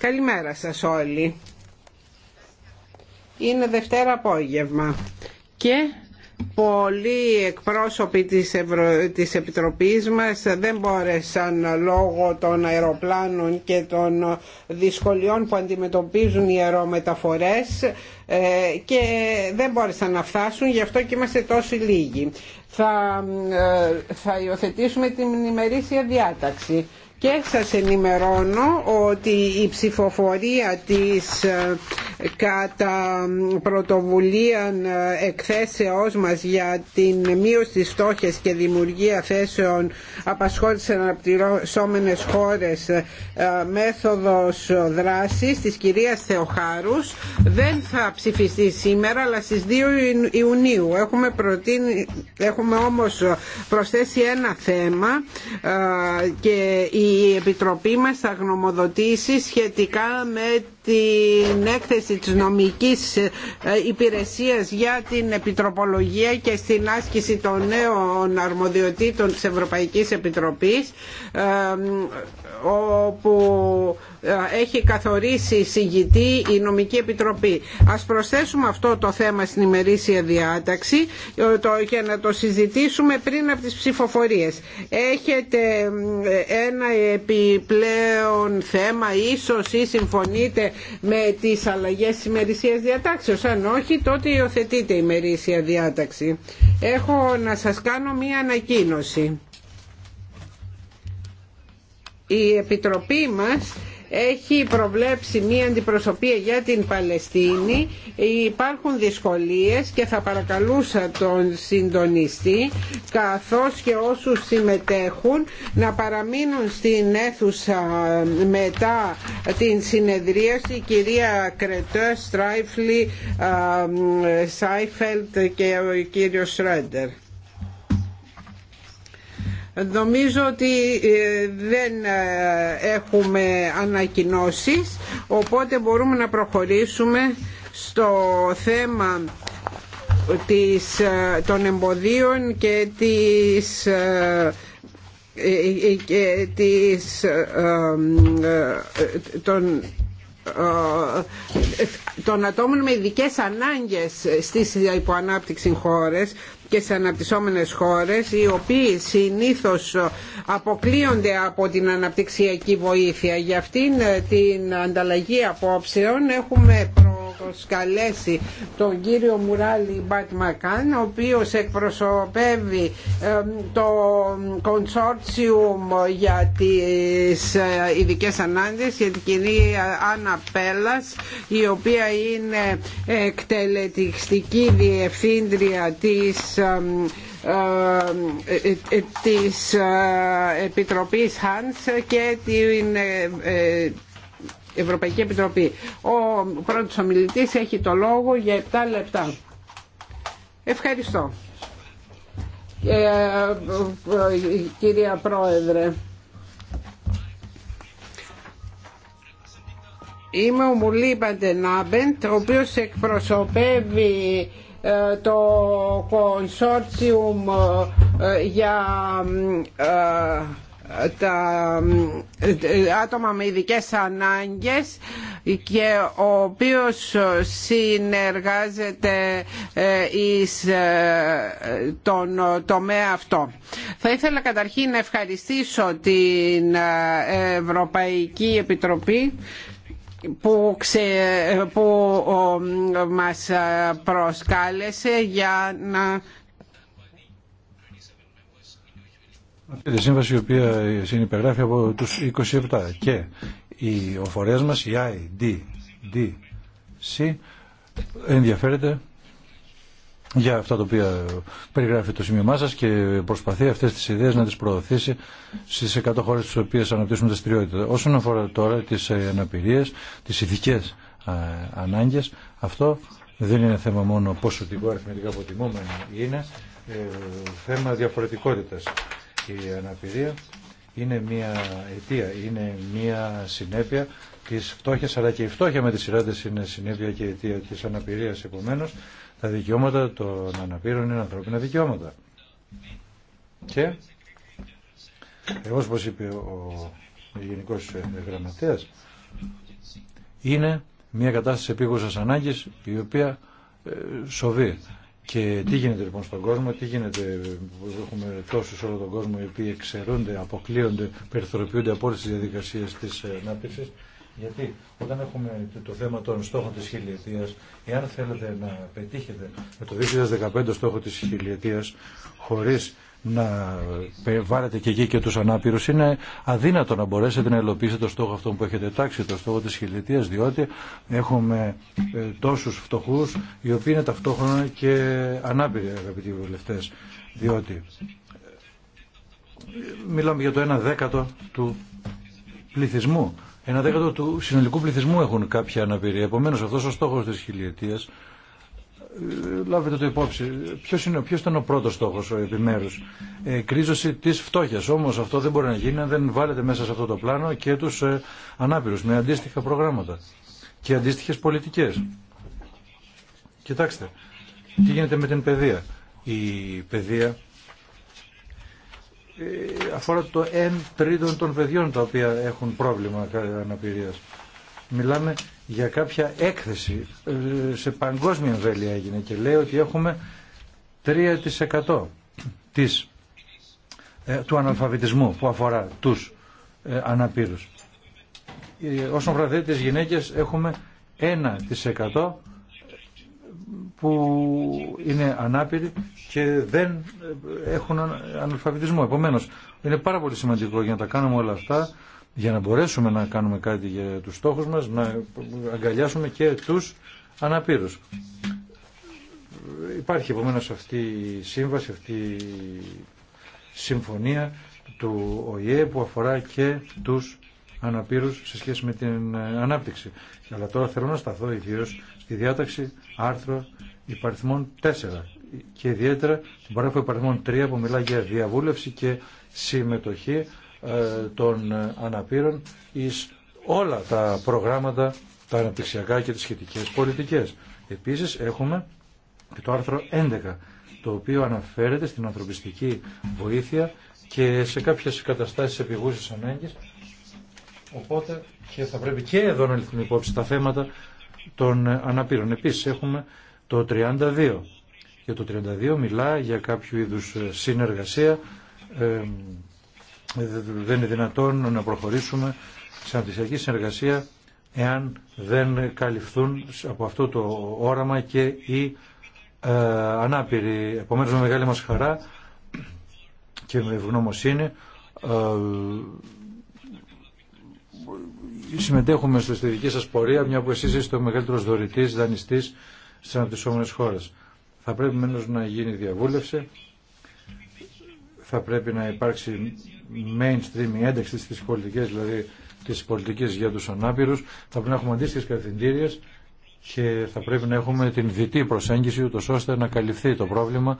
Καλημέρα σας όλοι. Είναι Δευτέρα απόγευμα και πολλοί εκπρόσωποι της, της Επιτροπής μας δεν μπόρεσαν λόγω των αεροπλάνων και των δυσκολιών που αντιμετωπίζουν οι αερομεταφορές ε, και δεν μπόρεσαν να φτάσουν, γι' αυτό και είμαστε τόσοι λίγοι. Θα, ε, θα υιοθετήσουμε την ημερήσια διάταξη. Και σας ενημερώνω ότι η ψηφοφορία της ε, κατά πρωτοβουλία ε, εκθέσεώς μας για την μείωση της στόχες και δημιουργία θέσεων απασχόλησης αναπτυρώσόμενες χώρες ε, ε, μέθοδος δράσης της κυρίας Θεοχάρους δεν θα ψηφιστεί σήμερα αλλά στις 2 Ιουνίου έχουμε, προτείνει, έχουμε όμως προσθέσει ένα θέμα και η Επιτροπή μας θα γνωμοδοτήσει σχετικά με την έκθεση της νομικής ε, υπηρεσίας για την επιτροπολογία και στην άσκηση των νέων αρμοδιοτήτων της Ευρωπαϊκής Επιτροπής ε, όπου έχει καθορίσει συγητή η νομική επιτροπή. Ας προσθέσουμε αυτό το θέμα στην ημερήσια διάταξη ε, και να το συζητήσουμε πριν από τις ψηφοφορίες. Έχετε ε, ένα επιπλέον θέμα ίσως ή συμφωνείτε με τις αλλαγές της ημερησίας διατάξεως. Αν όχι τότε υιοθετείτε η ημερήσια διάταξη. Έχω να σας κάνω μία ανακοίνωση. Η Επιτροπή μας έχει προβλέψει μία αντιπροσωπεία για την Παλαιστίνη. Υπάρχουν δυσκολίες και θα παρακαλούσα τον συντονιστή καθώς και όσους συμμετέχουν να παραμείνουν στην αίθουσα μετά την συνεδρίαση η κυρία Κρετέ, Στράιφλι, ε, Σάιφελτ και ο κύριος Σρέντερ. Νομίζω ότι ε, δεν ε, έχουμε ανακοινώσεις, οπότε μπορούμε να προχωρήσουμε στο θέμα της, ε, των εμποδίων και της και της, των των ατόμων με ειδικέ ανάγκες στις υποανάπτυξη χώρες και σε αναπτυσσόμενες χώρες οι οποίοι συνήθως αποκλείονται από την αναπτυξιακή βοήθεια. Για αυτήν την ανταλλαγή απόψεων έχουμε προσκαλέσει τον κύριο Μουράλι Μπατμακάν ο οποίος εκπροσωπεύει το κονσόρτσιουμ για τις ε, ειδικέ ανάγκες για την κοινή ε, Άννα η οποία είναι εκτελετιστική διευθύντρια της ε, της Επιτροπής Χάνς και την Ευρωπαϊκή Επιτροπή. Ο πρώτος ομιλητής έχει το λόγο για 7 λεπτά. Ευχαριστώ. Ε, ε, κυρία Πρόεδρε. Είμαι ο Μουλίμπα Νάμπεντ, ο οποίος εκπροσωπεύει ε, το κονσόρτσιουμ ε, για τα ε, άτομα με ειδικέ ανάγκες και ο οποίος συνεργάζεται ε, εις ε, τον τομέα αυτό. Θα ήθελα καταρχήν να ευχαριστήσω την Ευρωπαϊκή Επιτροπή που, ξε, που μας προσκάλεσε για να Αυτή τη σύμβαση η οποία συνυπεγράφει από τους 27 και οι, ο φορέας μας, η IDDC, ενδιαφέρεται για αυτά τα οποία περιγράφει το σημείο σας και προσπαθεί αυτές τις ιδέες να τις προωθήσει στις 100 χώρες τις οποίες αναπτύσσουν στριότητα. Όσον αφορά τώρα τις ε, αναπηρίες, τις ηθικές ε, ανάγκες, αυτό δεν είναι θέμα μόνο πόσο τυπικό αριθμητικά αποτιμόμενο είναι, ε, θέμα διαφορετικότητας. Η αναπηρία είναι μια αιτία, είναι μια συνέπεια τη φτώχεια, αλλά και η φτώχεια με τη σειράτε είναι συνέπεια και αιτία της αναπηρίας. Επομένως, τα δικαιώματα των αναπήρων είναι ανθρώπινα δικαιώματα. Και, εγώ όπως είπε ο Γενικός Γραμματέας, είναι μια κατάσταση επίγουσας ανάγκης η οποία ε, σοβεί. Και τι γίνεται λοιπόν στον κόσμο, τι γίνεται που έχουμε τόσους όλο τον κόσμο οι οποίοι εξαιρούνται, αποκλείονται, περιθωριοποιούνται από όλες τις διαδικασίες της ανάπτυξης. Γιατί όταν έχουμε το θέμα των στόχων της χιλιετίας, εάν θέλετε να πετύχετε με το 2015 στόχο της χιλιετίας χωρίς να βάλετε και εκεί και τους ανάπηρους είναι αδύνατο να μπορέσετε να ελοπίσετε το στόχο αυτό που έχετε τάξει, το στόχο της χιλιετίας διότι έχουμε ε, τόσους φτωχούς οι οποίοι είναι ταυτόχρονα και ανάπηροι αγαπητοί βουλευτές διότι ε, μιλάμε για το 1 δέκατο του πληθυσμού ένα δέκατο του συνολικού πληθυσμού έχουν κάποια αναπηρία. Επομένως αυτός ο στόχος της χιλιετίας λάβετε το υπόψη. Ποιος, είναι, ποιος ήταν ο πρώτος στόχος, ο επιμέρους. Ε, κρίζωση της φτώχειας. Όμως αυτό δεν μπορεί να γίνει αν δεν βάλετε μέσα σε αυτό το πλάνο και τους ε, ανάπηρους με αντίστοιχα προγράμματα και αντίστοιχες πολιτικές. Κοιτάξτε, τι γίνεται με την παιδεία. Η παιδεία ε, αφορά το 1 τρίτο των παιδιών τα οποία έχουν πρόβλημα αναπηρίας. Μιλάμε για κάποια έκθεση ε, σε παγκόσμια εμβέλεια έγινε και λέει ότι έχουμε 3% της, ε, του αναλφαβητισμού που αφορά τους ε, αναπήρους. όσον αφορά τις γυναίκες έχουμε 1% που είναι ανάπηροι και δεν έχουν αναλφαβητισμό. Επομένως, είναι πάρα πολύ σημαντικό για να τα κάνουμε όλα αυτά για να μπορέσουμε να κάνουμε κάτι για τους στόχους μας, να αγκαλιάσουμε και τους αναπήρους. Υπάρχει επομένω αυτή η σύμβαση, αυτή η συμφωνία του ΟΗΕ που αφορά και τους αναπήρους σε σχέση με την ανάπτυξη. Αλλά τώρα θέλω να σταθώ ιδίω στη διάταξη άρθρο υπαριθμών 4 και ιδιαίτερα την παράγραφο υπαριθμών 3 που μιλά για διαβούλευση και συμμετοχή ε, των ε, αναπήρων εις όλα τα προγράμματα, τα αναπτυξιακά και τις σχετικές πολιτικές. Επίσης έχουμε και το άρθρο 11, το οποίο αναφέρεται στην ανθρωπιστική βοήθεια και σε κάποιες καταστάσεις επιγούσης ανάγκης, οπότε και θα πρέπει και εδώ να ληφθούν υπόψη τα θέματα των ε, αναπήρων. Επίσης έχουμε το 32. και το 32 μιλά για κάποιο είδους συνεργασία δεν είναι δυνατόν να προχωρήσουμε σε αντισιακή συνεργασία εάν δεν καλυφθούν από αυτό το όραμα και οι ε, ανάπηροι. Επομένως με μεγάλη μας χαρά και με ευγνωμοσύνη ε, συμμετέχουμε στη δική σας πορεία μια που εσείς είστε ο μεγαλύτερος δωρητής, δανειστής στις αναπτυσσόμενες χώρες. Θα πρέπει μένως να γίνει διαβούλευση θα πρέπει να υπάρξει mainstream η ένταξη στις πολιτικές, δηλαδή τις πολιτικές για τους ανάπηρους. Θα πρέπει να έχουμε αντίστοιχες καθεντήριες και θα πρέπει να έχουμε την δυτή προσέγγιση ούτως ώστε να καλυφθεί το πρόβλημα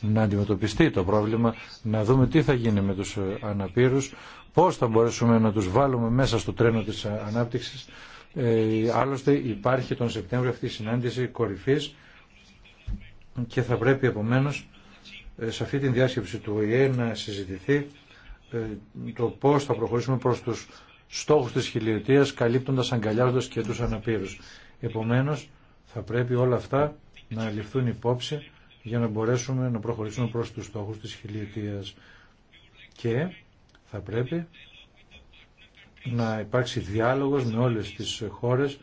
να αντιμετωπιστεί το πρόβλημα, να δούμε τι θα γίνει με τους αναπήρους, πώς θα μπορέσουμε να τους βάλουμε μέσα στο τρένο της ανάπτυξης. Ε, άλλωστε υπάρχει τον Σεπτέμβριο αυτή η συνάντηση κορυφής και θα πρέπει επομένως ε, σε αυτή την διάσκεψη του ΟΗΕ να συζητηθεί ε, το πώς θα προχωρήσουμε προς τους στόχους της χιλιετίας καλύπτοντας, αγκαλιάζοντας και τους αναπήρους. Επομένως, θα πρέπει όλα αυτά να ληφθούν υπόψη για να μπορέσουμε να προχωρήσουμε προς τους στόχους της χιλιετίας. Και θα πρέπει να υπάρξει διάλογος με όλες τις χώρες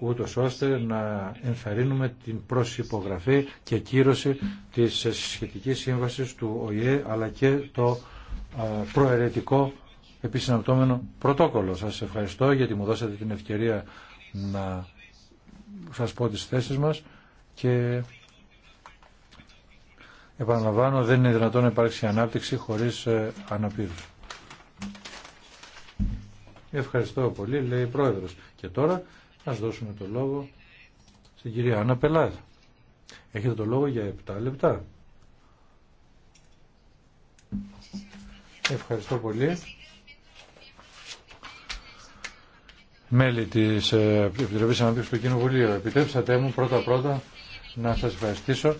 ούτως ώστε να ενθαρρύνουμε την προσυπογραφή και κύρωση της σχετικής σύμβασης του ΟΗΕ αλλά και το προαιρετικό επισυναπτώμενο πρωτόκολλο. Σας ευχαριστώ γιατί μου δώσατε την ευκαιρία να σας πω τις θέσεις μας και επαναλαμβάνω δεν είναι δυνατόν να υπάρξει ανάπτυξη χωρίς ε, αναπήρους. Ευχαριστώ πολύ, λέει η Πρόεδρος. Και τώρα Ας δώσουμε το λόγο στην κυρία Άννα Πελάδ. Έχετε το λόγο για 7 λεπτά. Ευχαριστώ πολύ. Μέλη της ε, Επιτροπής Ανάπτυξης του Κοινοβουλίου, επιτρέψατε μου πρώτα-πρώτα να σας ευχαριστήσω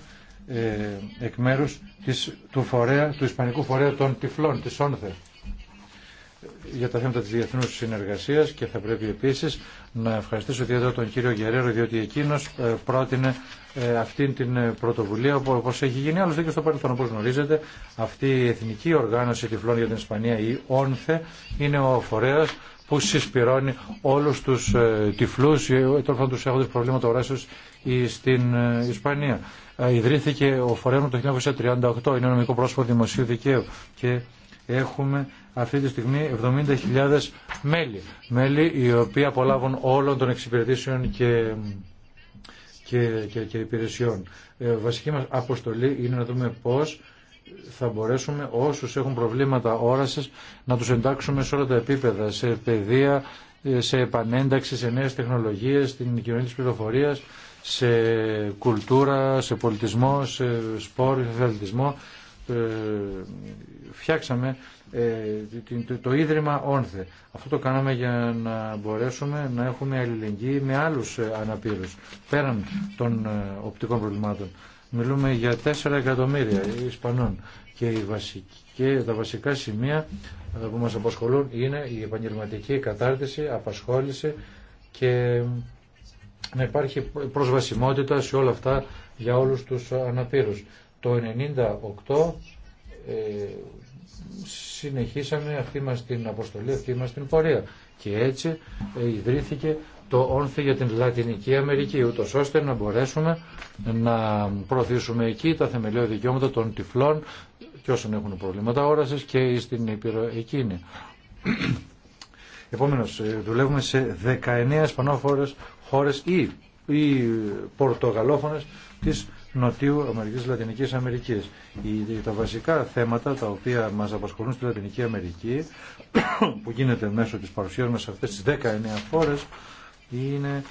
ε, εκ μέρους της, του, φορέα, του Ισπανικού Φορέα των Τυφλών, της ΩΝΘΕ για τα θέματα της διεθνούς συνεργασίας και θα πρέπει επίσης να ευχαριστήσω ιδιαίτερα τον κύριο Γερέρο διότι εκείνος ε, πρότεινε ε, αυτήν την ε, πρωτοβουλία όπως έχει γίνει άλλωστε και στο παρελθόν όπως γνωρίζετε αυτή η Εθνική Οργάνωση Τυφλών για την Ισπανία η ΟΝΘΕ είναι ο φορέας που συσπηρώνει όλους τους τυφλούς τώρα τους έχοντες προβλήματα οράσεως στην Ισπανία. Ιδρύθηκε ο φορέα το 1938, είναι νομικό πρόσωπο δημοσίου δικαίου και έχουμε αυτή τη στιγμή 70.000 μέλη. Μέλη οι οποίοι απολάβουν όλων των εξυπηρετήσεων και, και, και, και υπηρεσιών. Ε, βασική μας αποστολή είναι να δούμε πώς θα μπορέσουμε όσους έχουν προβλήματα όρασης να τους εντάξουμε σε όλα τα επίπεδα, σε παιδεία, ε, σε επανένταξη, σε νέες τεχνολογίες, στην κοινωνία της πληροφορίας, σε κουλτούρα, σε πολιτισμό, σε σπόρ, σε αθλητισμό, ε, φτιάξαμε ε, το Ίδρυμα Όνθε. Αυτό το κάναμε για να μπορέσουμε να έχουμε αλληλεγγύη με άλλους ε, αναπήρους, πέραν των ε, οπτικών προβλημάτων. Μιλούμε για 4 εκατομμύρια Ισπανών και, τα βασικά σημεία που μας απασχολούν είναι η επαγγελματική κατάρτιση, απασχόληση και να υπάρχει προσβασιμότητα σε όλα αυτά για όλους τους αναπήρους. Το 98 ε, συνεχίσαμε αυτή μας την αποστολή, αυτή μας την πορεία. Και έτσι ε, ιδρύθηκε το όνθι για την Λατινική Αμερική, ούτω ώστε να μπορέσουμε να προωθήσουμε εκεί τα θεμελιώδη δικαιώματα των τυφλών και όσων έχουν προβλήματα όρασης και στην Ήπειρο εκείνη. Επόμενος, ε, δουλεύουμε σε 19 σπανόφορε χώρες ή, ή τη. Νοτιού Αμερικής, Λατινικής Αμερικής. Τα βασικά θέματα τα οποία μας απασχολούν στη Λατινική Αμερική, που γίνεται μέσω της παρουσίας μας αυτές τις 19 χώρες, είναι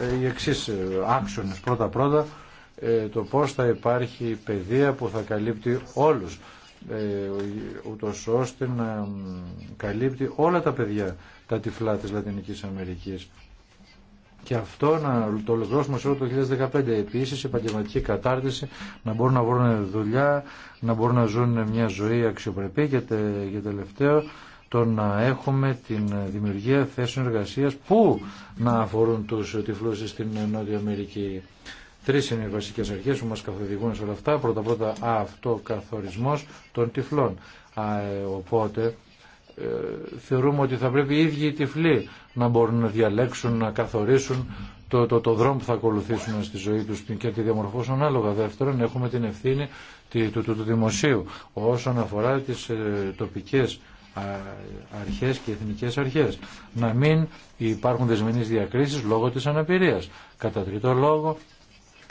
ε, οι εξή ε, άξονες. Πρώτα-πρώτα, ε, το πώς θα υπάρχει παιδεία που θα καλύπτει όλους ούτως ώστε να καλύπτει όλα τα παιδιά τα τυφλά της Λατινικής Αμερικής και αυτό να το ολοκληρώσουμε σε όλο το 2015. Επίσης, επαγγελματική κατάρτιση, να μπορούν να βρουν δουλειά, να μπορούν να ζουν μια ζωή αξιοπρεπή και, τε, τελευταίο, το να έχουμε την δημιουργία θέσεων εργασίας που να αφορούν τους τυφλούς στην Νότια Αμερική. Τρεις είναι οι βασικές αρχές που μας καθοδηγούν σε όλα αυτά. Πρώτα-πρώτα αυτοκαθορισμό των τυφλών. Α, ε, οπότε ε, θεωρούμε ότι θα πρέπει οι ίδιοι οι τυφλοί να μπορούν να διαλέξουν, να καθορίσουν το, το, το δρόμο που θα ακολουθήσουν στη ζωή τους και τη διαμορφώσουν ανάλογα. Δεύτερον, έχουμε την ευθύνη του, του, δημοσίου όσον αφορά τις ε, τοπικές αρχές και εθνικές αρχές. Να μην υπάρχουν δεσμενείς διακρίσεις λόγω της αναπηρίας. Κατά τρίτο λόγο,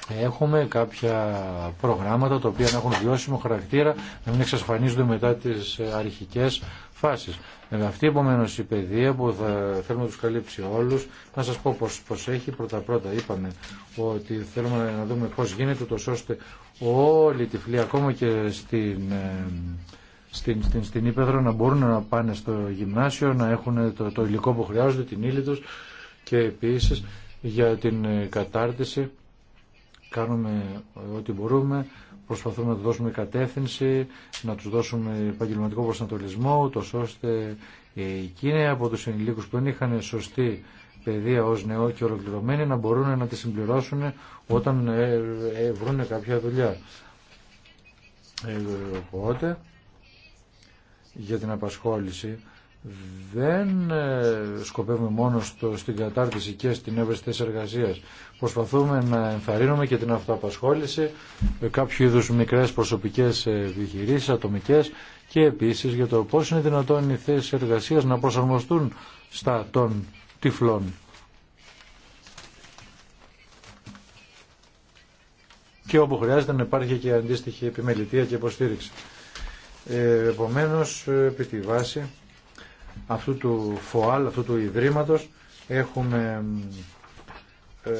έχουμε κάποια προγράμματα τα οποία να έχουν βιώσιμο χαρακτήρα, να μην εξασφανίζονται μετά τις ε, αρχικές φάσεις. Με αυτή επομένω η παιδεία που θα θέλουμε να τους καλύψει όλους, να σας πω πως, έχει πρώτα πρώτα είπαμε ότι θέλουμε να δούμε πώς γίνεται τόσο ώστε όλοι οι τυφλοί ακόμα και στην, ε, στην, στην, στην Ήπεδρο να μπορούν να πάνε στο γυμνάσιο, να έχουν το, το υλικό που χρειάζονται, την ύλη τους και επίσης για την ε, κατάρτιση κάνουμε ό,τι μπορούμε, προσπαθούμε να του δώσουμε κατεύθυνση, να τους δώσουμε επαγγελματικό προσανατολισμό, ώστε εκείνοι από τους ενηλίκους που δεν είχαν σωστή παιδεία ως νεό και ολοκληρωμένοι να μπορούν να τη συμπληρώσουν όταν ε, ε, ε, βρουν κάποια δουλειά. Οπότε, για την απασχόληση δεν ε, σκοπεύουμε μόνο στο, στην κατάρτιση και στην έβρεση της εργασίας. Προσπαθούμε να ενθαρρύνουμε και την αυτοαπασχόληση, κάποιου είδους μικρές προσωπικές ε, επιχειρήσεις, ατομικές και επίσης για το πώς είναι δυνατόν οι θέσεις εργασίας να προσαρμοστούν στα των τυφλών. Και όπου χρειάζεται να υπάρχει και αντίστοιχη επιμελητία και υποστήριξη. Ε, επομένως, ε, επί τη βάση αυτού του ΦΟΑΛ, αυτού του Ιδρύματος. Έχουμε ε,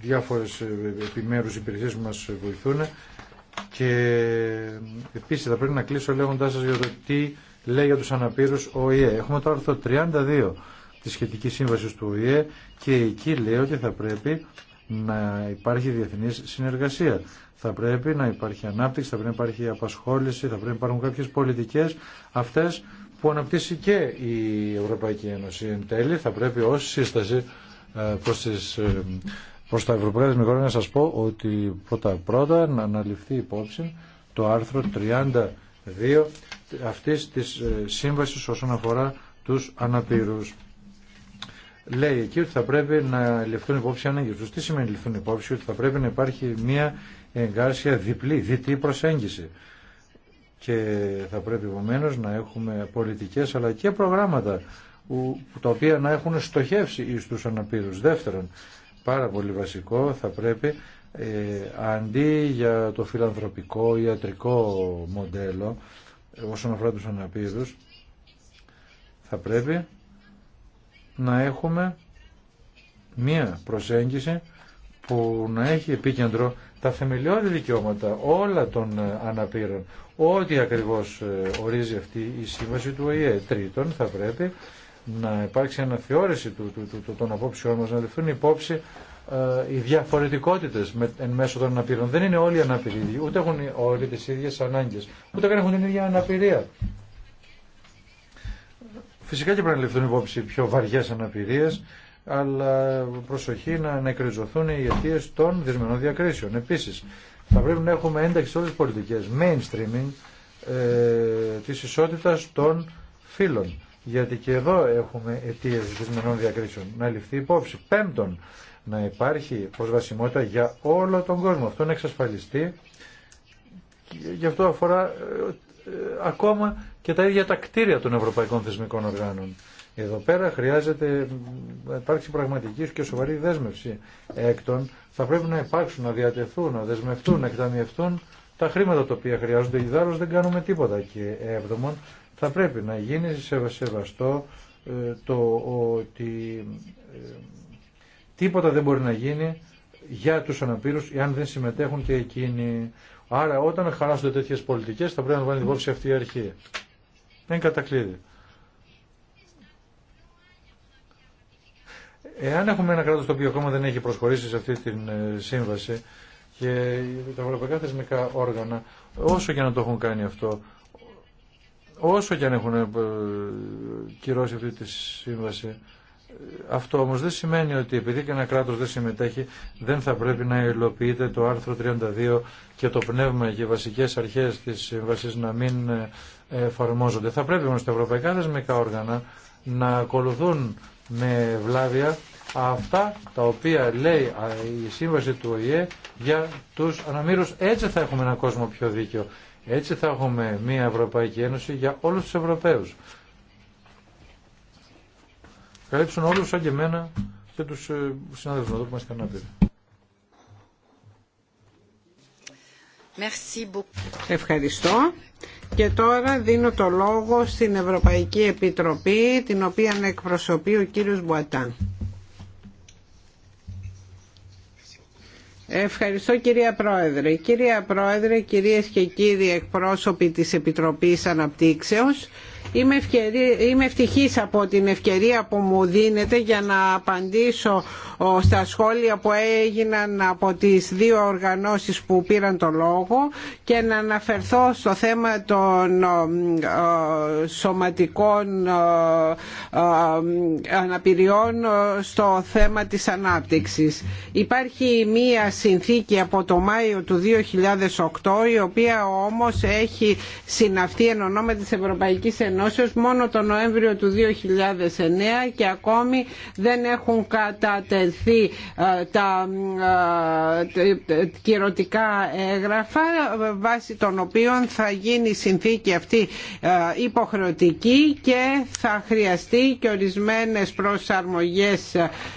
διάφορες ε, επιμέρους υπηρεσίες που μας βοηθούν και επίσης θα πρέπει να κλείσω λέγοντάς σας για το τι λέει για τους αναπήρους ΙΕ. Έχουμε το άρθρο 32 της σχετική σύμβαση του ΙΕ και εκεί λέει ότι θα πρέπει να υπάρχει διεθνής συνεργασία. Θα πρέπει να υπάρχει ανάπτυξη, θα πρέπει να υπάρχει απασχόληση, θα πρέπει να υπάρχουν κάποιες πολιτικές. Αυτές που αναπτύσσει και η Ευρωπαϊκή Ένωση. Εν τέλει θα πρέπει ως σύσταση ε, προς, τις, ε, προς τα ευρωπαϊκά δημιουργία να σας πω ότι πρώτα πρώτα να αναλυφθεί υπόψη το άρθρο 32 αυτής της ε, σύμβασης όσον αφορά τους αναπήρους. Λέει εκεί ότι θα πρέπει να ληφθούν υπόψη ανάγκες τους. Τι σημαίνει ληφθούν υπόψη, ότι θα πρέπει να υπάρχει μια εγκάρσια διπλή, διτή προσέγγιση και θα πρέπει επομένω να έχουμε πολιτικές αλλά και προγράμματα τα οποία να έχουν στοχεύσει εις τους αναπήρους. Δεύτερον, πάρα πολύ βασικό θα πρέπει ε, αντί για το φιλανθρωπικό ιατρικό μοντέλο ε, όσον αφορά τους αναπήρους θα πρέπει να έχουμε μία προσέγγιση που να έχει επίκεντρο τα θεμελιώδη δικαιώματα όλα των ε, αναπήρων, ό,τι ακριβώς ε, ορίζει αυτή η σύμβαση του ΟΗΕ. Τρίτον, θα πρέπει να υπάρξει αναθεώρηση του, του, του, των απόψεών μας, να ληφθούν υπόψη ε, οι διαφορετικότητες με, εν μέσω των αναπήρων. Δεν είναι όλοι οι ούτε έχουν όλοι τις ίδιες ανάγκες, ούτε καν έχουν την ίδια αναπηρία. Φυσικά και πρέπει να ληφθούν υπόψη πιο βαριές αναπηρίες, αλλά προσοχή να, νεκριζωθούν οι αιτίε των δυσμενών διακρίσεων. Επίσης, θα πρέπει να έχουμε ένταξη σε όλες τι πολιτικές, mainstreaming ε, της ισότητας των φύλων. Γιατί και εδώ έχουμε αιτίε δυσμενών διακρίσεων. Να ληφθεί υπόψη. Πέμπτον, να υπάρχει προσβασιμότητα για όλο τον κόσμο. Αυτό να εξασφαλιστεί. Γι' αυτό αφορά ε, ε, ακόμα και τα ίδια τα κτίρια των ευρωπαϊκών θεσμικών οργάνων. Εδώ πέρα χρειάζεται να υπάρξει πραγματική και σοβαρή δέσμευση. Έκτον, θα πρέπει να υπάρξουν, να διατεθούν, να δεσμευτούν, να εκταμιευτούν τα χρήματα τα οποία χρειάζονται. Ιδάλω δεν κάνουμε τίποτα. Και έβδομον, θα πρέπει να γίνει σεβαστό ε, το ότι ε, τίποτα δεν μπορεί να γίνει για τους αναπήρους εάν δεν συμμετέχουν και εκείνοι. Άρα όταν χαράσσονται τέτοιες πολιτικές θα πρέπει να βάλουν υπόψη αυτή η αρχή. Δεν κατακλείδει. Εάν έχουμε ένα κράτος το οποίο ακόμα δεν έχει προσχωρήσει σε αυτή την ε, σύμβαση και τα ευρωπαϊκά θεσμικά όργανα, όσο και να το έχουν κάνει αυτό, όσο και αν έχουν ε, κυρώσει αυτή τη σύμβαση, ε, αυτό όμως δεν σημαίνει ότι επειδή και ένα κράτος δεν συμμετέχει δεν θα πρέπει να υλοποιείται το άρθρο 32 και το πνεύμα και οι βασικές αρχές της σύμβασης να μην εφαρμόζονται. Θα πρέπει όμως τα ευρωπαϊκά θεσμικά όργανα να ακολουθούν με βλάβια αυτά τα οποία λέει η σύμβαση του ΟΗΕ για τους αναμύρους. Έτσι θα έχουμε έναν κόσμο πιο δίκαιο. Έτσι θα έχουμε μια Ευρωπαϊκή Ένωση για όλους τους Ευρωπαίους. Καλύψουν όλους σαν και εμένα και τους ε, συνάδελφους εδώ που μας πήρε. Ευχαριστώ. Και τώρα δίνω το λόγο στην Ευρωπαϊκή Επιτροπή, την οποία εκπροσωπεί ο κύριος Μπουατάν. Ευχαριστώ κυρία Πρόεδρε. Κυρία Πρόεδρε, κυρίες και κύριοι εκπρόσωποι της Επιτροπής Αναπτύξεως, Είμαι, ευκαιρία, ευτυχής από την ευκαιρία που μου δίνεται για να απαντήσω στα σχόλια που έγιναν από τις δύο οργανώσεις που πήραν το λόγο και να αναφερθώ στο θέμα των σωματικών αναπηριών στο θέμα της ανάπτυξης. Υπάρχει μία συνθήκη από το Μάιο του 2008 η οποία όμως έχει συναυτεί εν ονόμα της Ευρωπαϊκής Ενώσης μόνο τον Νοέμβριο του 2009 και ακόμη δεν έχουν κατατεθεί ε, τα ε, κυρωτικά έγγραφα ε, βάσει των οποίων θα γίνει η συνθήκη αυτή υποχρεωτική και θα χρειαστεί και ορισμένες προσαρμογές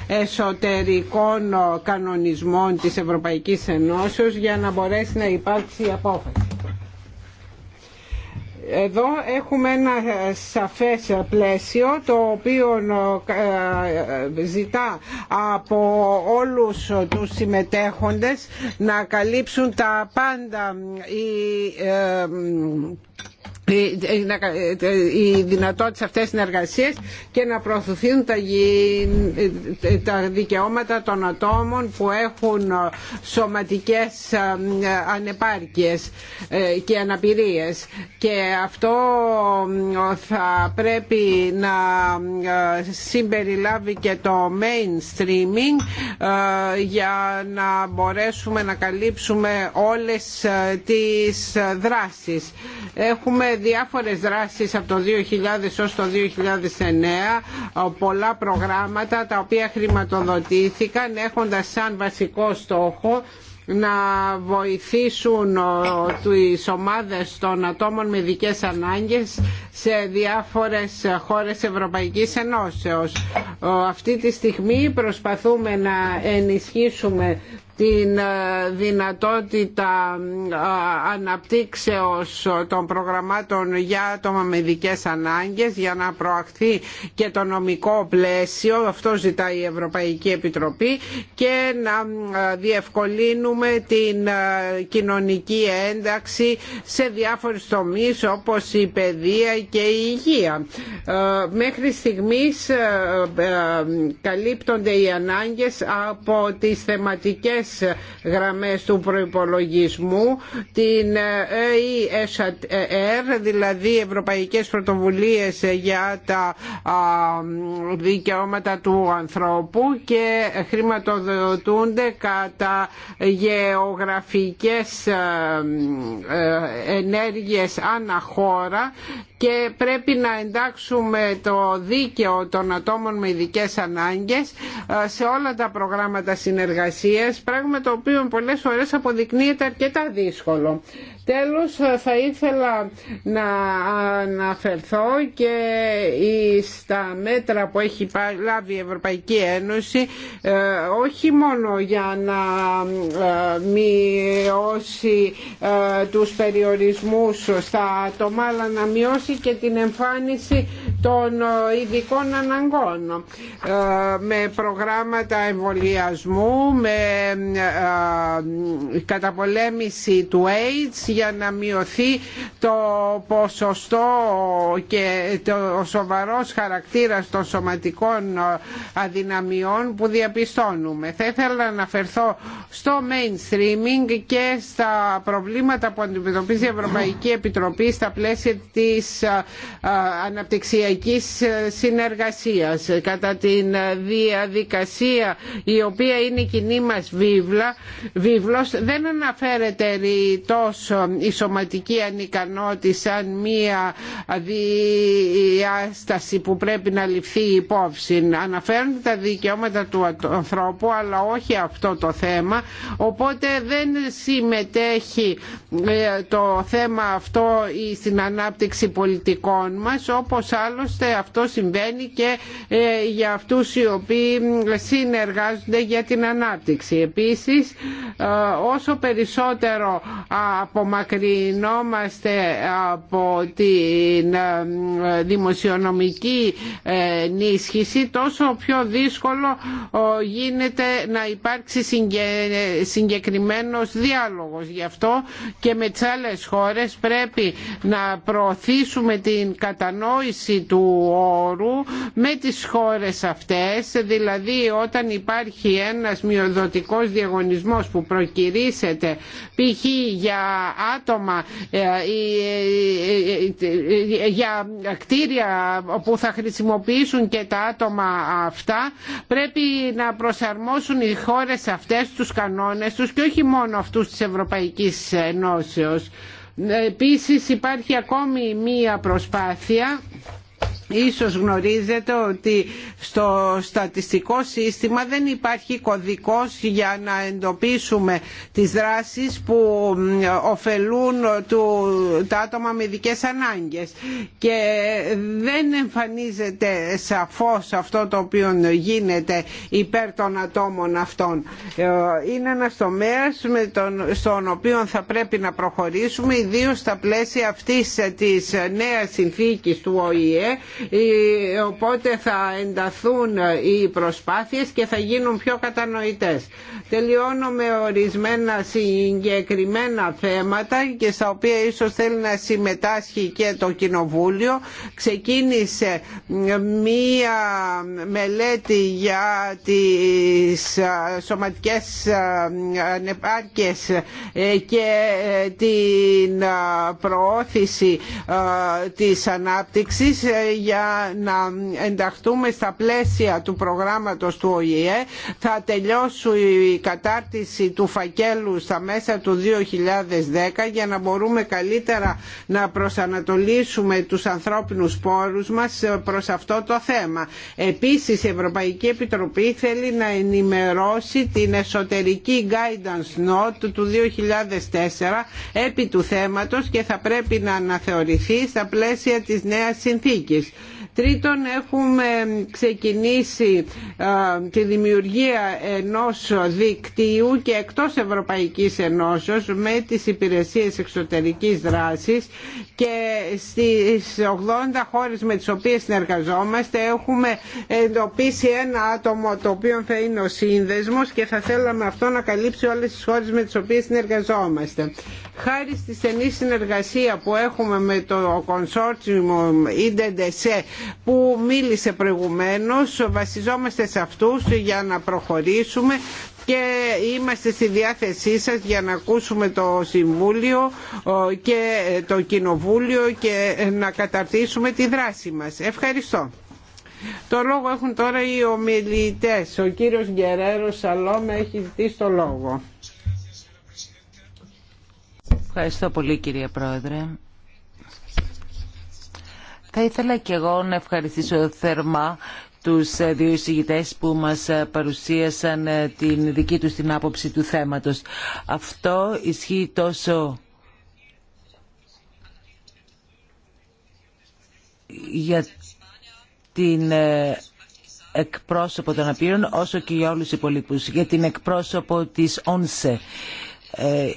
εσωτερικών κανονισμών της Ευρωπαϊκής Ενώσεως για να μπορέσει να υπάρξει η απόφαση. Εδώ έχουμε ένα ε, σαφές πλαίσιο το οποίο ε, ζητά από όλους τους συμμετέχοντες να καλύψουν τα πάντα οι ε, ε, ε, ε, οι δυνατότητες αυτές συνεργασίες και να προωθηθούν τα, τα δικαιώματα των ατόμων που έχουν σωματικές ανεπάρκειες και αναπηρίες και αυτό θα πρέπει να συμπεριλάβει και το mainstreaming για να μπορέσουμε να καλύψουμε όλες τις δράσεις. Έχουμε διάφορες δράσεις από το 2000 ως το 2009 πολλά προγράμματα τα οποία χρηματοδοτήθηκαν έχοντας σαν βασικό στόχο να βοηθήσουν τις ομάδες των ατόμων με ειδικέ ανάγκες σε διάφορες χώρες Ευρωπαϊκής Ενώσεως. Αυτή τη στιγμή προσπαθούμε να ενισχύσουμε την ε, δυνατότητα ε, αναπτύξεως των προγραμμάτων για άτομα με ειδικέ ανάγκες για να προαχθεί και το νομικό πλαίσιο, αυτό ζητάει η Ευρωπαϊκή Επιτροπή και να ε, διευκολύνουμε την κοινωνική ένταξη σε διάφορες τομείς όπως η παιδεία και η υγεία. Μέχρι στιγμής καλύπτονται οι ανάγκες από τις θεματικές Γραμμέ γραμμές του προϋπολογισμού την ΕΕΣΑΤΕΡ ε ε δηλαδή Ευρωπαϊκές Πρωτοβουλίες για τα δικαιώματα του ανθρώπου και χρηματοδοτούνται κατά γεωγραφικές ε, ενέργειες αναχώρα και πρέπει να εντάξουμε το δίκαιο των ατόμων με ειδικέ ανάγκες σε όλα τα προγράμματα συνεργασίας πράγμα το οποίο πολλές φορές αποδεικνύεται αρκετά δύσκολο. Τέλος θα ήθελα να αναφερθώ και στα μέτρα που έχει λάβει η Ευρωπαϊκή Ένωση ε, όχι μόνο για να ε, μειώσει ε, τους περιορισμούς στα άτομα αλλά να μειώσει και την εμφάνιση των ειδικών αναγκών με προγράμματα εμβολιασμού, με καταπολέμηση του AIDS για να μειωθεί το ποσοστό και το σοβαρός χαρακτήρας των σωματικών αδυναμιών που διαπιστώνουμε. Θα ήθελα να αναφερθώ στο mainstreaming και στα προβλήματα που αντιμετωπίζει η Ευρωπαϊκή Επιτροπή στα πλαίσια της ε, αναπτυξιακής συνεργασίας. Κατά την διαδικασία η οποία είναι η κοινή μας βίβλα, βίβλος δεν αναφέρεται τόσο η σωματική ανικανότητα σαν μία διάσταση που πρέπει να ληφθεί υπόψη. Αναφέρονται τα δικαιώματα του ανθρώπου αλλά όχι αυτό το θέμα οπότε δεν συμμετέχει ε, το θέμα αυτό στην ανάπτυξη πολιτικών μας όπως άλλωστε αυτό συμβαίνει και ε, για αυτούς οι οποίοι συνεργάζονται για την ανάπτυξη. Επίσης ε, όσο περισσότερο από μακρινόμαστε από την ε, δημοσιονομική ε, ενίσχυση τόσο πιο δύσκολο γίνεται να υπάρξει συγκεκριμένος διάλογος. Γι' αυτό και με τις άλλες χώρες πρέπει να προωθήσουμε την κατανόηση του όρου με τις χώρες αυτές, δηλαδή όταν υπάρχει ένας μειοδοτικός διαγωνισμός που προκυρήσεται π.χ. για άτομα ε, ε, ε, για κτίρια που θα χρησιμοποιήσουν και τα άτομα αυτά πρέπει να προσαρμόσουν οι χώρες αυτές τους κανόνες τους και όχι μόνο αυτούς της Ευρωπαϊκής Ενώσεως. Επίσης υπάρχει ακόμη μία προσπάθεια Ίσως γνωρίζετε ότι στο στατιστικό σύστημα δεν υπάρχει κωδικός για να εντοπίσουμε τις δράσεις που ωφελούν του, τα άτομα με ειδικές ανάγκες και δεν εμφανίζεται σαφώς αυτό το οποίο γίνεται υπέρ των ατόμων αυτών. Ε, είναι ένα τομέας τον, στον οποίο θα πρέπει να προχωρήσουμε ιδίως στα πλαίσια αυτής της νέας συνθήκης του ΟΗΕ ε, οπότε θα ενταθούν οι προσπάθειες και θα γίνουν πιο κατανοητές. Τελειώνω με ορισμένα συγκεκριμένα θέματα και στα οποία ίσως θέλει να συμμετάσχει και το Κοινοβούλιο. Ξεκίνησε μία μελέτη για τις σωματικές ανεπάρκειες και την προώθηση ε, της ανάπτυξης ε, για να ενταχθούμε στα πλαίσια του προγράμματος του ΟΗΕ. Θα τελειώσει η κατάρτιση του φακέλου στα μέσα του 2010 για να μπορούμε καλύτερα να προσανατολίσουμε τους ανθρώπινους πόρους μας προς αυτό το θέμα. Επίσης η Ευρωπαϊκή Επιτροπή θέλει να ενημερώσει την εσωτερική guidance note του 2004 επί του θέματος και θα πρέπει να αναθεωρηθεί στα πλαίσια της νέας συνθήκης. Τρίτον, έχουμε ξεκινήσει τη δημιουργία ενός δικτύου και εκτός Ευρωπαϊκής Ενώσεως με τις υπηρεσίες εξωτερικής δράσης και στις 80 χώρες με τις οποίες συνεργαζόμαστε έχουμε εντοπίσει ένα άτομο το οποίο θα είναι ο σύνδεσμος και θα θέλαμε αυτό να καλύψει όλες τις χώρες με τις οποίες συνεργαζόμαστε. Χάρη στη στενή συνεργασία που έχουμε με το Consortium IDDC που μίλησε προηγουμένως. Βασιζόμαστε σε αυτούς για να προχωρήσουμε και είμαστε στη διάθεσή σας για να ακούσουμε το Συμβούλιο και ε, το Κοινοβούλιο και ε, να καταρτήσουμε τη δράση μας. Ευχαριστώ. Το λόγο έχουν τώρα οι ομιλητές. Ο κύριος Γκερέρος Σαλόμ έχει ζητήσει το λόγο. Ευχαριστώ πολύ κύριε Πρόεδρε. Θα ήθελα και εγώ να ευχαριστήσω θερμά τους ε, δύο εισηγητές που μας ε, παρουσίασαν ε, την δική τους την άποψη του θέματος. Αυτό ισχύει τόσο για την εκπρόσωπο των απείρων όσο και για όλους τους υπολείπους. Για την εκπρόσωπο της ΟΝΣΕ.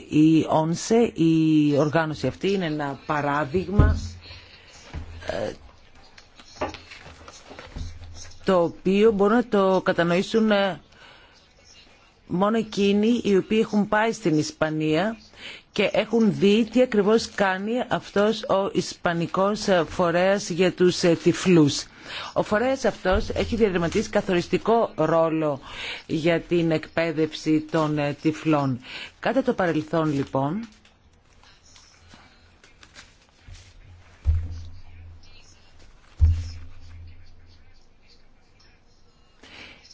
Η ΟΝΣΕ, η οργάνωση αυτή είναι ένα παράδειγμα το οποίο μπορούν να το κατανοήσουν ε, μόνο εκείνοι οι οποίοι έχουν πάει στην Ισπανία και έχουν δει τι ακριβώς κάνει αυτός ο Ισπανικός ε, φορέας για τους ε, τυφλούς. Ο φορέας αυτός έχει διαδραματίσει καθοριστικό ρόλο για την εκπαίδευση των τυφλών. Κατά το παρελθόν λοιπόν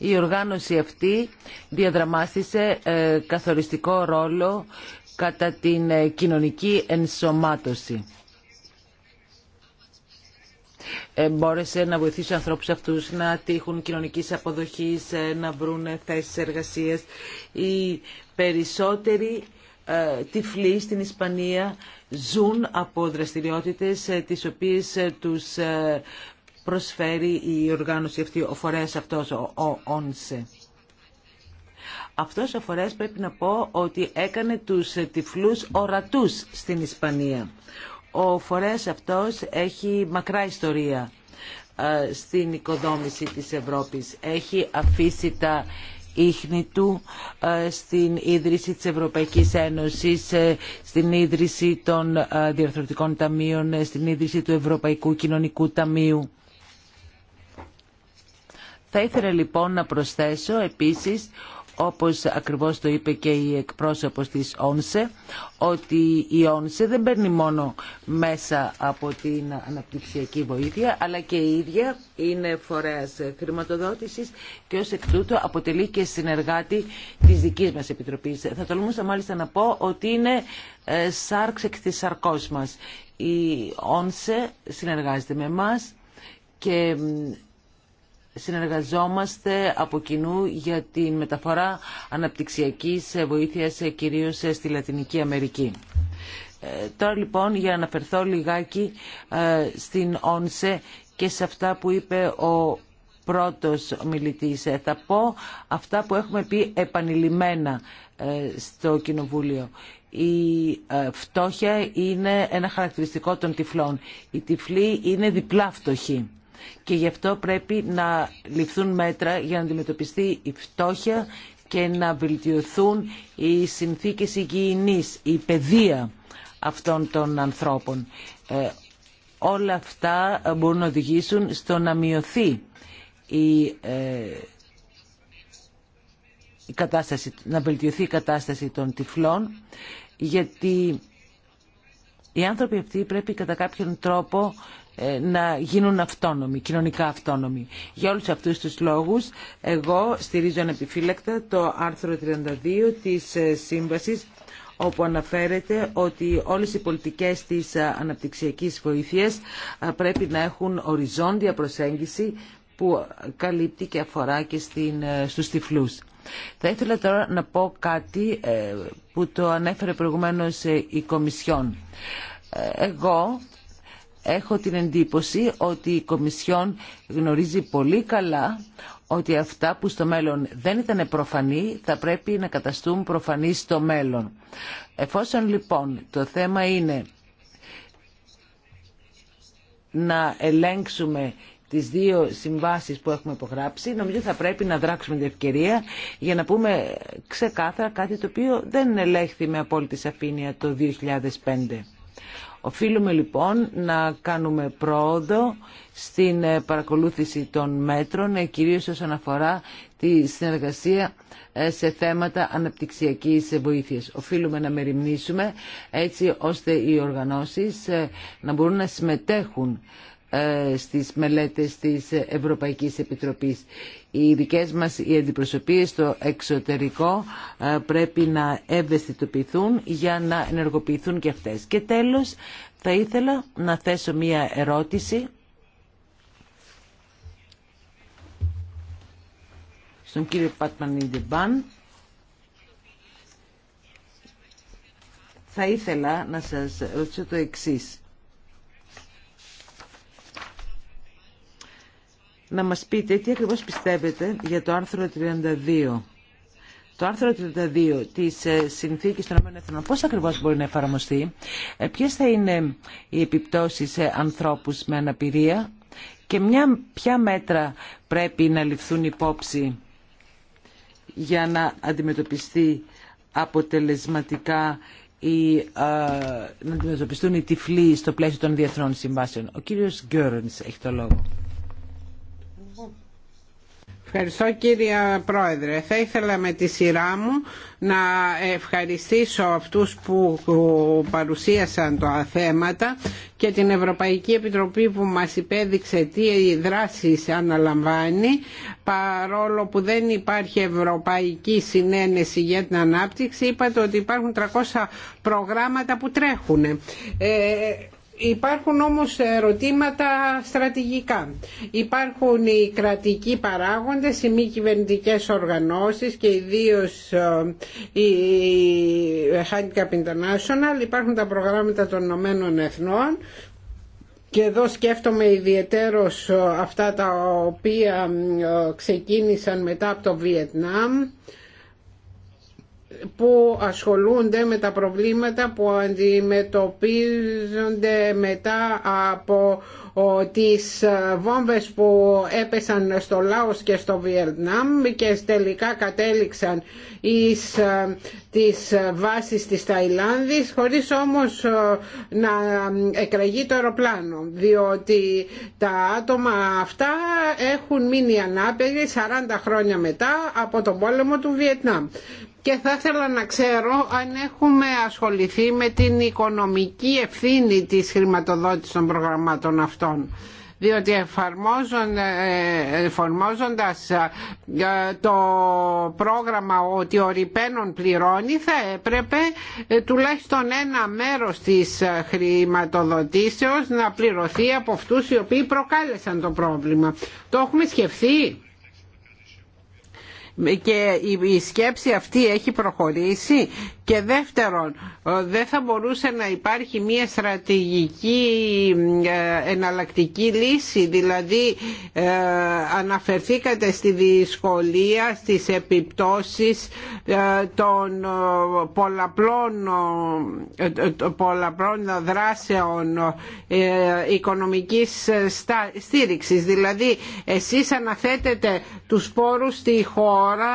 Η οργάνωση αυτή διαδραμάστησε ε, καθοριστικό ρόλο κατά την ε, κοινωνική ενσωμάτωση. Ε, μπόρεσε να βοηθήσει ανθρώπους αυτούς να τύχουν κοινωνικής αποδοχής, να βρουν θέσεις εργασίας. Οι περισσότεροι τυφλοί στην Ισπανία ζουν από δραστηριότητες τις οποίες τους προσφέρει η οργάνωση αυτή, ο φορέας αυτός, ο ΟΝΣΕ. Αυτός ο φορέας πρέπει να πω ότι έκανε τους τυφλούς ορατούς στην Ισπανία. Ο φορέας αυτός έχει μακρά ιστορία ε, στην οικοδόμηση της Ευρώπης. Έχει αφήσει τα ίχνη του ε, στην ίδρυση της Ευρωπαϊκής Ένωσης, ε, στην ίδρυση των διαρθρωτικών ταμείων, στην ίδρυση του Ευρωπαϊκού Κοινωνικού Ταμείου. Θα ήθελα λοιπόν να προσθέσω επίσης όπως ακριβώς το είπε και η εκπρόσωπος της ΟΝΣΕ, ότι η ΩΝΣΕ δεν παίρνει μόνο μέσα από την αναπτυξιακή βοήθεια, αλλά και η ίδια είναι φορέας χρηματοδότησης και ως εκ τούτου αποτελεί και συνεργάτη της δικής μας Επιτροπής. Θα τολμούσα μάλιστα να πω ότι είναι ε, σάρξ εκ της σαρκός μας. Η ΩΝΣΕ συνεργάζεται με εμάς και συνεργαζόμαστε από κοινού για τη μεταφορά αναπτυξιακής βοήθειας κυρίως στη Λατινική Αμερική. Ε, τώρα λοιπόν για να αναφερθώ λιγάκι ε, στην ΟΝΣΕ και σε αυτά που είπε ο πρώτος μιλητής. Ε, θα πω αυτά που έχουμε πει επανειλημμένα στο Κοινοβούλιο. Η φτώχεια είναι ένα χαρακτηριστικό των τυφλών. Οι τυφλοί είναι διπλά φτωχοί. Και γι' αυτό πρέπει να ληφθούν μέτρα για να αντιμετωπιστεί η φτώχεια και να βελτιωθούν οι συνθήκες υγιεινής, η παιδεία αυτών των ανθρώπων. Ε, όλα αυτά μπορούν να οδηγήσουν στο να μειωθεί η, ε, η κατάσταση, να βελτιωθεί η κατάσταση των τυφλών, γιατί οι άνθρωποι αυτοί πρέπει κατά κάποιον τρόπο ε, να γίνουν αυτόνομοι, κοινωνικά αυτόνομοι. Για όλους αυτούς τους λόγους, εγώ στηρίζω ανεπιφύλακτα το άρθρο 32 της ε, Σύμβασης όπου αναφέρεται ότι όλες οι πολιτικές της ε, αναπτυξιακής βοήθειας πρέπει να έχουν οριζόντια προσέγγιση που καλύπτει και αφορά και στην, στους τυφλούς. Θα ήθελα τώρα να πω κάτι που το ανέφερε προηγουμένως η Κομισιόν. Εγώ Έχω την εντύπωση ότι η Κομισιόν γνωρίζει πολύ καλά ότι αυτά που στο μέλλον δεν ήταν προφανή θα πρέπει να καταστούν προφανή στο μέλλον. Εφόσον λοιπόν το θέμα είναι να ελέγξουμε τις δύο συμβάσεις που έχουμε υπογράψει, νομίζω θα πρέπει να δράξουμε την ευκαιρία για να πούμε ξεκάθαρα κάτι το οποίο δεν ελέγχθη με απόλυτη σαφήνεια το 2005. Οφείλουμε λοιπόν να κάνουμε πρόοδο στην ε, παρακολούθηση των μέτρων, ε, κυρίως όσον αφορά τη συνεργασία ε, σε θέματα αναπτυξιακής βοήθειας. Οφείλουμε να μεριμνήσουμε έτσι ώστε οι οργανώσεις να μπορούν να συμμετέχουν ε, στις μελέτες της Ευρωπαϊκής Επιτροπής. Οι δικές μας οι αντιπροσωπείες στο εξωτερικό ε, πρέπει να ευαισθητοποιηθούν για να ενεργοποιηθούν και αυτές. Και τέλος θα ήθελα να θέσω μία ερώτηση στον κύριο Μπάν Θα ήθελα να σας ρωτήσω το εξής. να μας πείτε τι ακριβώς πιστεύετε για το άρθρο 32. Το άρθρο 32 της ε, Συνθήκης των ΗΠΑ πώς ακριβώς μπορεί να εφαρμοστεί, ε, ποιες θα είναι οι επιπτώσεις σε ανθρώπους με αναπηρία και μια, ποια μέτρα πρέπει να ληφθούν υπόψη για να αντιμετωπιστεί αποτελεσματικά ή ε, να αντιμετωπιστούν οι τυφλοί στο πλαίσιο των διεθνών συμβάσεων. Ο κύριος Γκέρνς έχει το λόγο. Ευχαριστώ κύριε Πρόεδρε. Θα ήθελα με τη σειρά μου να ευχαριστήσω αυτούς που παρουσίασαν τα θέματα και την Ευρωπαϊκή Επιτροπή που μας υπέδειξε τι δράσεις αναλαμβάνει παρόλο που δεν υπάρχει ευρωπαϊκή συνένεση για την ανάπτυξη είπατε ότι υπάρχουν 300 προγράμματα που τρέχουν. Ε, Υπάρχουν όμως ερωτήματα στρατηγικά. Υπάρχουν οι κρατικοί παράγοντες, οι μη κυβερνητικέ οργανώσεις και ιδίως η ε, Handicap International. Υπάρχουν τα προγράμματα των Ηνωμένων Εθνών και εδώ σκέφτομαι ιδιαιτέρως ε, αυτά τα οποία ε, ξεκίνησαν μετά από το Βιετνάμ που ασχολούνται με τα προβλήματα που αντιμετωπίζονται μετά από τις ε, βόμβες που έπεσαν στο Λάος και στο Βιετνάμ και τελικά κατέληξαν εις ε, τις βάσεις της Ταϊλάνδης χωρίς όμως ε, να εκραγεί το αεροπλάνο διότι τα άτομα αυτά έχουν μείνει ανάπηροι 40 χρόνια μετά από τον πόλεμο του Βιετνάμ και θα ήθελα να ξέρω αν έχουμε ασχοληθεί με την οικονομική ευθύνη της χρηματοδότησης των προγραμμάτων αυτών διότι ε, εφαρμόζοντας ε, το πρόγραμμα ότι ο Ριπένον πληρώνει θα έπρεπε ε, τουλάχιστον ένα μέρος της χρηματοδοτήσεως να πληρωθεί από αυτούς οι οποίοι προκάλεσαν το πρόβλημα. Το έχουμε σκεφτεί και η σκέψη αυτή έχει προχωρήσει και δεύτερον, ε, δεν θα μπορούσε να υπάρχει μια στρατηγική ε, εναλλακτική λύση, δηλαδή ε, αναφερθήκατε στη δυσκολία, στις επιπτώσεις των πολλαπλών, πολλαπλών δράσεων ε, οικονομικής στήριξης. Δηλαδή, εσείς αναθέτετε τους πόρους στη χώρα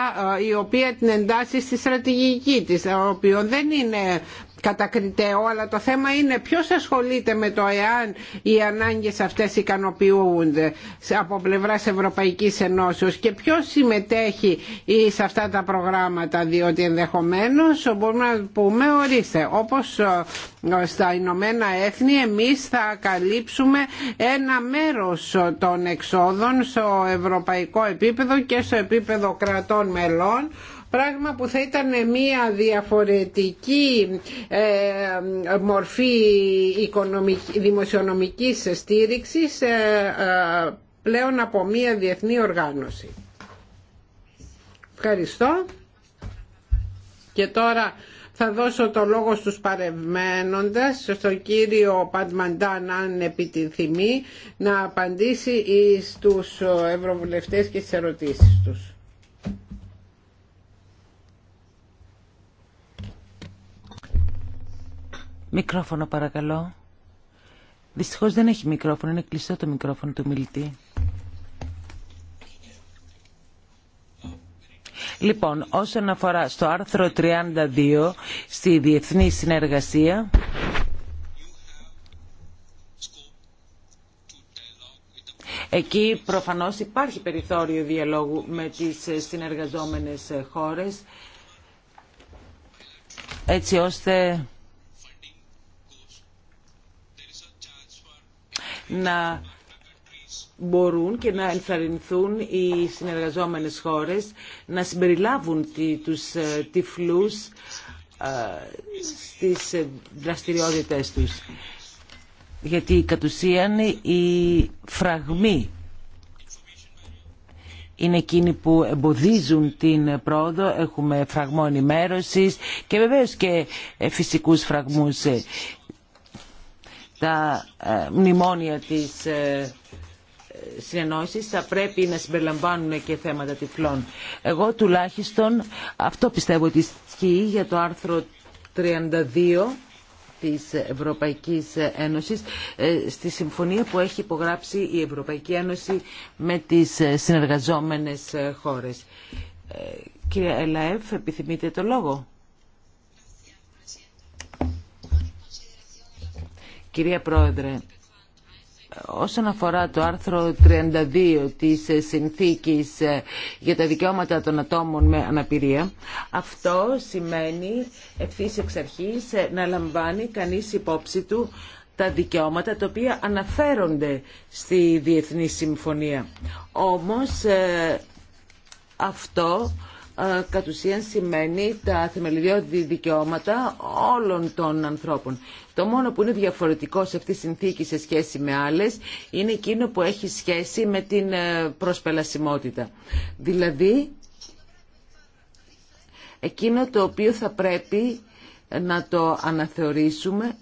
η οποία την εντάσσει στη στρατηγική της οποίο δεν είναι κατακριτέο, αλλά το θέμα είναι ποιος ασχολείται με το εάν οι ανάγκες αυτές ικανοποιούνται από πλευράς Ευρωπαϊκής Ενώσεως και ποιος συμμετέχει σε αυτά τα προγράμματα, διότι ενδεχομένως μπορούμε να πούμε ορίστε, όπως ε, στα Ηνωμένα Έθνη εμείς θα καλύψουμε ένα μέρος των εξόδων στο ευρωπαϊκό επίπεδο και στο επίπεδο κρατών μελών πράγμα που θα ήταν μια διαφορετική ε, μορφή δημοσιονομικής στήριξης ε, ε, πλέον από μια διεθνή οργάνωση. Ευχαριστώ. Και τώρα θα δώσω το λόγο στους παρεμμένοντες, στον κύριο Παντμαντάν αν επιτιθυμεί, να απαντήσει στους ευρωβουλευτές και στις ερωτήσεις τους. Μικρόφωνο παρακαλώ. Δυστυχώς δεν έχει μικρόφωνο, είναι κλειστό το μικρόφωνο του μιλητή. Λοιπόν, όσον αφορά στο άρθρο 32, στη διεθνή συνεργασία, εκεί προφανώς υπάρχει περιθώριο διαλόγου με τις συνεργαζόμενες χώρες, έτσι ώστε να μπορούν και να ενθαρρυνθούν οι συνεργαζόμενες χώρες να συμπεριλάβουν τους ε, τυφλούς ε, στις ε, δραστηριότητες τους. Γιατί κατ' ουσίαν οι φραγμοί είναι εκείνοι που εμποδίζουν την πρόοδο, έχουμε φραγμό ενημέρωση και βεβαίως και φυσικούς φραγμούς τα ε, μνημόνια της ε, συνεννόησης θα πρέπει να συμπεριλαμβάνουν και θέματα τυφλών. Εγώ τουλάχιστον αυτό πιστεύω ότι ισχύει για το άρθρο 32 της Ευρωπαϊκής Ένωσης ε, στη συμφωνία που έχει υπογράψει η Ευρωπαϊκή Ένωση με τις συνεργαζόμενες χώρες. Κύριε Ελαεύ, επιθυμείτε το λόγο. Κυρία Πρόεδρε, όσον αφορά το άρθρο 32 της συνθήκης ε, για τα δικαιώματα των ατόμων με αναπηρία, αυτό σημαίνει ευθύς εξ αρχής ε, να λαμβάνει κανείς υπόψη του τα δικαιώματα τα οποία αναφέρονται στη Διεθνή Συμφωνία. Όμως ε, αυτό ε, κατ' ουσίαν σημαίνει τα θεμελιώδη δικαιώματα όλων των ανθρώπων. Το μόνο που είναι διαφορετικό σε αυτή τη συνθήκη σε σχέση με άλλες είναι εκείνο που έχει σχέση με την ε, προσπελασιμότητα. Δηλαδή, εκείνο το οποίο θα πρέπει ε, να το αναθεωρήσουμε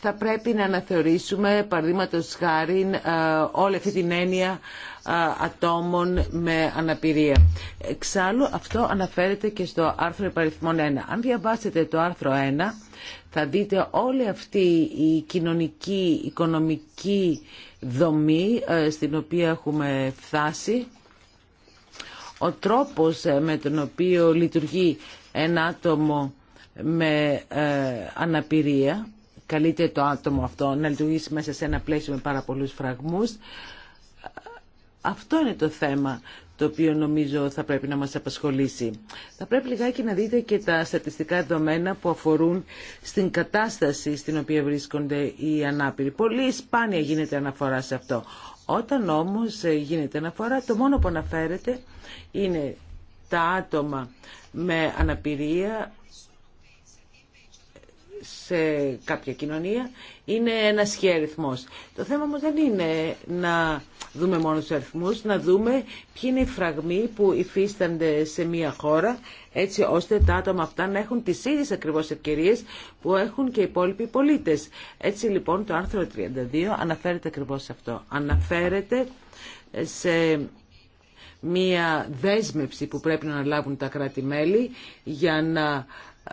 θα πρέπει να αναθεωρήσουμε, παραδείγματο χάρη, όλη αυτή την έννοια ατόμων με αναπηρία. Εξάλλου αυτό αναφέρεται και στο άρθρο υπαριθμών 1. Αν διαβάσετε το άρθρο 1 θα δείτε όλη αυτή η κοινωνική, οικονομική δομή ε, στην οποία έχουμε φτάσει. Ο τρόπος ε, με τον οποίο λειτουργεί ένα άτομο με ε, αναπηρία καλείται το άτομο αυτό να λειτουργήσει μέσα σε ένα πλαίσιο με πάρα πολλούς φραγμούς αυτό είναι το θέμα το οποίο νομίζω θα πρέπει να μας απασχολήσει. Θα πρέπει λιγάκι να δείτε και τα στατιστικά δεδομένα που αφορούν στην κατάσταση στην οποία βρίσκονται οι ανάπηροι. Πολύ σπάνια γίνεται αναφορά σε αυτό. Όταν όμως γίνεται αναφορά, το μόνο που αναφέρεται είναι τα άτομα με αναπηρία σε κάποια κοινωνία είναι ένα σχέριθμος. Το θέμα όμω δεν είναι να δούμε μόνο του αριθμού, να δούμε ποιοι είναι οι φραγμοί που υφίστανται σε μια χώρα, έτσι ώστε τα άτομα αυτά να έχουν τις ίδιες ακριβώς ευκαιριε που έχουν και οι υπόλοιποι πολίτες. Έτσι λοιπόν το άρθρο 32 αναφέρεται ακριβώς σε αυτό. Αναφέρεται σε μία δέσμευση που πρέπει να αναλάβουν τα κράτη-μέλη για να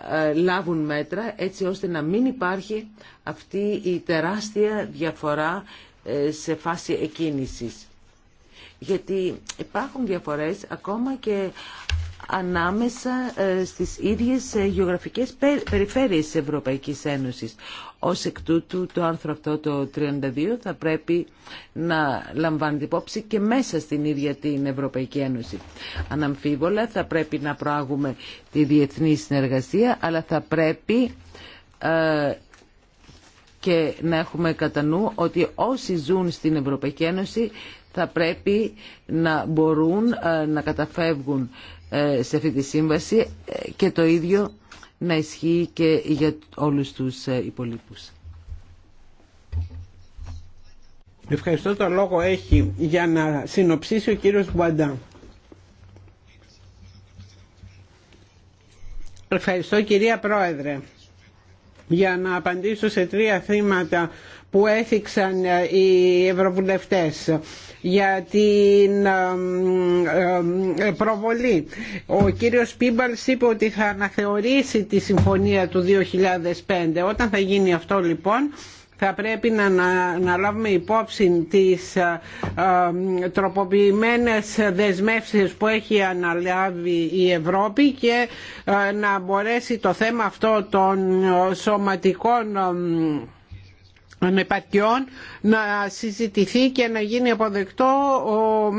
ε, λάβουν μέτρα έτσι ώστε να μην υπάρχει αυτή η τεράστια διαφορά ε, σε φάση εκκίνησης. Γιατί υπάρχουν διαφορές ακόμα και ανάμεσα ε, στις ίδιες γεωγραφικές περιφέρειες της Ευρωπαϊκής Ένωσης. Ως εκ τούτου το άρθρο αυτό το 32 θα πρέπει να την υπόψη και μέσα στην ίδια την Ευρωπαϊκή Ένωση. Αναμφίβολα θα πρέπει να προάγουμε τη διεθνή συνεργασία αλλά θα πρέπει ε, και να έχουμε κατά νου ότι όσοι ζουν στην Ευρωπαϊκή Ένωση θα πρέπει να μπορούν ε, να καταφεύγουν ε, σε αυτή τη σύμβαση και το ίδιο να ισχύει και για όλους τους ε, υπολείπους. Ευχαριστώ. Το λόγο έχει για να συνοψίσει ο κύριος Μπουαντά. Ευχαριστώ κυρία Πρόεδρε. Για να απαντήσω σε τρία θύματα που έθιξαν ε, οι ευρωβουλευτές για την ε, ε, προβολή. Ο κύριος Πίμπαλς είπε ότι θα αναθεωρήσει τη συμφωνία του 2005. Όταν θα γίνει αυτό λοιπόν θα πρέπει να, να, υπόψη τις α, τροποποιημένες δεσμεύσεις που έχει αναλάβει η Ευρώπη και να μπορέσει το θέμα αυτό των σωματικών ανεπαρκειών να συζητηθεί και να γίνει αποδεκτό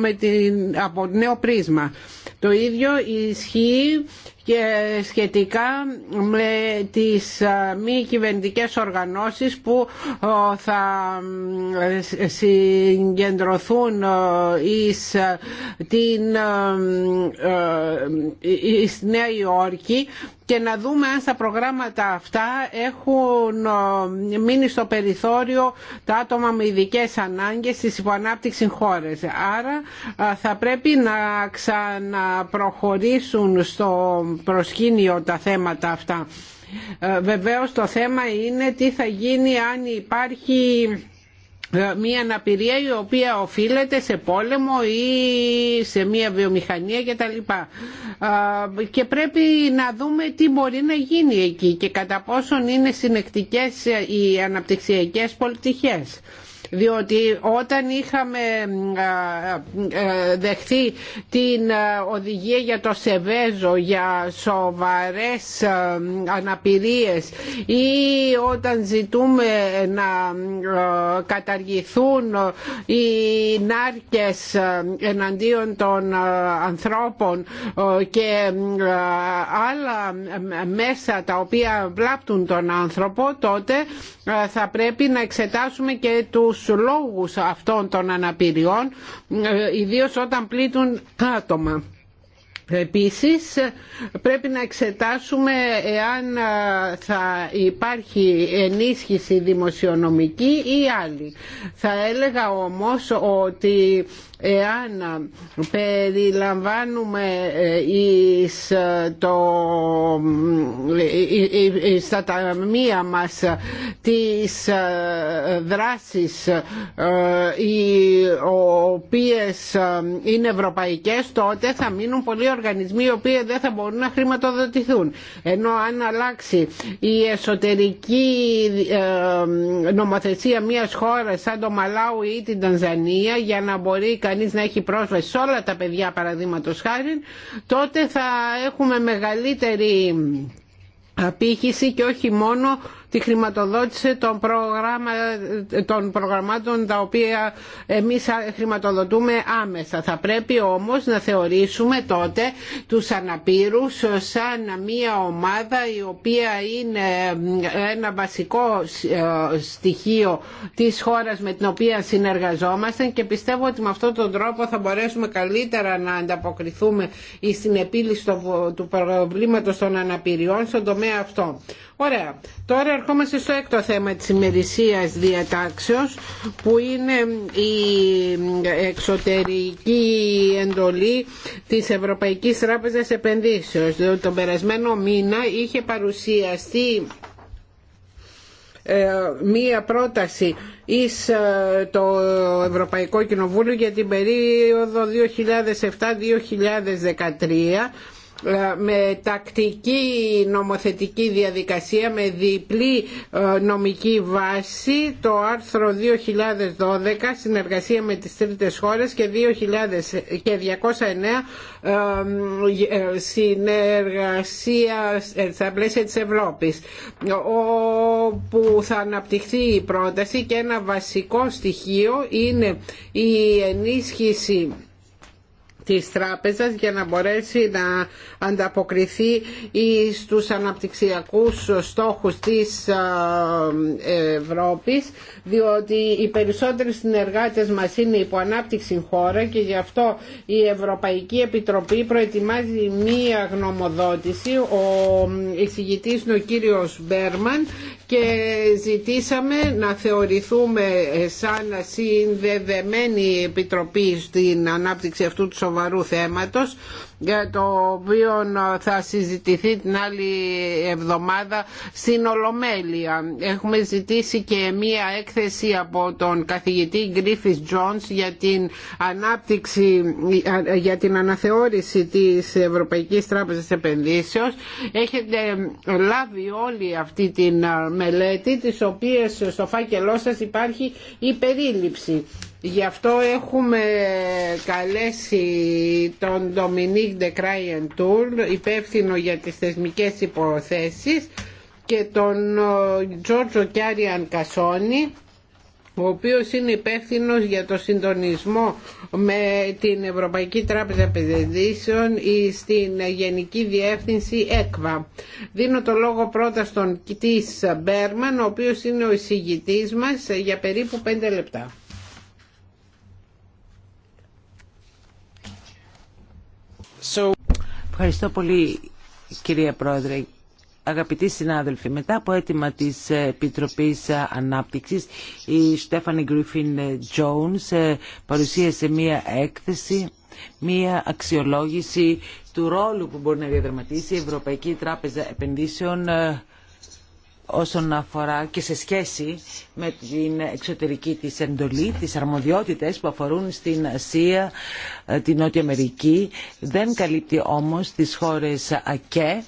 με την, από νέο πρίσμα. Το ίδιο ισχύει και σχετικά με τις μη κυβερνητικέ οργανώσεις που θα συγκεντρωθούν εις την Νέα Υόρκη και να δούμε αν στα προγράμματα αυτά έχουν ε, μείνει στο περιθώριο τα άτομα με ειδικέ ανάγκες στις υποανάπτυξη χώρες. Άρα ε, θα πρέπει να ξαναπροχωρήσουν στο προσκήνιο τα θέματα αυτά. Ε, βεβαίως το θέμα είναι τι θα γίνει αν υπάρχει ε, μια αναπηρία η οποία οφείλεται σε πόλεμο ή σε μια βιομηχανία κτλ. Και πρέπει να δούμε τι μπορεί να γίνει εκεί και κατά πόσον είναι συνεκτικές οι αναπτυξιακές πολιτικές διότι όταν είχαμε δεχθεί την οδηγία για το Σεβέζο για σοβαρές αναπηρίες ή όταν ζητούμε να καταργηθούν οι νάρκες εναντίον των ανθρώπων και άλλα μέσα τα οποία βλάπτουν τον άνθρωπο τότε θα πρέπει να εξετάσουμε και τους τους λόγους αυτών των αναπηριών, ε, ιδίως όταν πλήττουν άτομα. Επίσης πρέπει να εξετάσουμε εάν ε, θα υπάρχει ενίσχυση δημοσιονομική ή άλλη. Θα έλεγα όμως ότι εάν περιλαμβάνουμε ε, εις ε, το, εις ε, στα ταμεία μας τις δράσεις οι οποίες είναι ευρωπαϊκές τότε θα μείνουν πολλοί οργανισμοί οι οποίοι δεν θα μπορούν να χρηματοδοτηθούν ενώ αν αλλάξει η εσωτερική νομοθεσία μιας χώρας σαν το Μαλάου ή την Τανζανία για να μπορεί κανείς να έχει πρόσβαση σε όλα τα παιδιά παραδείγματος χάρη, τότε θα έχουμε μεγαλύτερη απήχηση και όχι μόνο τη χρηματοδότηση των, προγράμμα, προγραμμάτων τα οποία εμείς χρηματοδοτούμε άμεσα. Θα πρέπει όμως να θεωρήσουμε τότε τους αναπήρους σαν μια ομάδα η οποία είναι ένα βασικό ε, στοιχείο της χώρας με την οποία συνεργαζόμαστε και πιστεύω ότι με αυτόν τον τρόπο θα μπορέσουμε καλύτερα να ανταποκριθούμε στην επίλυση του προβλήματος των αναπηριών στον τομέα αυτό. Ωραία. Τώρα ερχόμαστε στο έκτο θέμα της ημερησίας διατάξεως που είναι η εξωτερική εντολή της Ευρωπαϊκής Τράπεζας Επενδύσεως. Το περασμένο μήνα είχε παρουσιαστεί ε, μία πρόταση εις ε, το Ευρωπαϊκό Κοινοβούλιο για την περίοδο 2007-2013 ε, με τακτική νομοθετική διαδικασία με διπλή ε, νομική βάση το άρθρο 2012 συνεργασία με τις τρίτες χώρες και, 2009, 209 ε, συνεργασία στα πλαίσια της Ευρώπης όπου θα αναπτυχθεί η πρόταση και ένα βασικό στοιχείο είναι η ενίσχυση της τράπεζας για να μπορέσει να ανταποκριθεί στους αναπτυξιακούς στόχους της ε, Ευρώπης διότι οι περισσότεροι συνεργάτες μας είναι υπό ανάπτυξη χώρα και γι' αυτό η Ευρωπαϊκή Επιτροπή προετοιμάζει μία γνωμοδότηση ο εισηγητής είναι ο κύριος Μπέρμαν και ζητήσαμε να θεωρηθούμε σαν συνδεδεμένη επιτροπή στην ανάπτυξη αυτού του σοβαρού θέματος για το οποίο θα συζητηθεί την άλλη εβδομάδα στην Ολομέλεια. Έχουμε ζητήσει και μία έκθεση από τον καθηγητή Γκρίφις Τζόνς για την ανάπτυξη, για την αναθεώρηση της Ευρωπαϊκής Τράπεζας Επενδύσεως. Έχετε λάβει όλη αυτή την μελέτη, τις οποίες στο φάκελό σας υπάρχει η περίληψη. Γι' αυτό έχουμε καλέσει τον Ντομινίκ Ντεκράιεν Τούρλ, υπεύθυνο για τις θεσμικές υποθέσεις, και τον Τζόρτζο Κιάριαν Κασόνη, ο οποίος είναι υπεύθυνο για το συντονισμό με την Ευρωπαϊκή Τράπεζα Επενδύσεων ή στην Γενική Διεύθυνση ΕΚΒΑ. Δίνω το λόγο πρώτα στον Κιτής Μπέρμαν, ο οποίος είναι ο εισηγητής μας για περίπου 5 λεπτά. Ευχαριστώ πολύ κυρία Πρόεδρε. Αγαπητοί συνάδελφοι, μετά από αίτημα της Επιτροπής Ανάπτυξης, η Στέφανη Γκρίφιν Τζόουνς παρουσίασε μία έκθεση, μία αξιολόγηση του ρόλου που μπορεί να διαδραματίσει η Ευρωπαϊκή Τράπεζα Επενδύσεων όσον αφορά και σε σχέση με την εξωτερική της εντολή, τις αρμοδιότητες που αφορούν στην Ασία, ε, την Νότια Αμερική. Δεν καλύπτει όμως τις χώρες ΑΚΕ,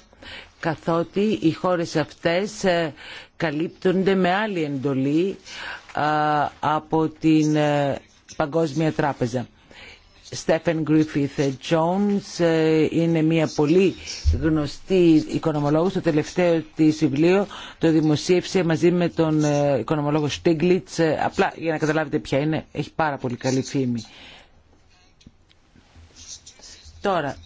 καθότι οι χώρες αυτές ε, καλύπτονται με άλλη εντολή ε, από την Παγκόσμια Τράπεζα. Στέφεν Γκρίφιθ Τζόνς είναι μια πολύ γνωστή οικονομολόγος. Το τελευταίο της βιβλίο το δημοσίευσε μαζί με τον ε, οικονομολόγο Στίγκλιτς. Ε, απλά για να καταλάβετε ποια είναι, έχει πάρα πολύ καλή φήμη. Τώρα,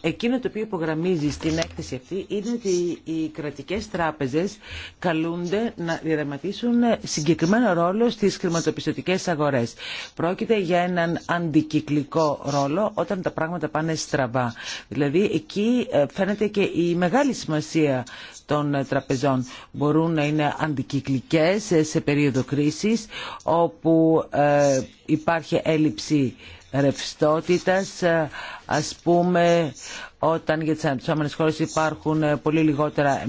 Εκείνο το οποίο υπογραμμίζει στην έκθεση αυτή είναι ότι οι κρατικές τράπεζες καλούνται να διαδραματίσουν συγκεκριμένο ρόλο στις χρηματοπιστωτικές αγορές. Πρόκειται για έναν αντικυκλικό ρόλο όταν τα πράγματα πάνε στραβά. Δηλαδή εκεί ε, φαίνεται και η μεγάλη σημασία των τραπεζών. Μπορούν να είναι αντικυκλικές σε περίοδο κρίσης όπου ε, υπάρχει έλλειψη ρευστότητας ε, ας πούμε όταν για τις αναπτυσσόμενες χώρες υπάρχουν ε, πολύ λιγότερα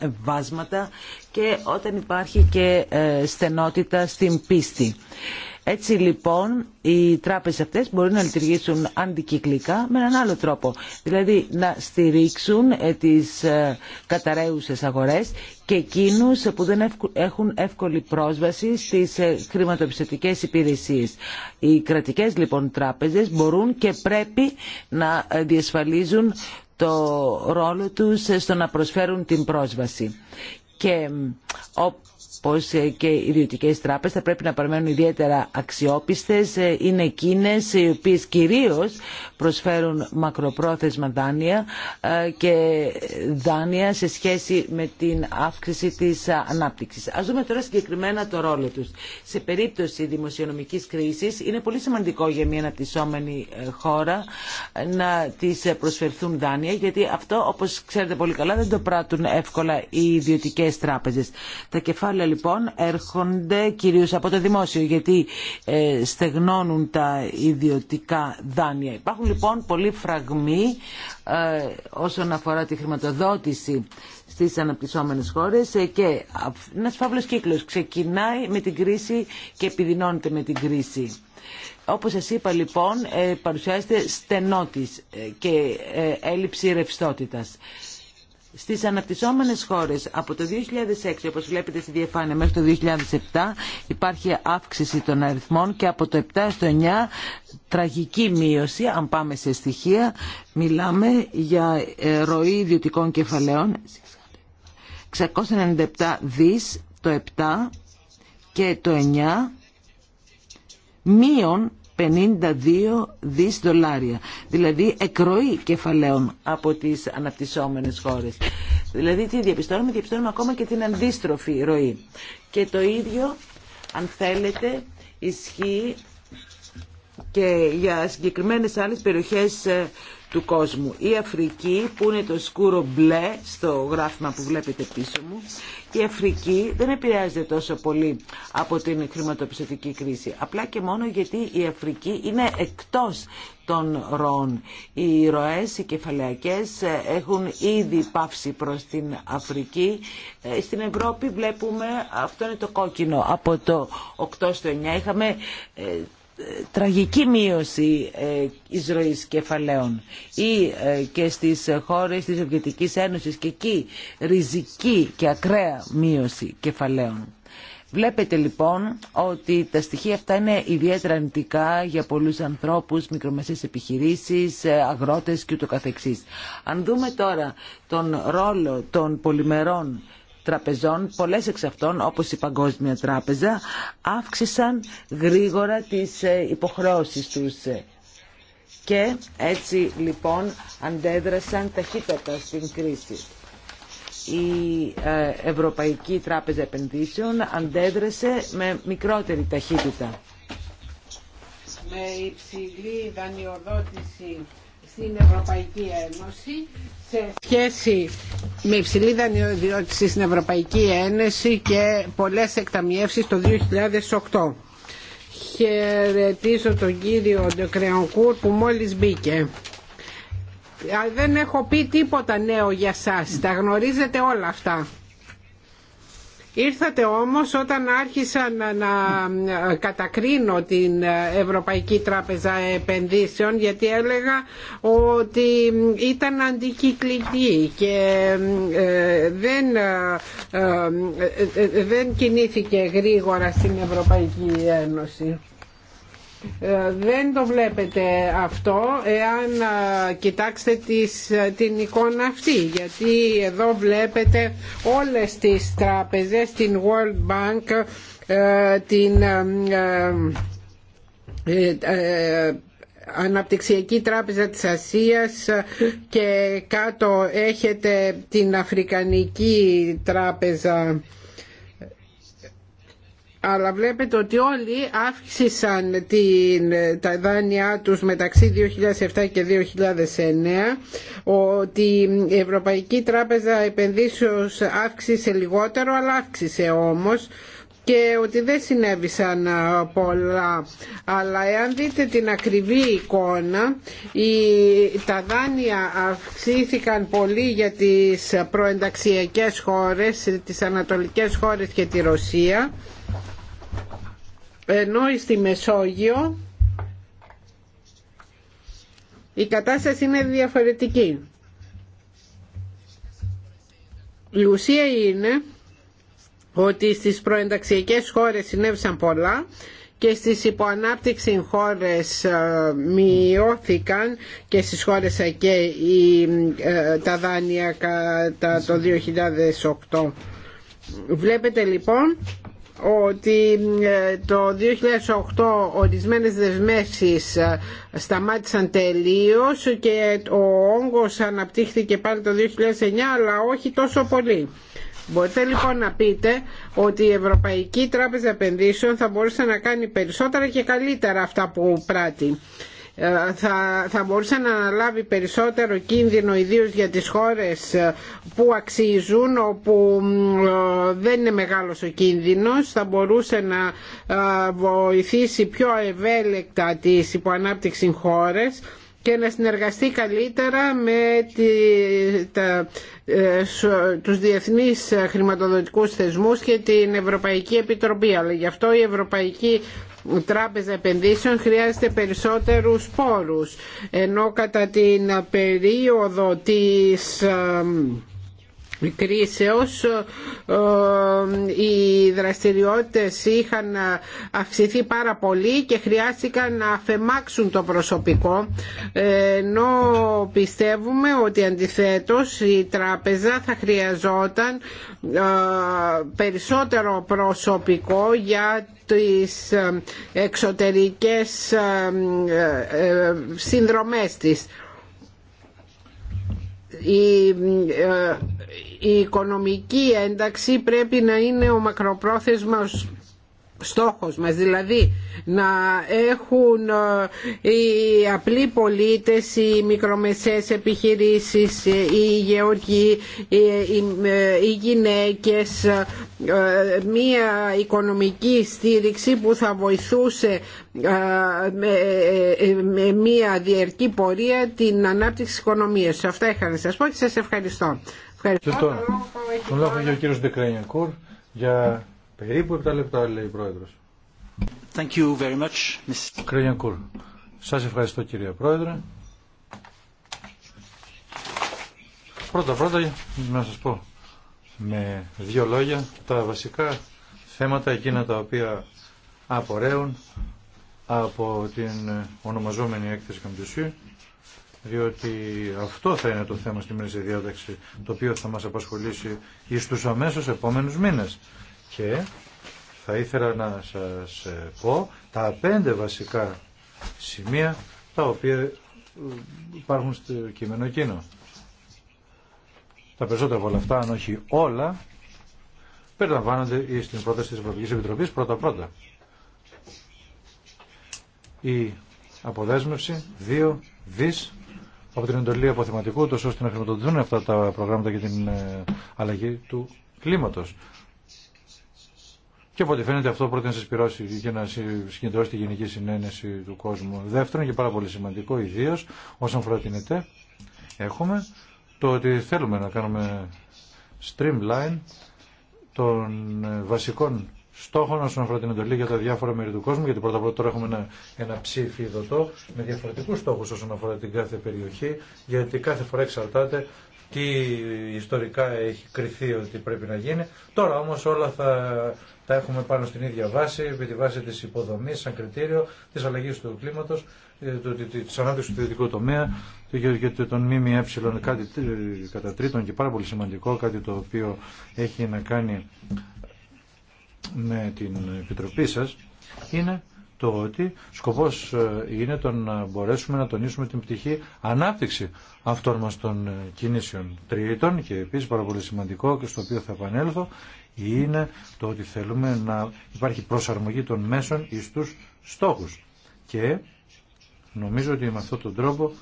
εμβάσματα και όταν υπάρχει και ε, στενότητα στην πίστη. Έτσι λοιπόν οι τράπεζες αυτές μπορούν να λειτουργήσουν αντικυκλικά με έναν άλλο τρόπο. Δηλαδή να στηρίξουν ε, τις ε, καταραίουσες αγορές και εκείνους που δεν έχουν εύκολη πρόσβαση στις ε, χρηματοπιστωτικές υπηρεσίες. Οι κρατικές λοιπόν τράπεζες μπορούν και πρέπει να διασφαλίζουν το ρόλο τους στο να προσφέρουν την πρόσβαση. Και όπως ε, και οι ιδιωτικές τράπεζες θα πρέπει να παραμένουν ιδιαίτερα αξιόπιστες. Ε, είναι εκείνες οι οποίες κυρίως προσφέρουν μακροπρόθεσμα δάνεια ε, και δάνεια σε σχέση με την αύξηση της ανάπτυξης. Ας δούμε τώρα συγκεκριμένα το ρόλο τους. Σε περίπτωση δημοσιονομικής κρίσης είναι πολύ σημαντικό για μια αναπτυσσόμενη χώρα να της προσφερθούν δάνεια γιατί αυτό όπως ξέρετε πολύ καλά δεν το πράττουν εύκολα οι ιδιωτικέ τράπεζε. Τα κεφάλαια λοιπόν, λοιπόν έρχονται κυρίως από το δημόσιο γιατί ε, στεγνώνουν τα ιδιωτικά δάνεια. Υπάρχουν λοιπόν πολλοί φραγμοί ε, όσον αφορά τη χρηματοδότηση στις αναπτυσσόμενες χώρες ε, και ένας φαύλος κύκλος ξεκινάει με την κρίση και επιδεινώνεται με την κρίση. Όπως σας είπα λοιπόν παρουσιάζεται στενότης και έλλειψη ρευστότητας στις αναπτυσσόμενες χώρες από το 2006 όπως βλέπετε στη διαφάνεια μέχρι το 2007 υπάρχει αύξηση των αριθμών και από το 7 στο 9 τραγική μείωση αν πάμε σε στοιχεία μιλάμε για ε, ροή ιδιωτικών κεφαλαίων 697 δις το 7 και το 9 μείων. 52 δις δολάρια. Δηλαδή εκροή κεφαλαίων από τις αναπτυσσόμενες χώρες. Δηλαδή τι διαπιστώνουμε, διαπιστώνουμε ακόμα και την αντίστροφη ροή. Και το ίδιο, αν θέλετε, ισχύει και για συγκεκριμένες άλλες περιοχές ε, του κόσμου. Η Αφρική που είναι το σκούρο μπλε στο γράφημα που βλέπετε πίσω μου, η Αφρική δεν επηρεάζεται τόσο πολύ από την χρηματοπιστωτική κρίση. Απλά και μόνο γιατί η Αφρική είναι εκτός των ροών. Οι ροές, οι κεφαλαιακές έχουν ήδη πάυσει προς την Αφρική. Ε, στην Ευρώπη βλέπουμε, αυτό είναι το κόκκινο, από το 8 στο 9 είχαμε ε, τραγική μείωση ε, εισρωής κεφαλαίων ή ε, και στις χώρες της Σοβιετικής Ένωσης και εκεί ριζική και ακραία μείωση κεφαλαίων. Βλέπετε λοιπόν ότι τα στοιχεία αυτά είναι ιδιαίτερα αρνητικά για πολλούς ανθρώπους, μικρομεσαίες επιχειρήσεις, ε, αγρότες και ούτω καθεξής. Αν δούμε τώρα τον ρόλο των πολυμερών τραπεζών, πολλές εξ αυτών όπως η Παγκόσμια Τράπεζα, αύξησαν γρήγορα τις ε, υποχρεώσεις τους. Και έτσι λοιπόν αντέδρασαν ταχύτατα στην κρίση. Η ε, Ευρωπαϊκή Τράπεζα Επενδύσεων αντέδρασε με μικρότερη ταχύτητα. Με υψηλή δανειοδότηση στην Ευρωπαϊκή Ένωση σε σχέση με υψηλή δανειοδιότηση στην Ευρωπαϊκή Ένωση και πολλές εκταμιεύσεις το 2008. Χαιρετίζω τον κύριο Ντεκρεονκούρ που μόλις μπήκε. Δεν έχω πει τίποτα νέο για σας. Τα γνωρίζετε όλα αυτά. Ήρθατε όμως όταν άρχισαν να κατακρίνω την Ευρωπαϊκή Τράπεζα Επενδύσεων γιατί έλεγα ότι ήταν αντικυκλική και ε, δεν, ε, ε, δεν κινήθηκε γρήγορα στην Ευρωπαϊκή Ένωση. Ε, δεν το βλέπετε αυτό εάν ε, κοιτάξετε τις, ε, την εικόνα αυτή γιατί εδώ βλέπετε όλες τις τράπεζες, την World Bank, την Αναπτυξιακή Τράπεζα της Ασίας και κάτω έχετε την Αφρικανική Τράπεζα αλλά βλέπετε ότι όλοι αύξησαν την, τα δάνειά τους μεταξύ 2007 και 2009 ότι η Ευρωπαϊκή Τράπεζα Επενδύσεως αύξησε λιγότερο αλλά αύξησε όμως και ότι δεν συνέβησαν πολλά. Αλλά εάν δείτε την ακριβή εικόνα, η, τα δάνεια αυξήθηκαν πολύ για τις προενταξιακές χώρες, τις ανατολικές χώρες και τη Ρωσία ενώ στη Μεσόγειο η κατάσταση είναι διαφορετική. Η ουσία είναι ότι στις προενταξιακές χώρες συνέβησαν πολλά και στις υποανάπτυξη χώρες ε, μειώθηκαν και στις χώρες και ε, τα δάνεια κατά το 2008. Βλέπετε λοιπόν ότι ε, το 2008 ορισμένες δεσμεύσεις ε, σταμάτησαν τελείως και ο όγκος αναπτύχθηκε πάλι το 2009 αλλά όχι τόσο πολύ. Μπορείτε λοιπόν να πείτε ότι η Ευρωπαϊκή Τράπεζα Επενδύσεων θα μπορούσε να κάνει περισσότερα και καλύτερα αυτά που πράττει. Ε, θα, θα μπορούσε να αναλάβει περισσότερο κίνδυνο ιδίως για τις χώρες ε, που αξίζουν όπου ε, δεν είναι μεγάλος ο κίνδυνος θα μπορούσε να βοηθήσει πιο ευέλικτα τις υποανάπτυξη χώρες και να συνεργαστεί καλύτερα με τα ε, τους διεθνείς ε, χρηματοδοτικούς θεσμούς και την Ευρωπαϊκή Επιτροπή. Αλλά γι' αυτό η Ευρωπαϊκή Τράπεζα Επενδύσεων χρειάζεται περισσότερους πόρους. Ενώ κατά την περίοδο της ε, κρίσεως οι δραστηριότητες είχαν αυξηθεί πάρα πολύ και χρειάστηκαν να αφαιμάξουν το προσωπικό ενώ πιστεύουμε ότι αντιθέτως η τράπεζα θα χρειαζόταν ε, περισσότερο προσωπικό για τις ε, εξωτερικές ε, συνδρομές της η οικονομική ένταξη πρέπει να είναι ο μακροπρόθεσμος στόχος μας δηλαδή να έχουν ε, οι απλοί πολίτες οι μικρομεσαίες επιχειρήσεις ε, οι γεωργοί ε, οι γυναίκες μια οικονομική στήριξη που θα βοηθούσε με μια διερκή πορεία την ανάπτυξη της οικονομίας. Αυτά είχα να σας πω και σας ευχαριστώ. Ευχαριστώ. Και τώρα, τον λόγο για ο κύριο Ντεκρανιακούρ για περίπου 7 λεπτά, λέει η Πρόεδρος. Thank you Σας ευχαριστώ κύριε Πρόεδρε. Πρώτα πρώτα να σας πω με δύο λόγια τα βασικά θέματα εκείνα τα οποία απορρέουν από την ονομαζόμενη έκθεση Καμπτουσίου διότι αυτό θα είναι το θέμα στη μέση διάταξη, το οποίο θα μας απασχολήσει εις τους αμέσως επόμενους μήνες. Και θα ήθελα να σας πω τα πέντε βασικά σημεία τα οποία ε, υπάρχουν στο κείμενο εκείνο. Τα περισσότερα από όλα αυτά, αν όχι όλα, περιλαμβάνονται στην πρόταση της Ευρωπαϊκής Επιτροπής πρώτα-πρώτα. Η αποδέσμευση 2 δις από την εντολή αποθεματικού, τόσο ώστε να χρηματοδοτούν αυτά τα προγράμματα για την ε, αλλαγή του κλίματος. Και από ό,τι φαίνεται αυτό πρώτα να πειρώσει και να συγκεντρώσει τη γενική συνένεση του κόσμου. Δεύτερον και πάρα πολύ σημαντικό, ιδίω όσον αφορά την ΕΤΕ, έχουμε το ότι θέλουμε να κάνουμε streamline των ε, βασικών στόχων όσον αφορά την εντολή για τα διάφορα μέρη του κόσμου, γιατί πρώτα απ' όλα τώρα έχουμε ένα, ένα ψήφι δοτό με διαφορετικού στόχου όσον αφορά την κάθε περιοχή, γιατί κάθε φορά εξαρτάται τι ιστορικά έχει κριθεί ότι πρέπει να γίνει. Τώρα όμω όλα θα τα έχουμε πάνω στην ίδια βάση, επί τη βάση τη υποδομή, σαν κριτήριο, τη αλλαγή του κλίματο, ε, τη ανάπτυξη του ιδιωτικού τομέα και τον ΜΜΕ, κάτι κατά τρίτον και πάρα πολύ σημαντικό, κάτι το οποίο έχει να κάνει με την Επιτροπή σας είναι το ότι σκοπός ε, είναι το να μπορέσουμε να τονίσουμε την πτυχή ανάπτυξη αυτών μας των ε, κινήσεων τρίτων και επίσης πάρα πολύ σημαντικό και στο οποίο θα επανέλθω είναι το ότι θέλουμε να υπάρχει προσαρμογή των μέσων εις τους στόχους και νομίζω ότι με αυτόν τον τρόπο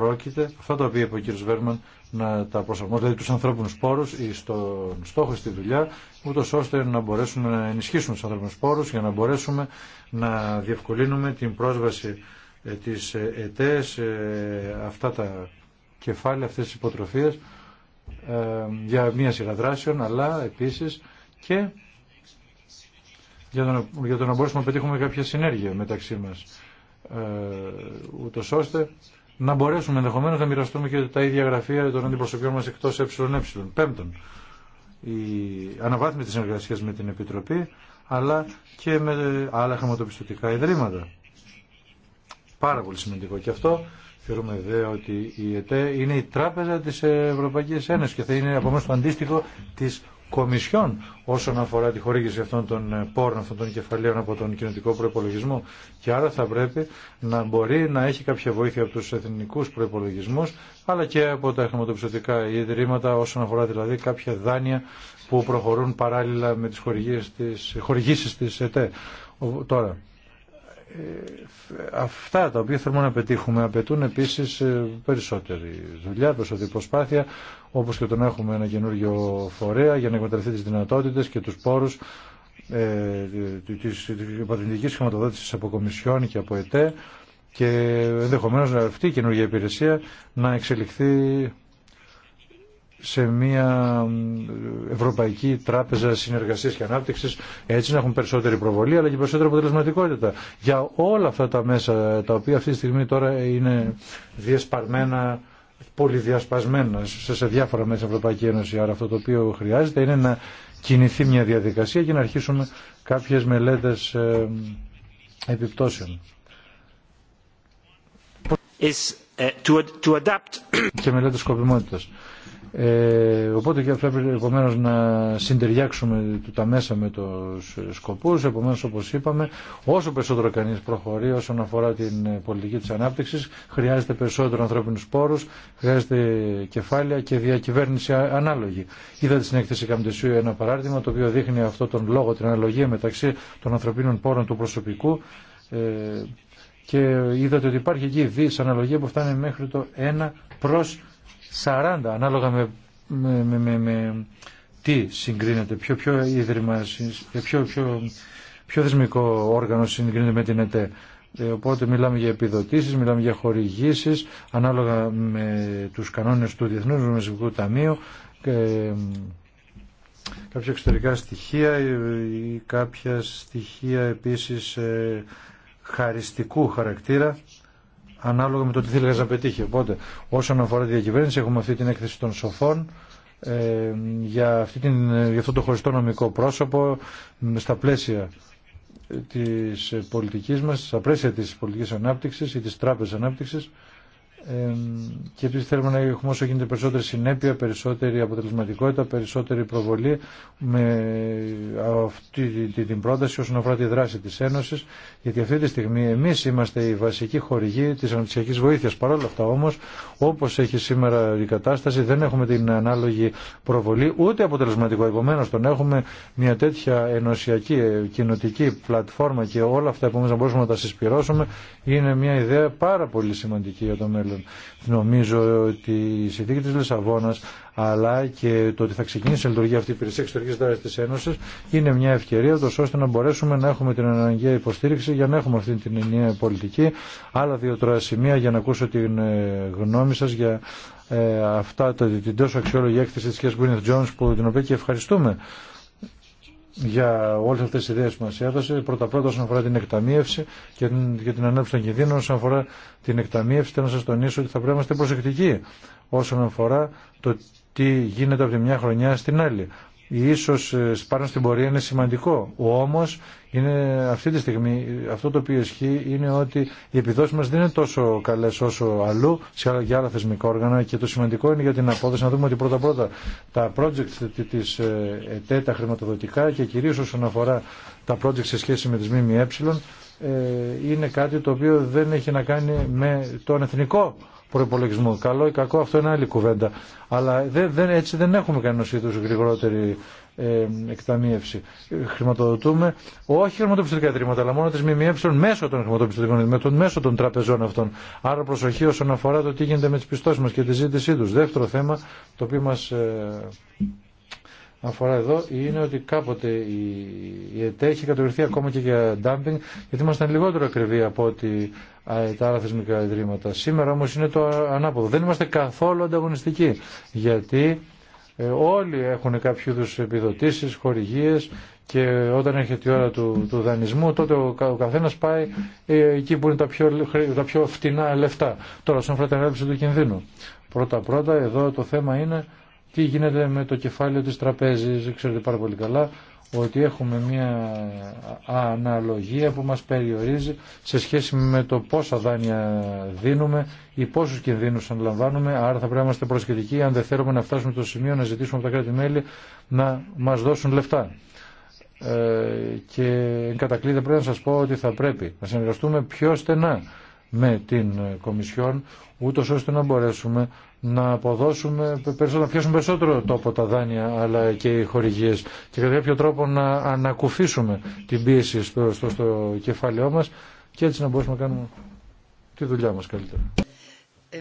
πρόκειται αυτά τα οποία είπε ο κ. Βέρμαν να τα προσαρμόσουμε δηλαδή του ανθρώπινου πόρου στον στόχο στη δουλειά, ούτω ώστε να μπορέσουμε να ενισχύσουμε του ανθρώπινου πόρου για να μπορέσουμε να διευκολύνουμε την πρόσβαση ε, τη ε, ΕΤΕ σε αυτά τα κεφάλαια, αυτέ τι υποτροφίε ε, για μία σειρά δράσεων, αλλά επίση και για το, να, για το να μπορέσουμε να πετύχουμε κάποια συνέργεια μεταξύ μας, ε, ούτως ώστε να μπορέσουμε ενδεχομένω να μοιραστούμε και τα ίδια γραφεία των αντιπροσωπιών μα εκτό ΕΕ. Πέμπτον, η αναβάθμιση τη συνεργασία με την Επιτροπή αλλά και με άλλα χρηματοπιστωτικά ιδρύματα. Πάρα πολύ σημαντικό και αυτό. Θεωρούμε δε ότι η ΕΤΕ είναι η τράπεζα της Ευρωπαϊκής Ένωσης και θα είναι από το αντίστοιχο της Κομισιόν όσον αφορά τη χορήγηση αυτών των ε, πόρων, αυτών των κεφαλαίων από τον κοινωτικό προπολογισμό. Και άρα θα πρέπει να μπορεί να έχει κάποια βοήθεια από του εθνικού προπολογισμού, αλλά και από τα χρηματοπιστωτικά ιδρύματα, όσον αφορά δηλαδή κάποια δάνεια που προχωρούν παράλληλα με τι χορηγήσει τη ΕΤΕ. Τώρα, ε, αυτά τα οποία θέλουμε να πετύχουμε απαιτούν επίσης ε, περισσότερη δουλειά, περισσότερη προσπάθεια όπως και το να έχουμε ένα καινούργιο φορέα για να εκμεταλλευτεί τις δυνατότητες και τους πόρους τη ε, της χρηματοδότηση από Κομισιόν και από ΕΤΕ και ενδεχομένως αυτή η καινούργια υπηρεσία να εξελιχθεί σε μια Ευρωπαϊκή Τράπεζα Συνεργασίας και Ανάπτυξης έτσι να έχουν περισσότερη προβολή αλλά και περισσότερη αποτελεσματικότητα για όλα αυτά τα μέσα τα οποία αυτή τη στιγμή τώρα είναι διασπαρμένα πολυδιασπασμένα σε διάφορα μέσα Ευρωπαϊκή Ένωση άρα αυτό το οποίο χρειάζεται είναι να κινηθεί μια διαδικασία και να αρχίσουμε κάποιες μελέτες ε, επιπτώσεων ε, to, adapt... και μελέτες σκοπιμότητας ε, οπότε και πρέπει επομένω να συντεριάξουμε τα μέσα με του σκοπού. Επομένω, όπω είπαμε, όσο περισσότερο κανεί προχωρεί όσον αφορά την πολιτική τη ανάπτυξη, χρειάζεται περισσότερο ανθρώπινου πόρου, χρειάζεται κεφάλαια και διακυβέρνηση ανάλογη. Είδατε στην έκθεση Καμπτεσίου ένα παράδειγμα το οποίο δείχνει αυτό τον λόγο, την αναλογία μεταξύ των ανθρωπίνων πόρων του προσωπικού. Ε, και είδατε ότι υπάρχει εκεί δυσαναλογία αναλογία που φτάνει μέχρι το 1 προς 40 ανάλογα με, με, με, με, τι συγκρίνεται, ποιο, ποιο ίδρυμα, ε, ποιο, ποιο, ποιο θεσμικό όργανο συγκρίνεται με την ΕΤΕ. Ε, οπότε μιλάμε για επιδοτήσεις, μιλάμε για χορηγήσεις, ανάλογα με τους κανόνες του Διεθνούς Νομισματικού Ταμείου, και ε, κάποια εξωτερικά στοιχεία ή κάποια στοιχεία επίσης χαριστικού χαρακτήρα ανάλογα με το τι θέλει να πετύχει. Οπότε, όσον αφορά τη διακυβέρνηση, έχουμε αυτή την έκθεση των σοφών ε, για, αυτή την, για αυτό το χωριστό νομικό πρόσωπο στα πλαίσια της πολιτικής μας, στα πλαίσια της πολιτικής ανάπτυξης ή της τράπεζας ανάπτυξης και επίσης θέλουμε να έχουμε όσο γίνεται περισσότερη συνέπεια, περισσότερη αποτελεσματικότητα, περισσότερη προβολή με αυτή την πρόταση όσον αφορά τη δράση τη Ένωση. γιατί αυτή τη στιγμή εμεί είμαστε η βασική χορηγή της βοήθεια. βοήθειας παρόλα αυτά όμω, όπω έχει σήμερα η κατάσταση δεν έχουμε την ανάλογη προβολή ούτε αποτελεσματικό επομένω τον έχουμε μια τέτοια ενωσιακή ε, κοινοτική πλατφόρμα και όλα αυτά που να μπορούμε να τα συσπηρώσουμε είναι μια ιδέα πάρα πολύ σημαντική για το μέλλον Νομίζω ότι η συνθήκη τη Λισαβόνα αλλά και το ότι θα ξεκινήσει η λειτουργία αυτή η υπηρεσία εξωτερική δράση τη Ένωση είναι μια ευκαιρία τόσο ώστε να μπορέσουμε να έχουμε την αναγκαία υποστήριξη για να έχουμε αυτή την ενιαία πολιτική. Άλλα δύο τώρα σημεία για να ακούσω την ε, γνώμη σα για ε, αυτά, την τόσο αξιόλογη έκθεση τη κ. Γκουίνεθ Τζόνς που την οποία και ευχαριστούμε για όλες αυτέ τις ιδέες που μας έδωσε. Πρώτα πρώτα όσον αφορά την εκταμείευση και την, και την ανάπτυξη των κινδύνων, όσον αφορά την εκταμείευση, θέλω να σας τονίσω ότι θα πρέπει να είμαστε προσεκτικοί όσον αφορά το τι γίνεται από τη μια χρονιά στην άλλη ίσως ε, πάνω στην πορεία είναι σημαντικό. Όμως είναι αυτή τη στιγμή αυτό το οποίο ισχύει είναι ότι οι επιδόσεις μας δεν είναι τόσο καλές όσο αλλού σε για άλλα θεσμικά όργανα και το σημαντικό είναι για την απόδοση να δούμε ότι πρώτα πρώτα τα project της ε, ΕΤΕ, τα χρηματοδοτικά και κυρίως όσον αφορά τα project σε σχέση με τις ΜΜΕ ε, είναι κάτι το οποίο δεν έχει να κάνει με τον εθνικό προπολογισμού. Καλό ή κακό, αυτό είναι άλλη κουβέντα. Αλλά δεν, έτσι δεν έχουμε κανένα είδου γρηγορότερη ε, εκταμείευση. Χρηματοδοτούμε όχι χρηματοπιστωτικά ιδρύματα, αλλά μόνο τι ΜΜΕ μέσω των χρηματοπιστωτικών ιδρυμάτων, μέσω των τραπεζών αυτών. Άρα προσοχή όσον αφορά το τι γίνεται με τι πιστώσει μα και τη ζήτησή του. Δεύτερο θέμα, το οποίο μα ε, αφορά εδώ είναι ότι κάποτε η, η ΕΤΕ έχει ακόμα και για ντάμπινγκ, γιατί ήμασταν λιγότερο ακριβοί από ότι τα άλλα θεσμικά ιδρύματα. Σήμερα όμως είναι το ανάποδο. Δεν είμαστε καθόλου ανταγωνιστικοί γιατί ε, όλοι έχουν κάποιο είδου επιδοτήσεις, χορηγίες και όταν έρχεται η ώρα του, του δανεισμού τότε ο, ο καθένας πάει ε, εκεί που είναι τα πιο, τα πιο φτηνά λεφτά. Τώρα, σαν αφορά του κινδύνου. Πρώτα-πρώτα εδώ το θέμα είναι τι γίνεται με το κεφάλαιο της τραπέζης, ξέρετε πάρα πολύ καλά ότι έχουμε μια αναλογία που μας περιορίζει σε σχέση με το πόσα δάνεια δίνουμε ή πόσους κινδύνους αντιλαμβάνουμε. άρα θα πρέπει να είμαστε προσκλητικοί αν δεν θέλουμε να φτάσουμε στο σημείο να ζητήσουμε από τα κράτη-μέλη να μας δώσουν λεφτά. Ε, και εν πρέπει να σας πω ότι θα πρέπει να συνεργαστούμε πιο στενά με την ε, Κομισιόν, ούτω ώστε να μπορέσουμε να αποδώσουμε περισσότερο, να πιάσουμε περισσότερο τόπο τα δάνεια αλλά και οι χορηγίε και κατά κάποιο τρόπο να ανακουφίσουμε την πίεση στο, στο, στο κεφάλαιό μα και έτσι να μπορέσουμε να κάνουμε τη δουλειά μα καλύτερα. Ε,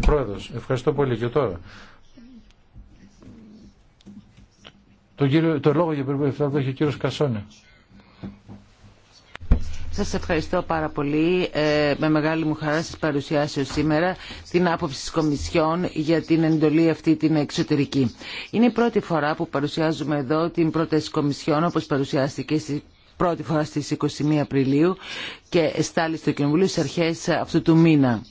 πρόεδρος, ευχαριστώ πολύ και τώρα. Το, κύριο, το λόγο για περίπου 7 έχει ο κύριο Κασόνη. Σας ευχαριστώ πάρα πολύ. Ε, με μεγάλη μου χαρά σας παρουσιάσω σήμερα την άποψη της Κομισιόν για την εντολή αυτή την εξωτερική. Είναι η πρώτη φορά που παρουσιάζουμε εδώ την πρόταση Κομισιόν όπως παρουσιάστηκε στη πρώτη φορά στις 21 Απριλίου και στάλει στο Κοινοβούλιο στις αρχές αυτού του μήνα.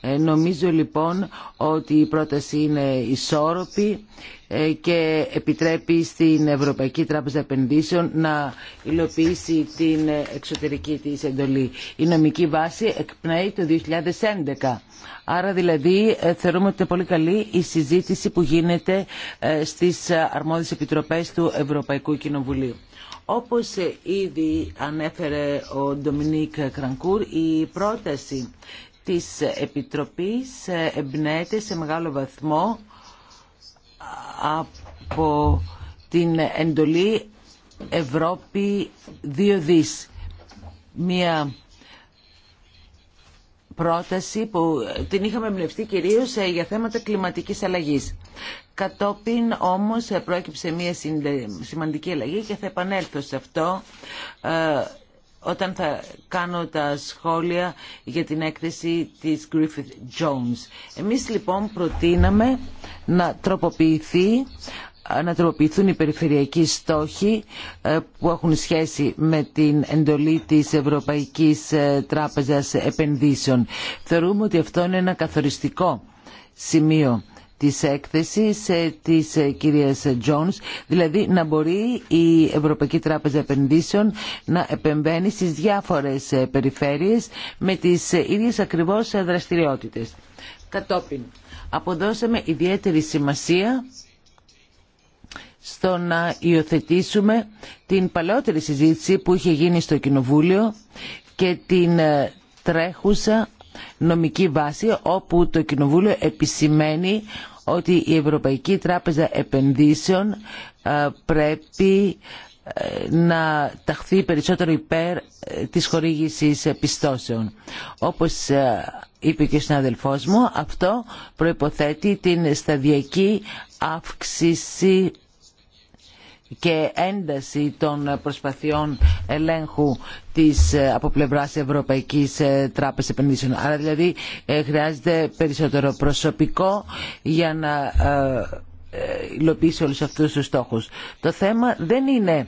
Ε, νομίζω λοιπόν ότι η πρόταση είναι ισόρροπη ε, και επιτρέπει στην Ευρωπαϊκή Τράπεζα Επενδύσεων να υλοποιήσει την εξωτερική της εντολή. Η νομική βάση εκπνέει το 2011. Άρα δηλαδή ε, θεωρούμε ότι είναι πολύ καλή η συζήτηση που γίνεται στις αρμόδιες επιτροπές του Ευρωπαϊκού Κοινοβουλίου. Όπως ήδη ανέφερε ο Ντομινίκ Κρανκούρ, η πρόταση της Επιτροπής εμπνέεται σε μεγάλο βαθμό από την εντολή Ευρώπη 2 δις. Μια πρόταση που την είχαμε εμπνευστεί κυρίως ε, για θέματα κλιματικής αλλαγής. Κατόπιν όμως ε, πρόκειψε μια σημαντική αλλαγή και θα επανέλθω σε αυτό ε, όταν θα κάνω τα σχόλια για την έκθεση της Griffith Jones. Εμείς λοιπόν προτείναμε να τροποποιηθεί να τροποποιηθούν οι περιφερειακοί στόχοι ε, που έχουν σχέση με την εντολή της Ευρωπαϊκής ε, Τράπεζας Επενδύσεων. Θεωρούμε ότι αυτό είναι ένα καθοριστικό σημείο της έκθεσης ε, της ε, κυρίας Τζόνς, δηλαδή να μπορεί η Ευρωπαϊκή Τράπεζα Επενδύσεων να επεμβαίνει στις διάφορες ε, περιφέρειες με τις ίδιες ακριβώς δραστηριότητες. Κατόπιν, αποδώσαμε ιδιαίτερη σημασία στο να υιοθετήσουμε την παλαιότερη συζήτηση που είχε γίνει στο Κοινοβούλιο και την τρέχουσα νομική βάση όπου το Κοινοβούλιο επισημαίνει ότι η Ευρωπαϊκή Τράπεζα Επενδύσεων ε, πρέπει ε, να ταχθεί περισσότερο υπέρ ε, της χορήγησης πιστώσεων. Όπως είπε και ο συναδελφός μου, αυτό προϋποθέτει την σταδιακή αύξηση και ένταση των προσπαθειών ελέγχου της, ε, από πλευράς Ευρωπαϊκής ε, Τράπεζας Επενδύσεων. Άρα δηλαδή ε, χρειάζεται περισσότερο προσωπικό για να υλοποιήσει όλους αυτούς τους στόχους. Το θέμα δεν είναι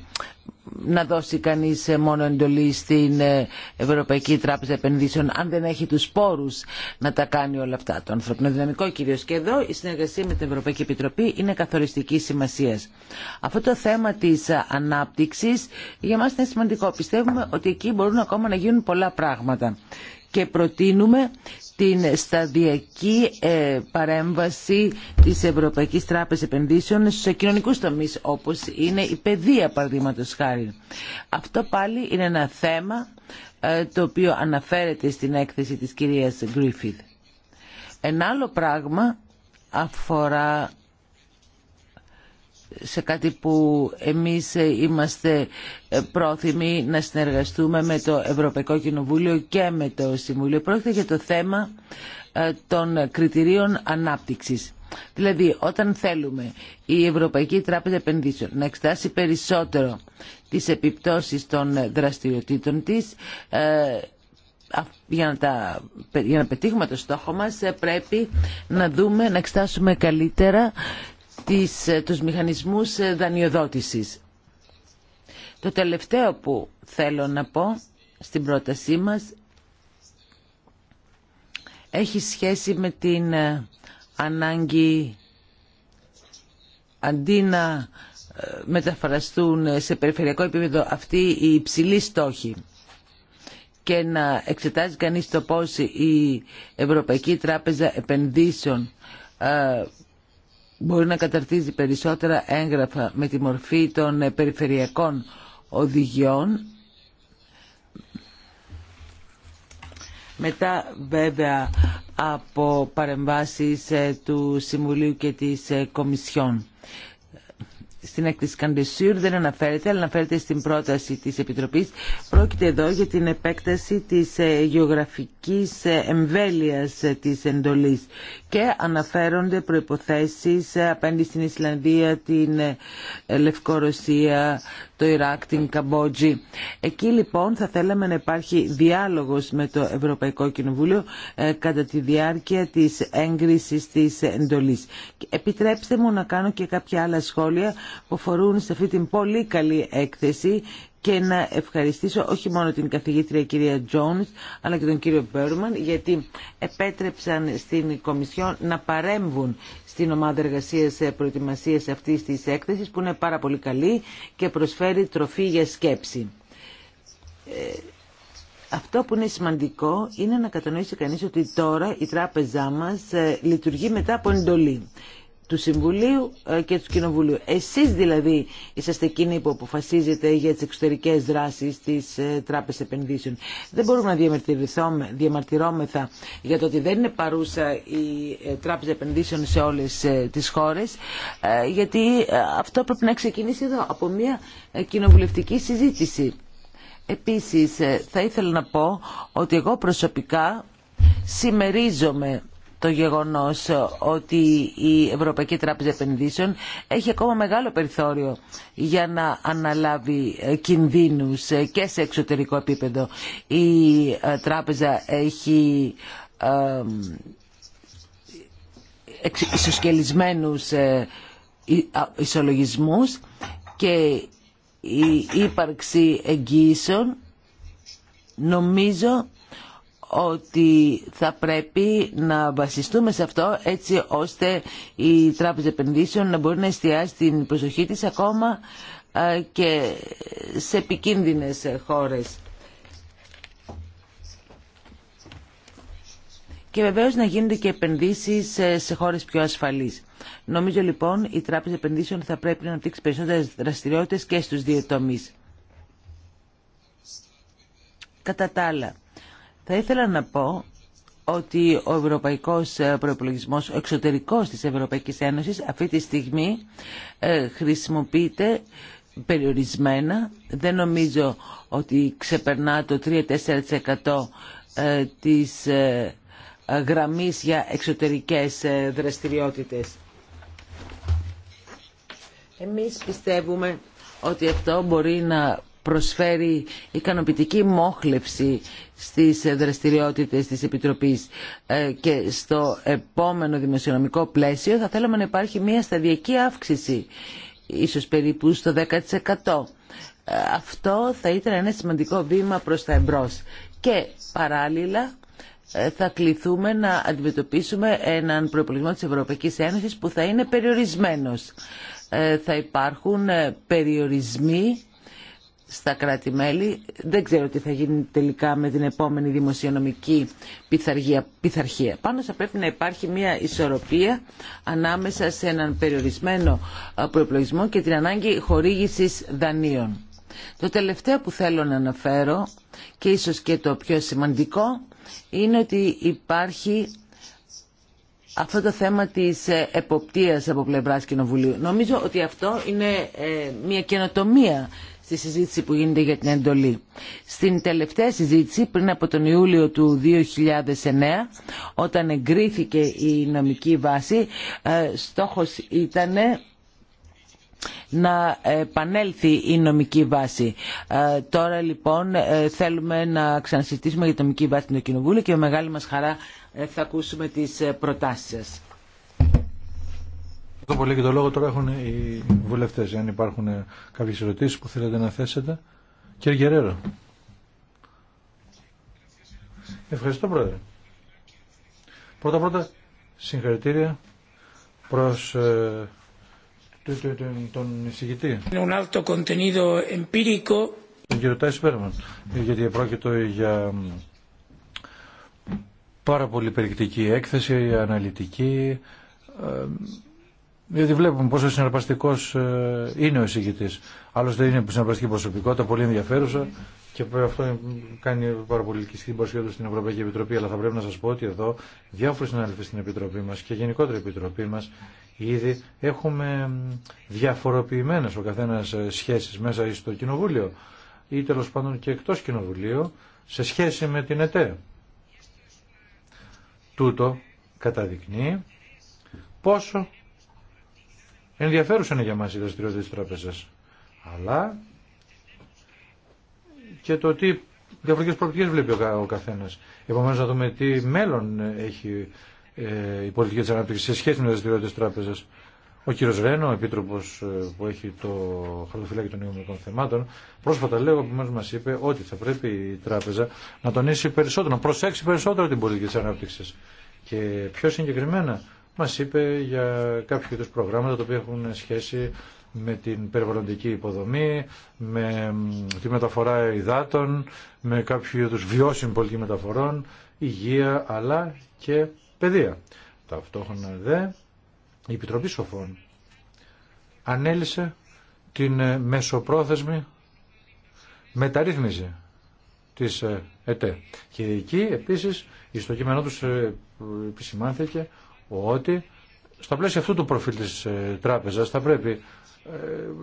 να δώσει κανείς ε, μόνο εντολή στην ε, Ευρωπαϊκή Τράπεζα Επενδύσεων αν δεν έχει τους πόρους να τα κάνει όλα αυτά. Το ανθρωπινό δυναμικό κυρίως και εδώ η συνεργασία με την Ευρωπαϊκή Επιτροπή είναι καθοριστική σημασία. Αυτό το θέμα της ε, ανάπτυξης για μας είναι σημαντικό. Πιστεύουμε ότι εκεί μπορούν ακόμα να γίνουν πολλά πράγματα και προτείνουμε την σταδιακή ε, παρέμβαση της Ευρωπαϊκής Τράπεζας Επενδύσεων στους κοινωνικού τομείς όπως είναι η παιδεία παραδείγματος χάρη. Αυτό πάλι είναι ένα θέμα ε, το οποίο αναφέρεται στην έκθεση της κυρίας Γκριφίδ. Ένα άλλο πράγμα αφορά σε κάτι που εμείς είμαστε πρόθυμοι να συνεργαστούμε με το Ευρωπαϊκό Κοινοβούλιο και με το Συμβούλιο. Πρόκειται για το θέμα ε, των κριτηρίων ανάπτυξης. Δηλαδή, όταν θέλουμε η Ευρωπαϊκή Τράπεζα Επενδύσεων να εξετάσει περισσότερο τις επιπτώσεις των δραστηριοτήτων της, ε, για να, τα, για να πετύχουμε το στόχο μας ε, πρέπει να δούμε, να εξετάσουμε καλύτερα τις, ε, τους μηχανισμούς ε, δανειοδότησης. Το τελευταίο που θέλω να πω στην πρότασή μας έχει σχέση με την ε, ανάγκη αντί να μεταφραστούν σε περιφερειακό επίπεδο αυτοί οι υψηλοί στόχοι και να εξετάζει κανείς το πώς η Ευρωπαϊκή Τράπεζα Επενδύσεων μπορεί να καταρτίζει περισσότερα έγγραφα με τη μορφή των ε, περιφερειακών οδηγιών. Μετά βέβαια από παρεμβάσεις ε, του Συμβουλίου και της ε, Κομισιόν στην έκθεση Καντεσούρ δεν αναφέρεται, αλλά αναφέρεται στην πρόταση της Επιτροπής. Πρόκειται εδώ για την επέκταση της ε, γεωγραφικής ε, εμβέλειας ε, της εντολής και αναφέρονται προϋποθέσεις απέναντι στην Ισλανδία, την Λευκορωσία, το Ιράκ, την Καμπότζη. Εκεί λοιπόν θα θέλαμε να υπάρχει διάλογος με το Ευρωπαϊκό Κοινοβούλιο ε, κατά τη διάρκεια της έγκρισης της εντολής. Επιτρέψτε μου να κάνω και κάποια άλλα σχόλια που αφορούν σε αυτή την πολύ καλή έκθεση και να ευχαριστήσω όχι μόνο την καθηγήτρια κυρία Τζόνς αλλά και τον κύριο Μπέρμαν γιατί επέτρεψαν στην Κομισιόν να παρέμβουν στην ομάδα εργασίας ε, προετοιμασίας αυτής της έκθεσης που είναι πάρα πολύ καλή και προσφέρει τροφή για σκέψη. Ε, αυτό που είναι σημαντικό είναι να κατανοήσει κανείς ότι τώρα η τράπεζά μας ε, λειτουργεί μετά από εντολή του Συμβουλίου ε, και του Κοινοβουλίου. Εσείς δηλαδή είσαστε εκείνοι που αποφασίζετε για τις εξωτερικές δράσεις της ε, Τράπεζας Επενδύσεων. Δεν μπορούμε να διαμαρτυρόμεθα για το ότι δεν είναι παρούσα η ε, Τράπεζα Επενδύσεων σε όλες τις χώρες, γιατί αυτό πρέπει να ξεκινήσει εδώ από μια κοινοβουλευτική συζήτηση. Επίσης, θα ήθελα να πω ότι εγώ προσωπικά συμμερίζομαι το γεγονός ότι η Ευρωπαϊκή Τράπεζα Επενδύσεων έχει ακόμα μεγάλο περιθώριο για να αναλάβει κινδύνους και σε εξωτερικό επίπεδο. Η ε, τράπεζα έχει ισοσκελισμένους ε, ισολογισμούς και η ύπαρξη εγγύησεων νομίζω ότι θα πρέπει να βασιστούμε σε αυτό έτσι ώστε η Τράπεζα Επενδύσεων να μπορεί να εστιάσει την προσοχή της ακόμα και σε επικίνδυνες χώρες. Και βεβαίως να γίνονται και επενδύσεις ε, σε χώρες πιο ασφαλείς. Νομίζω λοιπόν η Τράπεζα Επενδύσεων θα πρέπει να αναπτύξει περισσότερες δραστηριότητες και στους δύο τομείς. Κατά τα άλλα, θα ήθελα να πω ότι ο ευρωπαϊκός ε, προϋπολογισμός, ο εξωτερικός της Ευρωπαϊκής Ένωσης αυτή τη στιγμή ε, χρησιμοποιείται περιορισμένα. Δεν νομίζω ότι ξεπερνά το 3-4% ε, της γραμμής για εξωτερικές δραστηριότητες. Εμείς πιστεύουμε ότι αυτό μπορεί να προσφέρει ικανοποιητική μόχλευση στις δραστηριότητες της Επιτροπής ε, και στο επόμενο δημοσιονομικό πλαίσιο θα θέλαμε να υπάρχει μια σταδιακή αύξηση, ίσως περίπου στο 10%. Ε, αυτό θα ήταν ένα σημαντικό βήμα προς τα εμπρός. Και παράλληλα ε, θα κληθούμε να αντιμετωπίσουμε έναν προπολογισμό της Ευρωπαϊκής Ένωσης που θα είναι περιορισμένος. Θα υπάρχουν περιορισμοί στα κράτη-μέλη. Δεν ξέρω τι θα γίνει τελικά με την επόμενη δημοσιονομική πειθαρχία. πειθαρχία. Πάνω θα πρέπει να υπάρχει μια ισορροπία ανάμεσα σε έναν περιορισμένο προεπλογισμό και την ανάγκη χορήγησης δανείων. Το τελευταίο που θέλω να αναφέρω και ίσως και το πιο σημαντικό είναι ότι υπάρχει αυτό το θέμα της ε, εποπτείας από πλευράς Κοινοβουλίου. Νομίζω ότι αυτό είναι ε, μια καινοτομία στη συζήτηση που γίνεται για την εντολή. Στην τελευταία συζήτηση πριν από τον Ιούλιο του 2009 όταν εγκρίθηκε η νομική βάση ε, στόχος ήταν να επανέλθει η νομική βάση. Ε, τώρα λοιπόν ε, θέλουμε να ξανασυζητήσουμε για την νομική βάση του Κοινοβούλου και με μεγάλη μας χαρά θα ακούσουμε τις προτάσεις σας. Ευχαριστώ πολύ και το λόγο τώρα έχουν οι βουλευτέ Αν υπάρχουν κάποιε ερωτήσει που θέλετε να θέσετε. Κύριε Γερέρο. Ευχαριστώ Πρόεδρε. Πρώτα πρώτα συγχαρητήρια προ ε, τον εισηγητή. Τον κύριο Τάις γιατί πρόκειται για πάρα πολύ περιεκτική έκθεση, αναλυτική, ε, διότι βλέπουμε πόσο συναρπαστικό ε, είναι ο εισηγητή. Άλλωστε είναι συναρπαστική προσωπικότητα, πολύ ενδιαφέρουσα και αυτό κάνει πάρα πολύ και στην παρουσία του στην Ευρωπαϊκή Επιτροπή. Αλλά θα πρέπει να σα πω ότι εδώ διάφοροι συνάδελφοι στην Επιτροπή μα και γενικότερα η Επιτροπή μα ήδη έχουμε διαφοροποιημένε ο καθένα ε, σχέσει μέσα στο Κοινοβούλιο ή τέλο πάντων και εκτό Κοινοβουλίου σε σχέση με την ΕΤΕ. Τούτο καταδεικνύει πόσο Ενδιαφέρουσα είναι για μας η δραστηριότητα της τράπεζας. Αλλά και το τι διαφορετικές προοπτικές βλέπει ο καθένας. Επομένως να δούμε τι μέλλον έχει ε, η πολιτική της ανάπτυξης σε σχέση με τις δραστηριότητες της τράπεζας. Ο κύριο Ρένο, ο επίτροπο ε, που έχει το χαρτοφυλάκι των οικονομικών θεμάτων, πρόσφατα λέγω που μα είπε ότι θα πρέπει η τράπεζα να τονίσει περισσότερο, να προσέξει περισσότερο την πολιτική τη ανάπτυξη. Και πιο συγκεκριμένα μας είπε για κάποιου είδους προγράμματα τα οποία έχουν σχέση με την περιβαλλοντική υποδομή, με τη μεταφορά υδάτων, με κάποιο είδους βιώσιμη πολιτική μεταφορών, υγεία αλλά και παιδεία. Ταυτόχρονα δε η Επιτροπή Σοφών ανέλησε την ε, μεσοπρόθεσμη μεταρρύθμιση της ε, ΕΤΕ. Και εκεί επίσης στο κείμενό τους ε, επισημάνθηκε ότι στα πλαίσια αυτού του προφίλ της ε, τράπεζας θα πρέπει ε,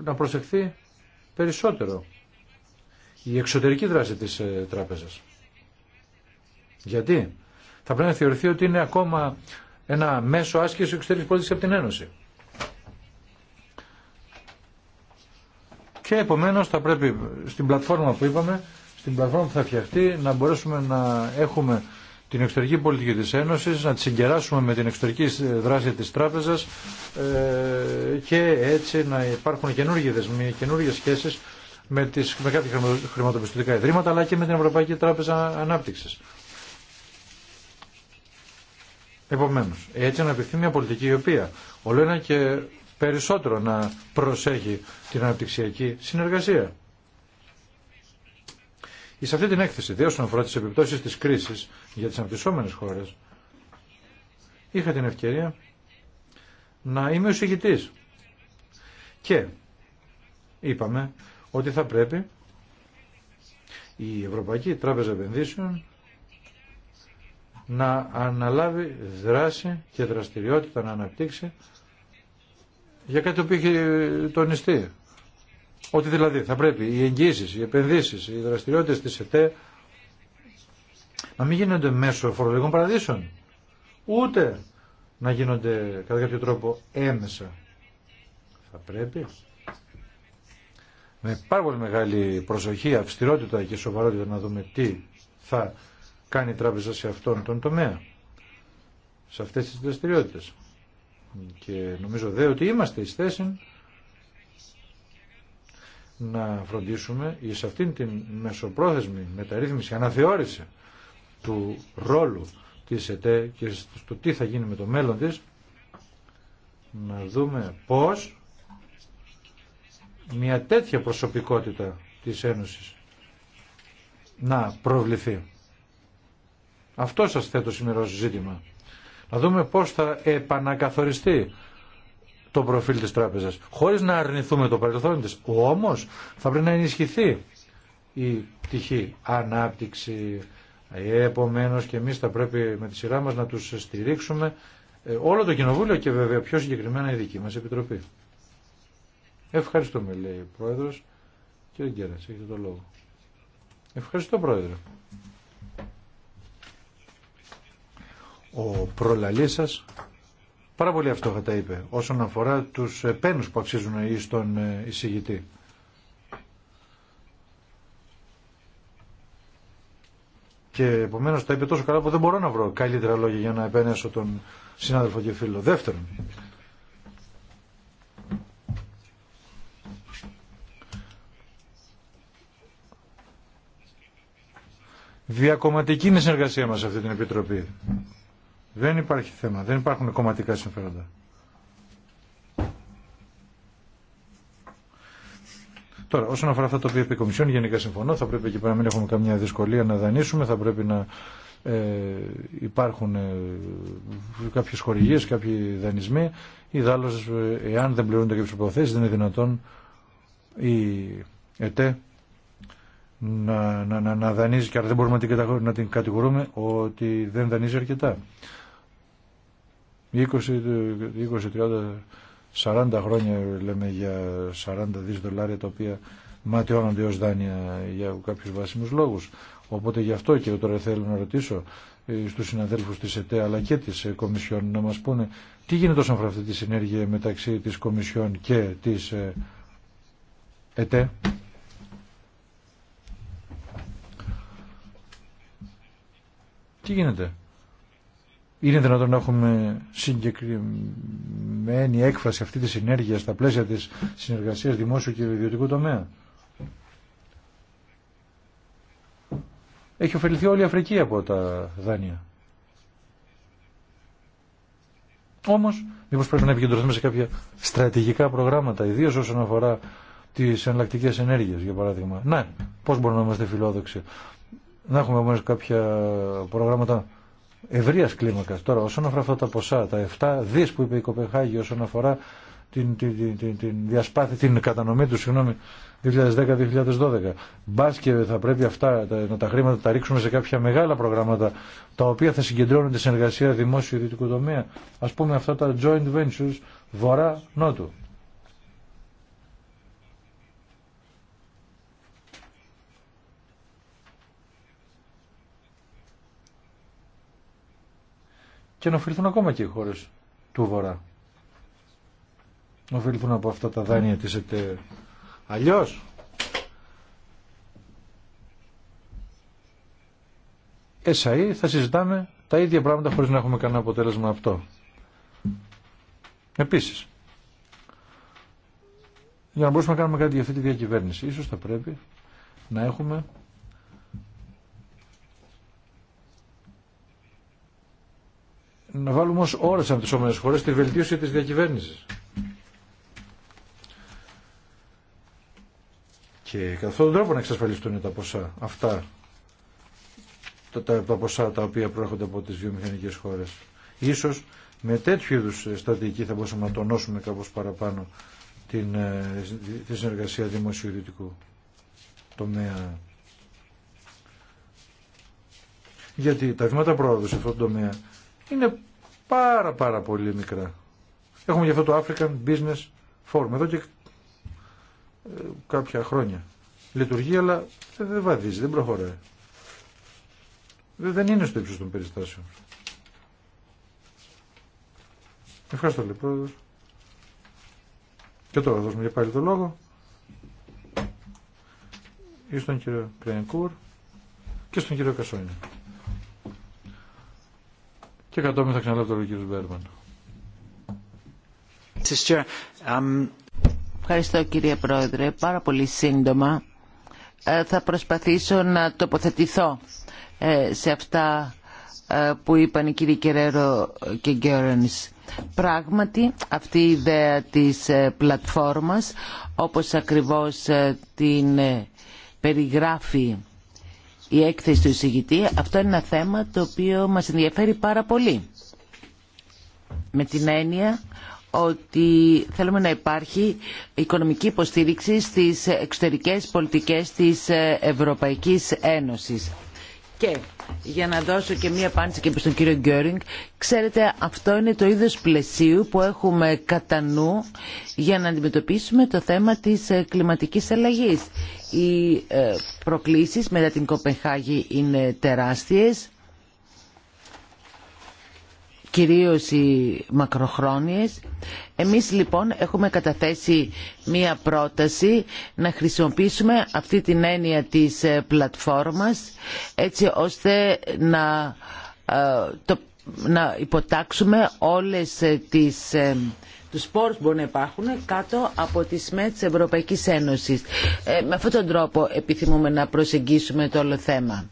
να προσεχθεί περισσότερο η εξωτερική δράση της ε, τράπεζας. Γιατί θα πρέπει να θεωρηθεί ότι είναι ακόμα ένα μέσο άσκηση εξωτερικής πολιτικής από την Ένωση. Και επομένως θα πρέπει στην πλατφόρμα που είπαμε, στην πλατφόρμα που θα φτιαχτεί, να μπορέσουμε να έχουμε την εξωτερική πολιτική της Ένωσης, να τη συγκεράσουμε με την εξωτερική δράση της τράπεζας ε, και έτσι να υπάρχουν καινούργιες δεσμοί, καινούργιες σχέσεις με, τις, με κάποια χρηματοπιστωτικά ιδρύματα αλλά και με την Ευρωπαϊκή Τράπεζα Ανάπτυξης. Επομένως, έτσι αναπτυχθεί μια πολιτική η οποία όλο και περισσότερο να προσέχει την αναπτυξιακή συνεργασία. Σε αυτή την έκθεση, διότι όσον αφορά τι επιπτώσει τη κρίση, για τις αναπτυσσόμενες χώρες, είχα την ευκαιρία να είμαι ο συγητής. Και είπαμε ότι θα πρέπει η Ευρωπαϊκή Τράπεζα Επενδύσεων να αναλάβει δράση και δραστηριότητα να αναπτύξει για κάτι που είχε τονιστεί. Ότι δηλαδή θα πρέπει οι εγγύσεις, οι επενδύσεις, οι δραστηριότητες της ΕΤΕ να μην γίνονται μέσω φορολογικών παραδείσων, ούτε να γίνονται κατά κάποιο τρόπο έμεσα. Θα πρέπει με πάρα πολύ μεγάλη προσοχή, αυστηρότητα και σοβαρότητα να δούμε τι θα κάνει η τράπεζα σε αυτόν τον τομέα, σε αυτές τις δραστηριότητε. Και νομίζω δε ότι είμαστε εις θέση να φροντίσουμε σε αυτήν την μεσοπρόθεσμη μεταρρύθμιση, αναθεώρηση του ρόλου της ΕΤΕ και στο τι θα γίνει με το μέλλον της, να δούμε πώς μια τέτοια προσωπικότητα της Ένωσης να προβληθεί. Αυτό σας θέτω σήμερα ως ζήτημα. Να δούμε πώς θα επανακαθοριστεί το προφίλ της τράπεζας, χωρίς να αρνηθούμε το παρελθόν της. Όμως θα πρέπει να ενισχυθεί η πτυχή ανάπτυξη ε, Επομένω, και εμείς θα πρέπει με τη σειρά μας να τους στηρίξουμε ε, όλο το Κοινοβούλιο και βέβαια πιο συγκεκριμένα η δική μας Επιτροπή. Ευχαριστούμε λέει ο Πρόεδρος. Κύριε Γκέρα, έχετε το λόγο. Ευχαριστώ Πρόεδρε. Ο προλαλή σα, πάρα πολύ αυτό θα τα είπε όσον αφορά τους επένους που αξίζουν στον ε, εισηγητή. Και επομένω τα είπε τόσο καλά που δεν μπορώ να βρω καλύτερα λόγια για να επενέσω τον συνάδελφο και φίλο. Δεύτερον, διακομματική είναι η συνεργασία μας σε αυτή την Επιτροπή. Δεν υπάρχει θέμα, δεν υπάρχουν κομματικά συμφέροντα. Τώρα, όσον αφορά αυτά τα οποία είπε η Κομισιόν, γενικά συμφωνώ, θα πρέπει εκεί πέρα να μην έχουμε καμία δυσκολία να δανείσουμε, θα πρέπει να ε, υπάρχουν ε, κάποιες χορηγίες, κάποιοι δανεισμοί ή δάλλως ε, εάν δεν πληρούνται κάποιες υποθέσεις δεν είναι δυνατόν η ΕΤΕ να, να, να, να δανείζει και άρα δεν μπορούμε να την, να την κατηγορούμε ότι δεν δανείζει αρκετά. 20-30% 40 χρόνια λέμε για 40 δις δολάρια τα οποία ματιώνονται ως δάνεια για κάποιους βάσιμους λόγους. Οπότε γι' αυτό και τώρα θέλω να ρωτήσω ε, στους συναδέλφους της ΕΤΕ αλλά και της ε, Κομισιόν να μας πούνε τι γίνεται όσον αφορά αυτή τη συνέργεια μεταξύ της Κομισιόν και της ε, ΕΤΕ. Τι γίνεται. Είναι δυνατόν να έχουμε συγκεκριμένη έκφραση αυτή της ενέργειας στα πλαίσια της συνεργασίας δημόσιου και ιδιωτικού τομέα. Έχει ωφεληθεί όλη η Αφρική από τα δάνεια. Όμως, μήπως πρέπει να επικεντρωθούμε σε κάποια στρατηγικά προγράμματα, ιδίως όσον αφορά τις εναλλακτικέ ενέργειες, για παράδειγμα. Ναι, πώς μπορούμε να είμαστε φιλόδοξοι. Να έχουμε όμως κάποια προγράμματα ευρεία κλίμακα. Τώρα όσον αφορά αυτά τα ποσά, τα 7 δις που είπε η Κοπεχάγη όσον αφορά την, την, την, την, την κατανομή του, συγγνώμη, 2010-2012. Μπα και θα πρέπει αυτά τα, να τα χρήματα τα ρίξουμε σε κάποια μεγάλα προγράμματα τα οποία θα συγκεντρώνουν τη συνεργασία δημόσιο-ιδιωτικού τομέα. Α πούμε αυτά τα joint ventures βορρά-νότου. και να ωφεληθούν ακόμα και οι χώρε του Βορρά. Να ωφεληθούν από αυτά τα δάνεια τη. ΕΤΕ. Αλλιώς, εσαΐ θα συζητάμε τα ίδια πράγματα χωρίς να έχουμε κανένα αποτέλεσμα αυτό. Επίσης, για να μπορούμε να κάνουμε κάτι για αυτή τη διακυβέρνηση, ίσως θα πρέπει να έχουμε να βάλουμε ως όρες αντισόμενες χώρες τη βελτίωση της διακυβέρνησης. Και κατά αυτόν τον τρόπο να εξασφαλιστούν τα ποσά αυτά, τα, τα ποσά τα οποία προέρχονται από τις βιομηχανικές χώρες. Ίσως με τέτοιου είδους στρατηγική θα μπορούσαμε να τονώσουμε κάπως παραπάνω την, ε, τη συνεργασία δημοσιοδητικού τομέα. Γιατί τα βήματα πρόοδου σε αυτό το τομέα είναι πάρα πάρα πολύ μικρά. Έχουμε γι' αυτό το African Business Forum εδώ και ε, κάποια χρόνια. Λειτουργεί αλλά δεν βαδίζει, δεν προχωράει. Δεν είναι στο ύψος των περιστάσεων. Ευχαριστώ λοιπόν. Και τώρα δώσουμε για πάλι το λόγο ή στον κύριο Κρενικούρ και στον κύριο Κασόνια και κατόπιν θα ξαναλάβει τον κύριο Μπέρμαν. Um, Ευχαριστώ κύριε Πρόεδρε. Πάρα πολύ σύντομα ε, θα προσπαθήσω να τοποθετηθώ ε, σε αυτά ε, που είπαν οι κύριοι Κεραίρο και Γκέρονς. Πράγματι, αυτή η ιδέα της πλατφόρμας, όπως ακριβώς την περιγράφει η έκθεση του εισηγητή, αυτό είναι ένα θέμα το οποίο μας ενδιαφέρει πάρα πολύ. Με την έννοια ότι θέλουμε να υπάρχει οικονομική υποστήριξη στις εξωτερικές πολιτικές της Ευρωπαϊκής Ένωσης. Και για να δώσω και μία απάντηση και στον κύριο Γκέρινγκ, ξέρετε αυτό είναι το είδος πλαισίου που έχουμε κατά νου για να αντιμετωπίσουμε το θέμα της ε, κλιματικής αλλαγής. Οι ε, προκλήσεις μετά την Κοπεχάγη είναι τεράστιες κυρίως οι μακροχρόνιες. Εμείς λοιπόν έχουμε καταθέσει μία πρόταση να χρησιμοποιήσουμε αυτή την έννοια της ε, πλατφόρμας έτσι ώστε να, ε, να υποτάξουμε όλες ε, τις τους που μπορούν να υπάρχουν κάτω από τη ΣΜΕ της Ευρωπαϊκής Ένωσης. με αυτόν τον τρόπο επιθυμούμε να προσεγγίσουμε το όλο θέμα.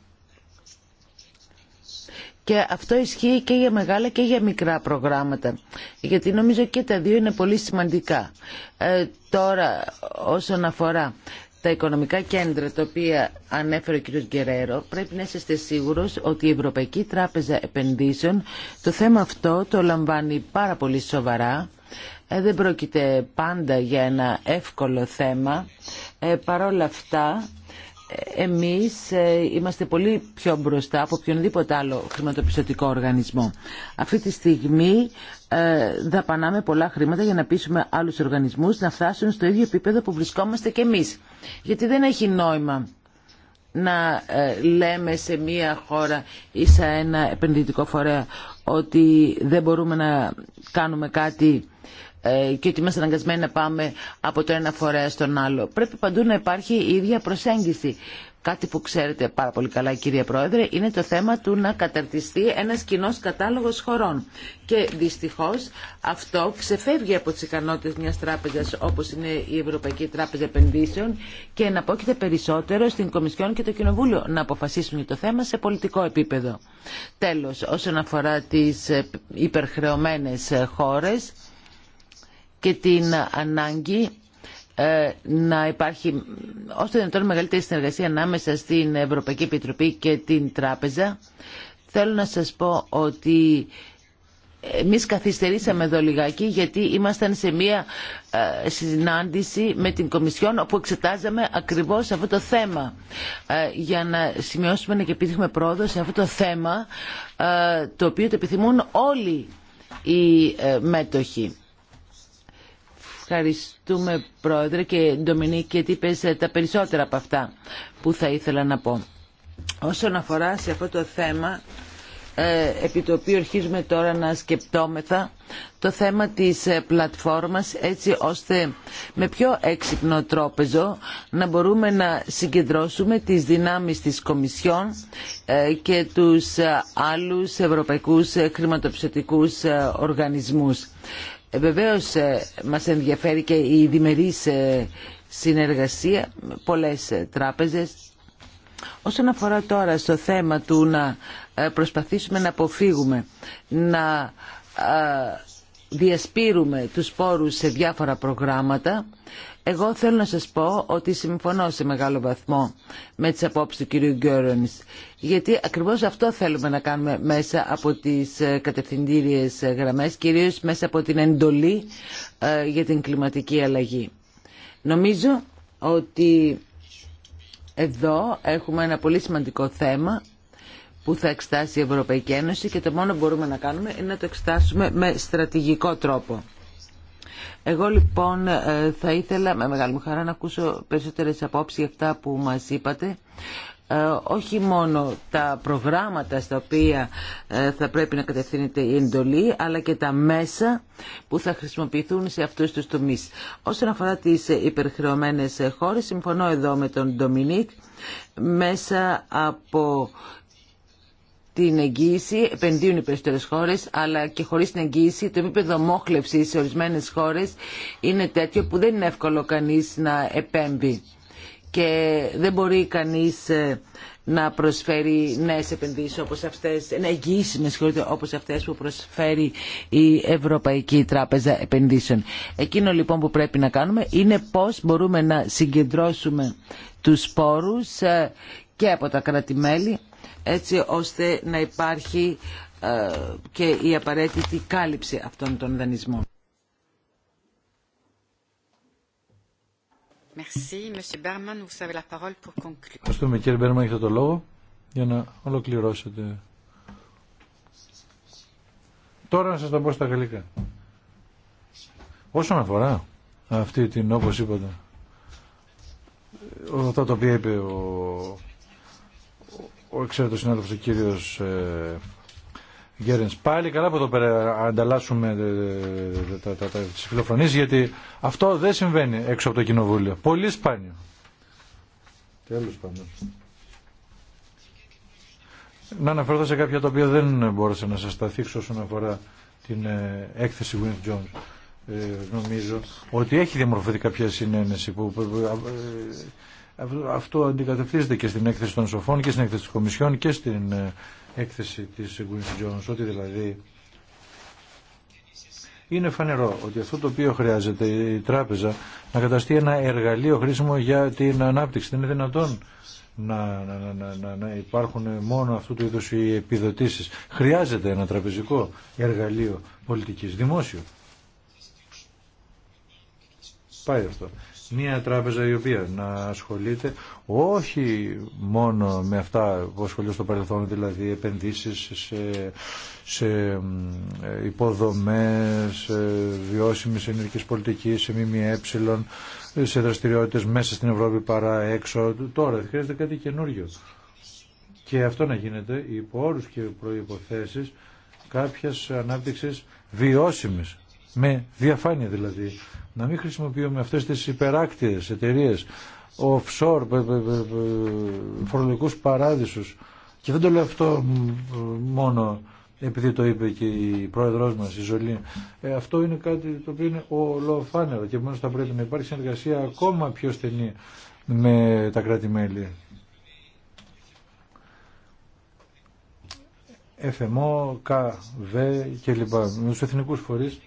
Και αυτό ισχύει και για μεγάλα και για μικρά προγράμματα. Γιατί νομίζω και τα δύο είναι πολύ σημαντικά. Ε, τώρα όσον αφορά τα οικονομικά κέντρα τα οποία ανέφερε ο κ. Γκερέρο, πρέπει να είστε σίγουρος ότι η Ευρωπαϊκή Τράπεζα Επενδύσεων το θέμα αυτό το λαμβάνει πάρα πολύ σοβαρά. Ε, δεν πρόκειται πάντα για ένα εύκολο θέμα. Ε, Παρ' όλα αυτά εμείς ε, είμαστε πολύ πιο μπροστά από οποιονδήποτε άλλο χρηματοπιστωτικό οργανισμό. Αυτή τη στιγμή ε, δαπανάμε πολλά χρήματα για να πείσουμε άλλους οργανισμούς να φτάσουν στο ίδιο επίπεδο που βρισκόμαστε και εμείς. Γιατί δεν έχει νόημα να ε, λέμε σε μία χώρα ή σε ένα επενδυτικό φορέα ότι δεν μπορούμε να κάνουμε κάτι ε, και ότι είμαστε αναγκασμένοι να πάμε από το ένα φορέα στον άλλο. Πρέπει παντού να υπάρχει η ίδια προσέγγιση. Κάτι που ξέρετε πάρα πολύ καλά κύριε Πρόεδρε είναι το θέμα του να καταρτιστεί ένας κοινό κατάλογος χωρών. Και δυστυχώς αυτό ξεφεύγει από τις ικανότητες μιας τράπεζας όπως είναι η Ευρωπαϊκή Τράπεζα Επενδύσεων και να περισσότερο στην Κομισιόν και το Κοινοβούλιο να αποφασίσουν για το θέμα σε πολιτικό επίπεδο. Τέλος, όσον αφορά τι ε, υπερχρεωμένες ε, χώρε και την ανάγκη ε, να υπάρχει όσο δυνατόν μεγαλύτερη συνεργασία ανάμεσα στην Ευρωπαϊκή Επιτροπή και την Τράπεζα. Θέλω να σας πω ότι εμείς καθυστερήσαμε εδώ λιγάκι γιατί ήμασταν σε μία ε, συνάντηση με την Κομισιόν όπου εξετάζαμε ακριβώς αυτό το θέμα. Ε, για να σημειώσουμε και επιτύχουμε πρόοδο σε αυτό το θέμα το οποίο το επιθυμούν όλοι οι μέτοχοι. Ευχαριστούμε πρόεδρε και Ντομινίκη γιατί είπες ε, τα περισσότερα από αυτά που θα ήθελα να πω. Όσον αφορά σε αυτό το θέμα ε, επί το οποίο αρχίζουμε τώρα να σκεπτόμεθα το θέμα της ε, πλατφόρμας έτσι ώστε με πιο έξυπνο τρόπεζο να μπορούμε να συγκεντρώσουμε τις δυνάμεις της Κομισιόν και τους άλλους ευρωπαϊκούς χρηματοπιστωτικούς οργανισμούς. Ε, βεβαίως ε, μας ενδιαφέρει και η διμερής ε, συνεργασία με πολλές τράπεζες. Όσον αφορά τώρα στο θέμα του να προσπαθήσουμε να αποφύγουμε, να διασπείρουμε τους πόρους σε διάφορα προγράμματα, εγώ θέλω να σας πω ότι συμφωνώ σε μεγάλο βαθμό με τις απόψεις του κυρίου Γκέρονης. γιατί ακριβώς αυτό θέλουμε να κάνουμε μέσα από τις ε, κατευθυντήριες ε, γραμμές, κυρίως μέσα από την εντολή ε, για την κλιματική αλλαγή. Νομίζω ότι εδώ έχουμε ένα πολύ σημαντικό θέμα που θα εξτάσει η Ευρωπαϊκή Ένωση και το μόνο που μπορούμε να κάνουμε είναι να το εξτάσουμε με στρατηγικό τρόπο. Εγώ λοιπόν ε, θα ήθελα με μεγάλη μου χαρά να ακούσω περισσότερες απόψεις για αυτά που μας είπατε ε, όχι μόνο τα προγράμματα στα οποία ε, θα πρέπει να κατευθύνεται η εντολή, αλλά και τα μέσα που θα χρησιμοποιηθούν σε αυτούς τους τομείς. Όσον αφορά τις υπερχρεωμένες χώρες, συμφωνώ εδώ με τον Ντομινίκ, μέσα από την εγγύηση επενδύουν οι περισσότερε χώρε, αλλά και χωρί την εγγύηση το επίπεδο μόχλευση σε ορισμένε χώρε είναι τέτοιο που δεν είναι εύκολο κανεί να επέμβει. Και δεν μπορεί κανεί ε, να προσφέρει νέε επενδύσει όπω αυτέ, να εγγύσει με συγχωρείτε όπως αυτές που προσφέρει η Ευρωπαϊκή Τράπεζα Επενδύσεων. Εκείνο λοιπόν που πρέπει να κάνουμε είναι πώ μπορούμε να συγκεντρώσουμε του πόρου ε, και από τα κράτη-μέλη έτσι ώστε να υπάρχει ε, και η απαραίτητη κάλυψη αυτών των δανεισμών. Ευχαριστούμε κύριε Μπέρμαν, έχετε το λόγο για να ολοκληρώσετε. Τώρα να σας το πω στα γαλλικά. Όσον αφορά αυτή την, όπως είπατε, ε, αυτά τα οποία είπε ο ο εξαίρετος συνάδελφος ο κύριος ε, πάλι καλά που εδώ πέρα ανταλλάσσουμε ε, ε, τις φιλοφρονίες γιατί αυτό δεν συμβαίνει έξω από το κοινοβούλιο. Πολύ σπάνιο. Τέλος πάντων. Να αναφερθώ σε κάποια τα οποία δεν μπόρεσα να σας τα θίξω όσον αφορά την ε, έκθεση Wynne Jones. νομίζω ότι έχει διαμορφωθεί κάποια συνένεση που, αυτό αντικατευθύνεται και στην έκθεση των σοφών και στην έκθεση της Κομισιόν και στην ε, έκθεση της Γκούνις Τζόνς. ότι δηλαδή είναι φανερό ότι αυτό το οποίο χρειάζεται η τράπεζα να καταστεί ένα εργαλείο χρήσιμο για την ανάπτυξη. Δεν είναι δυνατόν να, να, να, να υπάρχουν μόνο αυτού του είδους οι επιδοτήσεις. Χρειάζεται ένα τραπεζικό εργαλείο πολιτικής, δημόσιο. Πάει αυτό. Μία τράπεζα η οποία να ασχολείται όχι μόνο με αυτά που ασχολείται στο παρελθόν, δηλαδή επενδύσεις σε, σε υποδομές, βιώσιμης ενεργικής πολιτικής, σε ΜΜΕ, σε δραστηριότητες μέσα στην Ευρώπη παρά έξω. Τώρα χρειάζεται κάτι καινούριο. Και αυτό να γίνεται υπό όρους και προϋποθέσεις κάποιας ανάπτυξης βιώσιμης, με διαφάνεια δηλαδή να μην χρησιμοποιούμε αυτές τις υπεράκτιες εταιρείε, offshore, φορολογικούς παράδεισους. Και δεν το λέω αυτό μόνο επειδή το είπε και η πρόεδρός μας, η Ζολή. Ε, αυτό είναι κάτι το οποίο είναι ολοφάνερο και μόνο θα πρέπει να υπάρχει συνεργασία ακόμα πιο στενή με τα κράτη-μέλη. FMO, ΚΑΒ και λοιπά, με τους εθνικούς φορείς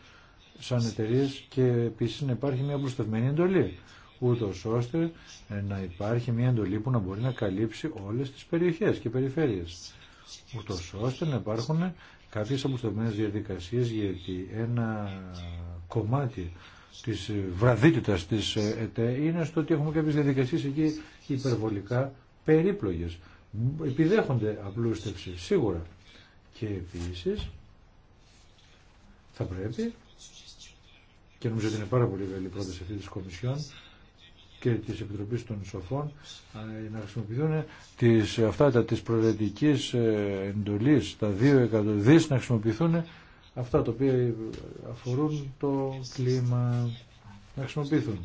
σαν εταιρείε και επίσης να υπάρχει μια προστευμένη εντολή ούτω ώστε να υπάρχει μια εντολή που να μπορεί να καλύψει όλες τις περιοχές και περιφέρειες ούτω ώστε να υπάρχουν κάποιε αποστευμένες διαδικασίε γιατί ένα κομμάτι της βραδύτητας της ε, ΕΤΕ είναι στο ότι έχουμε κάποιε διαδικασίε εκεί υπερβολικά περίπλογε. Επιδέχονται απλούστευση, σίγουρα. Και επίση θα πρέπει και νομίζω ότι είναι πάρα πολύ καλή πρόταση αυτή της Κομισιόν και της Επιτροπής των Σοφών να χρησιμοποιηθούν τις, αυτά τα της προαιρετικής ε, εντολής, τα δύο εκατοδείς να χρησιμοποιηθούν αυτά τα οποία αφορούν το κλίμα να χρησιμοποιηθούν.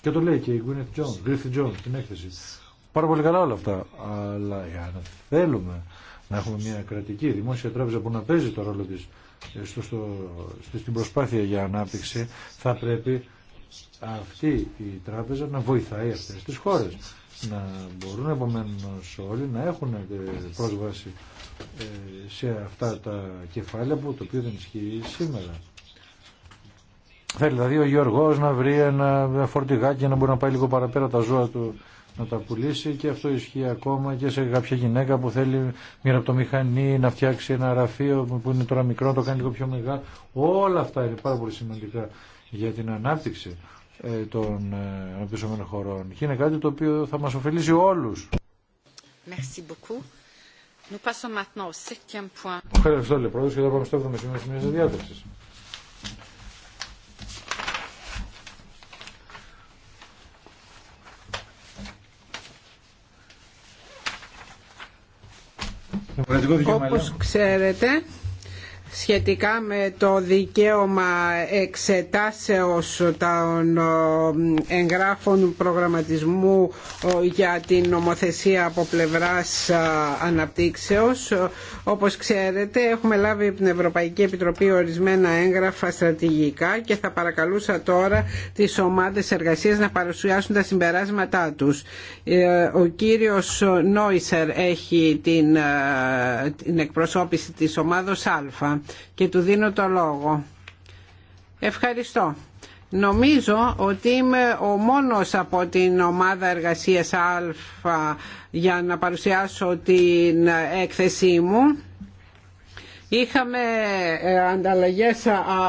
Και το λέει και η Gwyneth Τζόν, την έκθεση. Πάρα πολύ καλά όλα αυτά, αλλά αν θέλουμε να έχουμε μια κρατική δημόσια τράπεζα που να παίζει το ρόλο της στο, στο, στην προσπάθεια για ανάπτυξη θα πρέπει αυτή η τράπεζα να βοηθάει αυτές τις χώρες να μπορούν επομένω όλοι να έχουν ε, πρόσβαση ε, σε αυτά τα κεφάλαια που το οποίο δεν ισχύει σήμερα. Θέλει δηλαδή ο Γιώργος να βρει ένα φορτηγάκι να μπορεί να πάει λίγο παραπέρα τα ζώα του να τα πουλήσει και αυτό ισχύει ακόμα και σε κάποια γυναίκα που θέλει μια ραπτομηχανή να φτιάξει ένα γραφείο που είναι τώρα μικρό να το κάνει λίγο πιο μεγάλο. Όλα αυτά είναι πάρα πολύ σημαντικά για την ανάπτυξη ε, των ε, αναπτυσσόμενων χωρών και είναι κάτι το οποίο θα μας ωφελήσει όλους. Ευχαριστώ, και πάμε στο 7ο σημείο Όπως ξέρετε σχετικά με το δικαίωμα εξετάσεως των ε, εγγράφων προγραμματισμού ε, για την νομοθεσία από πλευράς ε, αναπτύξεως. Όπως ξέρετε έχουμε λάβει από την Ευρωπαϊκή Επιτροπή ορισμένα έγγραφα στρατηγικά και θα παρακαλούσα τώρα τις ομάδες εργασίας να παρουσιάσουν τα συμπεράσματά τους. Ο κύριος Νόισερ έχει την, την εκπροσώπηση της ομάδος Α και του δίνω το λόγο. Ευχαριστώ. Νομίζω ότι είμαι ο μόνος από την ομάδα εργασίας Α για να παρουσιάσω την έκθεσή μου Είχαμε ε, ανταλλαγές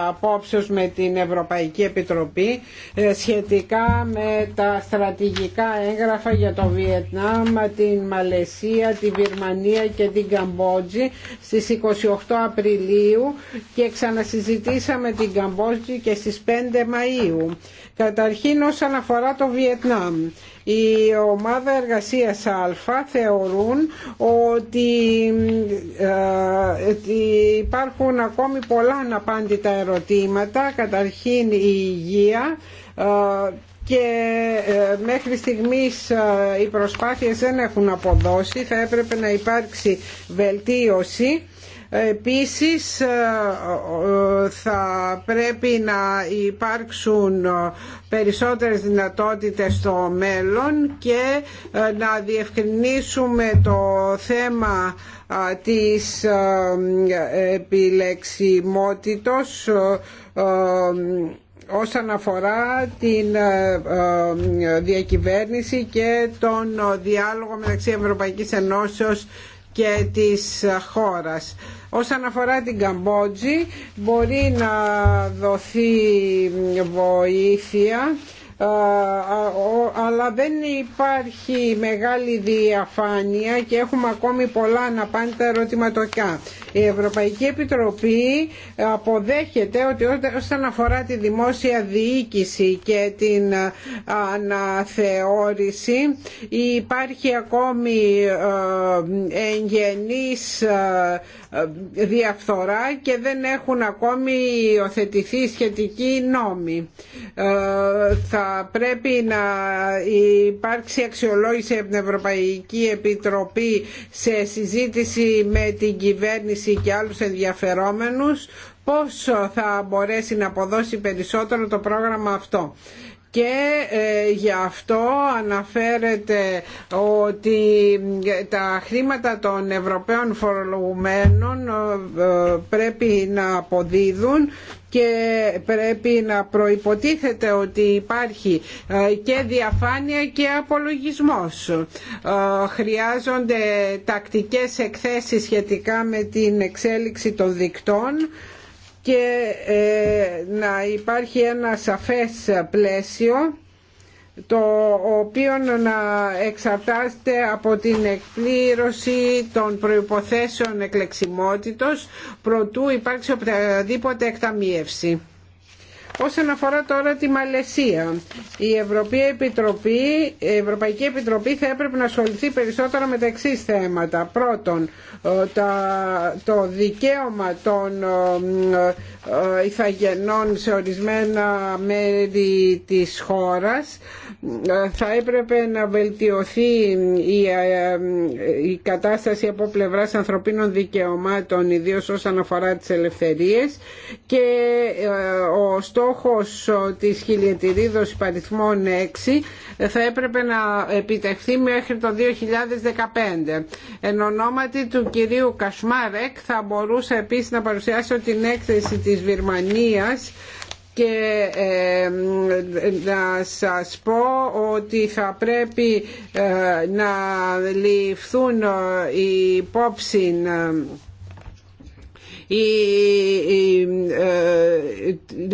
απόψεως με την Ευρωπαϊκή Επιτροπή ε, σχετικά με τα στρατηγικά έγγραφα για το Βιετνάμ, την Μαλαισία, τη Βιρμανία και την Καμπότζη στις 28 Απριλίου και ξανασυζητήσαμε την Καμπότζη και στις 5 Μαΐου. Καταρχήν όσον αφορά το Βιετνάμ. Η ομάδα εργασίας Α θεωρούν ότι ε, υπάρχουν ακόμη πολλά αναπάντητα ερωτήματα, καταρχήν η υγεία, ε, και ε, μέχρι στιγμής οι προσπάθειες δεν έχουν αποδώσει, θα έπρεπε να υπάρξει βελτίωση Επίσης ε, ε, θα πρέπει να υπάρξουν περισσότερες δυνατότητες στο μέλλον και ε, να διευκρινίσουμε το θέμα της επιλεξιμότητος όσον αφορά την διακυβέρνηση και τον διάλογο μεταξύ Ευρωπαϊκής Ενώσεως και της χώρας. Όσον αφορά την Καμπότζη μπορεί να δοθεί βοήθεια αλλά δεν υπάρχει μεγάλη διαφάνεια και έχουμε ακόμη πολλά να πάνε τα ερωτηματοκιά. Η Ευρωπαϊκή Επιτροπή αποδέχεται ότι όσον αφορά τη δημόσια διοίκηση και την αναθεώρηση υπάρχει ακόμη εγγενής διαφθορά και δεν έχουν ακόμη υιοθετηθεί σχετικοί νόμοι. Θα πρέπει να υπάρξει αξιολόγηση από την Ευρωπαϊκή Επιτροπή σε συζήτηση με την κυβέρνηση και άλλους ενδιαφερόμενους πόσο θα μπορέσει να αποδώσει περισσότερο το πρόγραμμα αυτό και ε, γι' αυτό αναφέρεται ότι ε, τα χρήματα των Ευρωπαίων φορολογουμένων ε, πρέπει να αποδίδουν και πρέπει να προϋποτίθεται ότι υπάρχει και διαφάνεια και απολογισμός. Χρειάζονται τακτικές εκθέσεις σχετικά με την εξέλιξη των δικτών και ε, να υπάρχει ένα σαφές πλαίσιο το οποίο να εξαρτάται από την εκπλήρωση των προϋποθέσεων εκλεξιμότητος προτού υπάρξει οποιαδήποτε εκταμίευση. Όσον αφορά τώρα τη Μαλαισία, η Ευρωπαϊκή Επιτροπή, η Ευρωπαϊκή Επιτροπή θα έπρεπε να ασχοληθεί περισσότερο με τα εξή θέματα. Πρώτον, ε, το δικαίωμα των ε, ε, ηθαγενών σε ορισμένα μέρη της χώρας θα έπρεπε να βελτιωθεί η, ε, η κατάσταση από πλευράς ανθρωπίνων δικαιωμάτων ιδίως όσον αφορά τις ελευθερίες και ε, ο στόχος της χιλιετηρίδος παριθμών 6 θα έπρεπε να επιτευχθεί μέχρι το 2015. Εν ονόματι του κυρίου Κασμάρεκ θα μπορούσα επίσης να παρουσιάσω την έκθεση της Βυρμανίας και ε, να σας πω ότι θα πρέπει ε, να ληφθούν ε, υπόψη οι ε,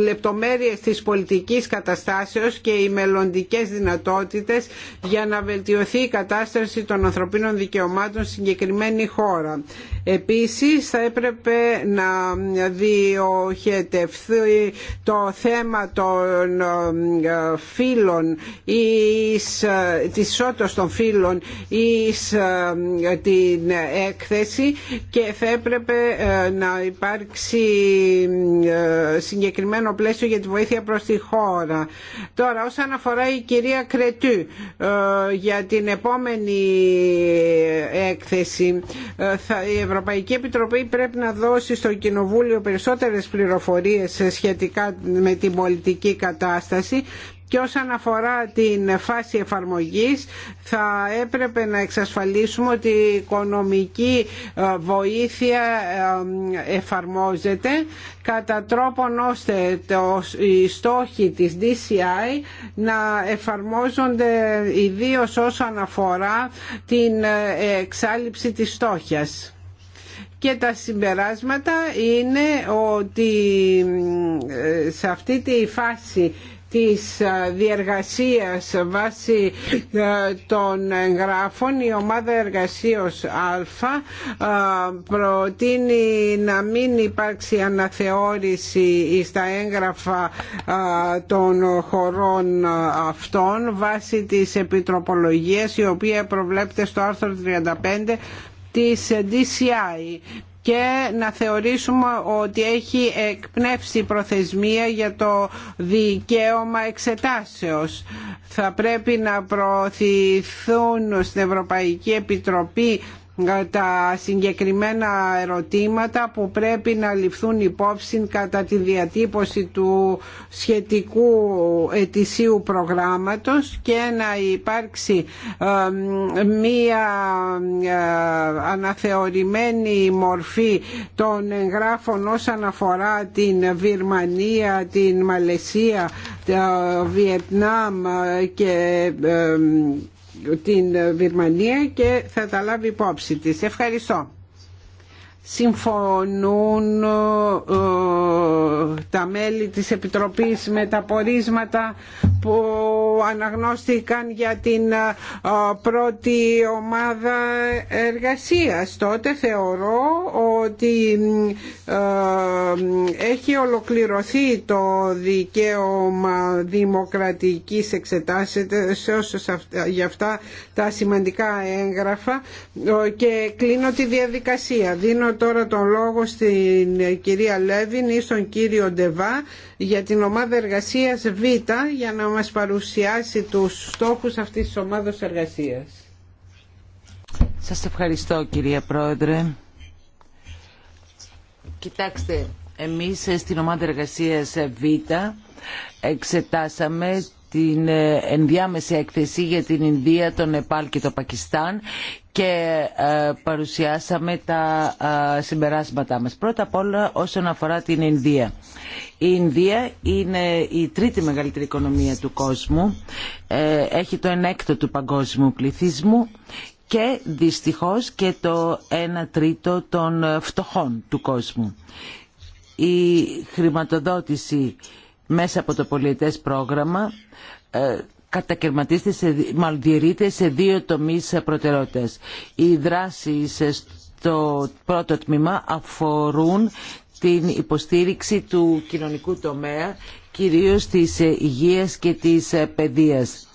λεπτομέρειες της πολιτικής καταστάσεως και οι μελλοντικές δυνατότητες για να βελτιωθεί η κατάσταση των ανθρωπίνων δικαιωμάτων στην συγκεκριμένη χώρα. Επίσης θα έπρεπε να διοχετευθεί το θέμα των ε, φύλων ή ε, της ισότητας των φύλων ή την έκθεση και θα έπρεπε να υπάρξει ε, συγκεκριμένο πλαίσιο για τη βοήθεια προς τη χώρα. Τώρα όσον αφορά η κυρία Κρετού ε, για την επόμενη έκθεση ε, η Ευρωπαϊκή Επιτροπή πρέπει να δώσει στο Κοινοβούλιο περισσότερες πληροφορίες σχετικά με την πολιτική κατάσταση και όσον αφορά την φάση εφαρμογής θα έπρεπε να εξασφαλίσουμε ότι η οικονομική ε, βοήθεια ε, εφαρμόζεται κατά τρόπον ώστε το, οι στόχοι της DCI να εφαρμόζονται ιδίως όσον αφορά την ε, εξάλληψη της στόχιας και τα συμπεράσματα είναι ότι σε αυτή τη φάση της διεργασίας βάσει ε, των εγγράφων η ομάδα εργασίως Α ε, προτείνει να μην υπάρξει αναθεώρηση στα έγγραφα ε, των χωρών αυτών βάσει της επιτροπολογίας η οποία προβλέπεται στο άρθρο 35 της DCI και να θεωρήσουμε ότι έχει εκπνεύσει προθεσμία για το δικαίωμα εξετάσεως. Θα πρέπει να προωθηθούν στην Ευρωπαϊκή Επιτροπή τα συγκεκριμένα ερωτήματα που πρέπει να ληφθούν υπόψη κατά τη διατύπωση του σχετικού ετησίου προγράμματος και να υπάρξει μία ε, αναθεωρημένη μορφή των εγγράφων όσον αφορά την Βυρμανία, την Μαλαισία, το Βιετνάμ και την ε, Βυρμανία και θα τα λάβει υπόψη της. Ευχαριστώ συμφωνούν ε, τα μέλη της Επιτροπής με τα πορίσματα που αναγνώστηκαν για την ε, πρώτη ομάδα εργασίας. Τότε θεωρώ ότι ε, έχει ολοκληρωθεί το δικαίωμα δημοκρατικής εξετάσεως για αυτά τα σημαντικά έγγραφα και κλείνω τη διαδικασία. Δίνω τώρα τον λόγο στην κυρία Λέβιν ή στον κύριο Ντεβά για την ομάδα εργασίας Β για να μας παρουσιάσει τους στόχους αυτής της ομάδας εργασίας. Σας ευχαριστώ κυρία Πρόεδρε. Κοιτάξτε, εμείς ε, στην ομάδα εργασίας Β εξετάσαμε την ε, ενδιάμεση έκθεση για την Ινδία, τον Νεπάλ και το Πακιστάν και ε, παρουσιάσαμε τα ε, συμπεράσματά μας. Πρώτα απ' όλα όσον αφορά την Ινδία. Η Ινδία είναι η τρίτη μεγαλύτερη οικονομία του κόσμου, έχει το ενέκτο του παγκόσμιου πληθυσμού και δυστυχώς και το 1 τρίτο των φτωχών του κόσμου. Η χρηματοδότηση μέσα από το πολιετές πρόγραμμα ε, κατακαιρματίζεται, σε, σε δύο τομείς προτεραιότητες. Οι δράσεις στο πρώτο τμήμα αφορούν την υποστήριξη του κοινωνικού τομέα, κυρίως της υγείας και της παιδείας.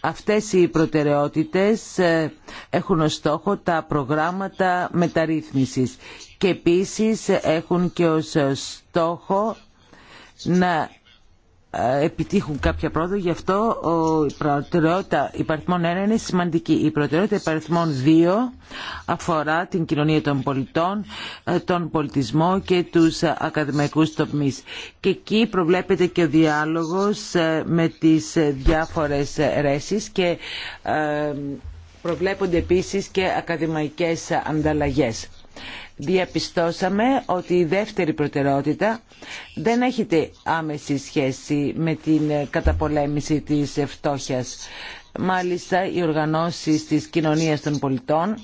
Αυτές οι προτεραιότητες ε, έχουν ως στόχο τα προγράμματα μεταρρύθμισης και επίσης έχουν και ως στόχο να επιτύχουν κάποια πρόοδο, γι' αυτό η προτεραιότητα υπαριθμών 1 είναι σημαντική. Η προτεραιότητα υπαριθμών 2 αφορά την κοινωνία των πολιτών, ε, τον πολιτισμό και τους ακαδημαϊκούς τομείς. Και εκεί προβλέπεται και ο διάλογος ε, με τις διάφορες ρέσεις και ε, προβλέπονται επίσης και ακαδημαϊκές ανταλλαγές διαπιστώσαμε ότι η δεύτερη προτεραιότητα δεν έχετε άμεση σχέση με την ε, καταπολέμηση της φτώχειας. Μάλιστα, οι οργανώσεις της κοινωνίας των πολιτών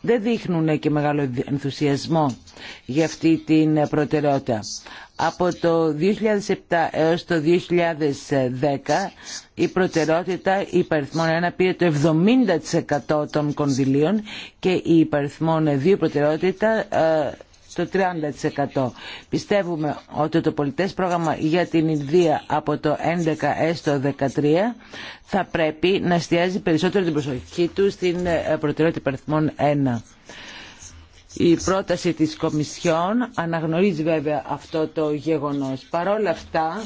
δεν δείχνουν και μεγάλο ενθουσιασμό για αυτή την προτεραιότητα. Από το 2007 έως το 2010 η προτεραιότητα υπαριθμών 1 πήρε το 70% των κονδυλίων και η υπαριθμών 2 προτεραιότητα ε, το 30%. Πιστεύουμε ότι το πολιτές πρόγραμμα για την Ινδία από το 11 έως το 13 θα πρέπει να εστιάζει περισσότερο την προσοχή του στην ε, προτεραιότητα υπαριθμών 1. Η πρόταση της Κομισιόν αναγνωρίζει βέβαια αυτό το γεγονός. όλα αυτά,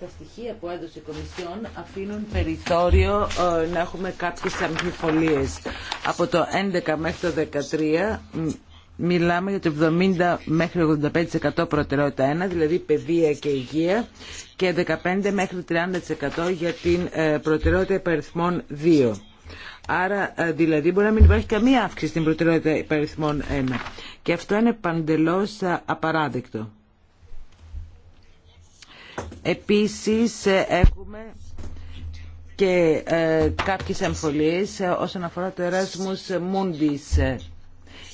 τα στοιχεία που έδωσε η Κομισιόν αφήνουν περιθώριο ε, να έχουμε κάποιες αμφιβολίες. Από το 11 μέχρι το 13 μιλάμε για το 70 μέχρι το 85% προτεραιότητα 1, δηλαδή παιδεία και υγεία και 15 μέχρι 30% για την ε, προτεραιότητα υπεριθμών 2. Άρα ε, δηλαδή μπορεί να μην υπάρχει καμία αύξηση στην προτεραιότητα υπαριθμών 1. Και αυτό είναι παντελώς ε, απαράδεκτο. Επίσης ε, έχουμε και κάποιες εμφωλίες όσον αφορά το Erasmus Μούντις.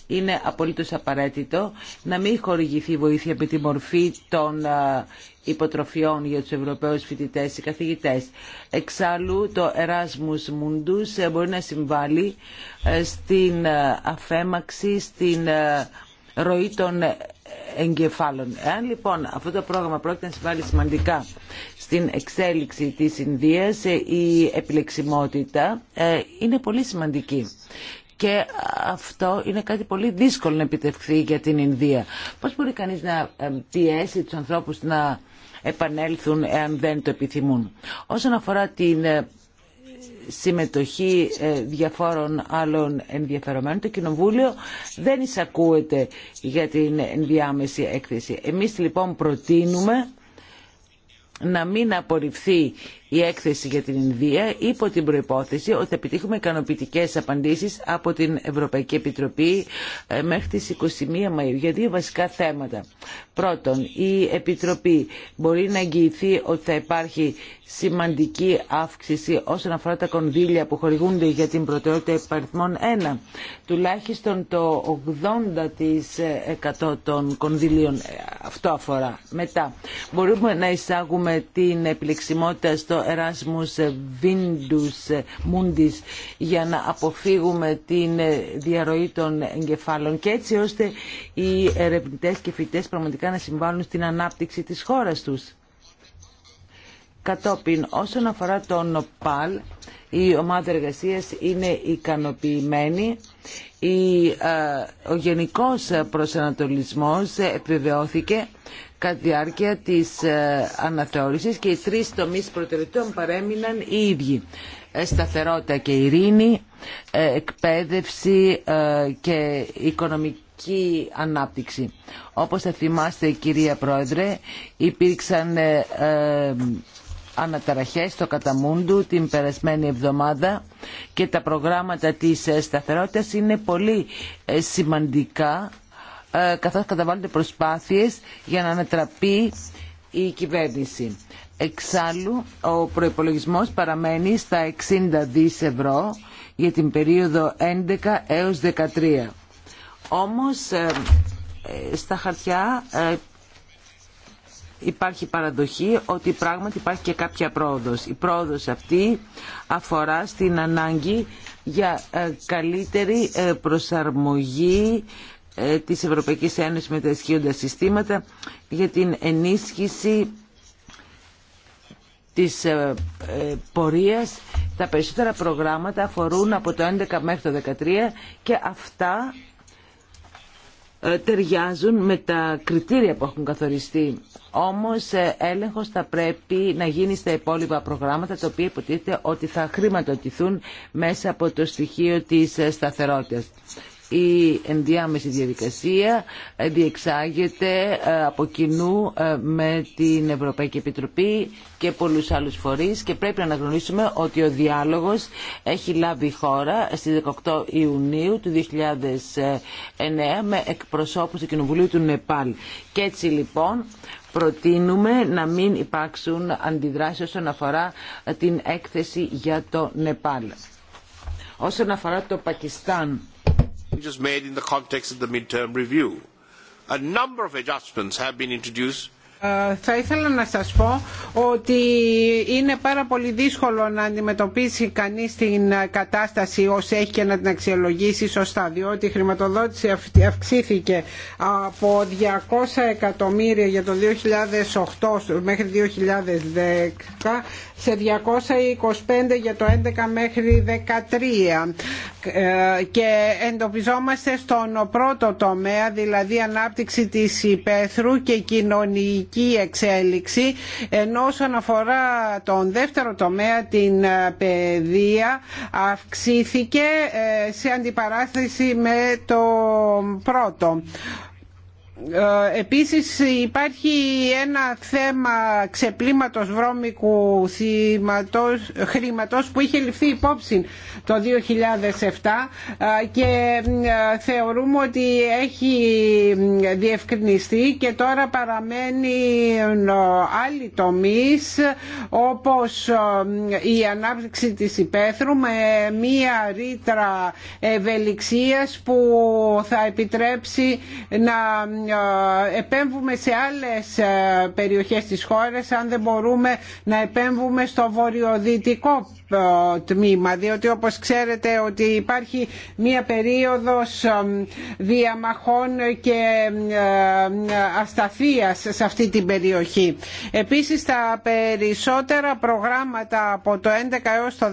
Είναι απολύτως απαραίτητο να μην χορηγηθεί βοήθεια με τη μορφή των υποτροφιών για τους Ευρωπαίους φοιτητές και καθηγητές. Εξάλλου το Erasmus Mundus ε, μπορεί να συμβάλλει ε, στην ε, αφέμαξη, στην ροή των εγκεφάλων. Εάν λοιπόν αυτό το πρόγραμμα πρόκειται να συμβάλλει σημαντικά στην εξέλιξη της Ινδίας, η επιλεξιμότητα είναι πολύ σημαντική και αυτό είναι κάτι πολύ δύσκολο να επιτευχθεί για την Ινδία. Πώς μπορεί κανείς να πιέσει τους ανθρώπους να επανέλθουν εάν δεν το επιθυμούν. Όσον αφορά την ε, συμμετοχή ε, διαφόρων άλλων ενδιαφερομένων. Το Κοινοβούλιο δεν εισακούεται για την ενδιάμεση έκθεση. Εμείς λοιπόν προτείνουμε να μην απορριφθεί η έκθεση για την Ινδία υπό την προϋπόθεση ότι θα επιτύχουμε ικανοποιητικέ απαντήσεις από την Ευρωπαϊκή Επιτροπή ε, μέχρι τις 21 Μαΐου για δύο βασικά θέματα. Πρώτον, η Επιτροπή μπορεί να εγγυηθεί ότι θα υπάρχει σημαντική αύξηση όσον αφορά τα κονδύλια που χορηγούνται για την προτεραιότητα υπαριθμών 1. Τουλάχιστον το 80% των κονδυλίων ε, αυτό αφορά. Μετά, μπορούμε να εισάγουμε την επιλεξιμότητα στο ο βίντους Μούντις για να αποφύγουμε την διαρροή των εγκεφάλων και έτσι ώστε οι ερευνητές και φοιτές πραγματικά να συμβάλλουν στην ανάπτυξη της χώρας τους. Κατόπιν, όσον αφορά τον ΠΑΛ, η ομάδα εργασίας είναι ικανοποιημένη. Η, ε, ο γενικός προσανατολισμός επιβεβαιώθηκε κατά τη διάρκεια της ε, αναθεώρησης και οι τρεις τομείς προτεραιοτήτων παρέμειναν οι ίδιοι. Ε, σταθερότητα και ειρήνη, ε, εκπαίδευση και οικονομική ανάπτυξη. Όπως θα θυμάστε κυρία Πρόεδρε, υπήρξαν αναταραχές στο Καταμούντου την περασμένη εβδομάδα και τα προγράμματα της σταθερότητας είναι πολύ σημαντικά ε, καθώς καταβάλλονται προσπάθειες για να ανατραπεί η κυβέρνηση. Εξάλλου, ο προϋπολογισμός παραμένει στα 60 δις ευρώ για την περίοδο 11 έως 13. Όμως, ε, ε, στα χαρτιά υπάρχει παραδοχή ότι πράγματι υπάρχει και κάποια πρόοδος. Η πρόοδος αυτή αφορά στην ανάγκη για καλύτερη προσαρμογή ε, της Ευρωπαϊκής Ένωσης με τα ισχύοντα συστήματα για την ενίσχυση της ε, ε, πορείας. Τα περισσότερα προγράμματα αφορούν από το 11 μέχρι το 13 και αυτά ταιριάζουν με τα κριτήρια που έχουν καθοριστεί. Όμως έλεγχος θα πρέπει να γίνει στα υπόλοιπα προγράμματα τα οποία υποτίθεται ότι θα χρηματοδοτηθούν μέσα από το στοιχείο της σταθερότητας η ενδιάμεση διαδικασία διεξάγεται ε, από κοινού ε, με την Ευρωπαϊκή Επιτροπή και πολλούς άλλους φορείς και πρέπει να αναγνωρίσουμε ότι ο διάλογος έχει λάβει χώρα στις 18 Ιουνίου του 2009 με εκπροσώπους του Κοινοβουλίου του Νεπάλ. Και έτσι λοιπόν προτείνουμε να μην υπάρξουν αντιδράσεις όσον αφορά την έκθεση για το Νεπάλ. Όσον αφορά το Πακιστάν, which was made in the context of the mid term review. a number of adjustments have been introduced ε, θα ήθελα να σας πω ότι είναι πάρα πολύ δύσκολο να αντιμετωπίσει κανείς την κατάσταση όσο έχει και να την αξιολογήσει σωστά διότι η χρηματοδότηση αυξήθηκε από 200 εκατομμύρια για το 2008 μέχρι 2010 σε 225 για το 2011 μέχρι 2013. Ε, και εντοπιζόμαστε στον πρώτο τομέα δηλαδή ανάπτυξη της υπαίθρου και κοινωνική θετική εξέλιξη ενώ όσον αφορά τον δεύτερο τομέα την ε, παιδεία αυξήθηκε ε, σε αντιπαράθεση με το πρώτο. Ε, επίσης υπάρχει ένα θέμα ξεπλήματος βρώμικου χρήματος που είχε ληφθεί υπόψη το 2007 ε, και ε, θεωρούμε ότι έχει διευκρινιστεί και τώρα παραμένει άλλοι τομείς όπως η ανάπτυξη της υπαίθρου με μία ρήτρα ευελιξίας που θα επιτρέψει να ε, επέμβουμε σε άλλες ε, περιοχές της χώρας αν δεν μπορούμε να επέμβουμε στο βορειοδυτικό ε, τμήμα διότι όπως ξέρετε ότι υπάρχει μία περίοδος διαμαχών και ασταθείας σε αυτή την περιοχή. Επίσης τα περισσότερα προγράμματα από το 11 έως το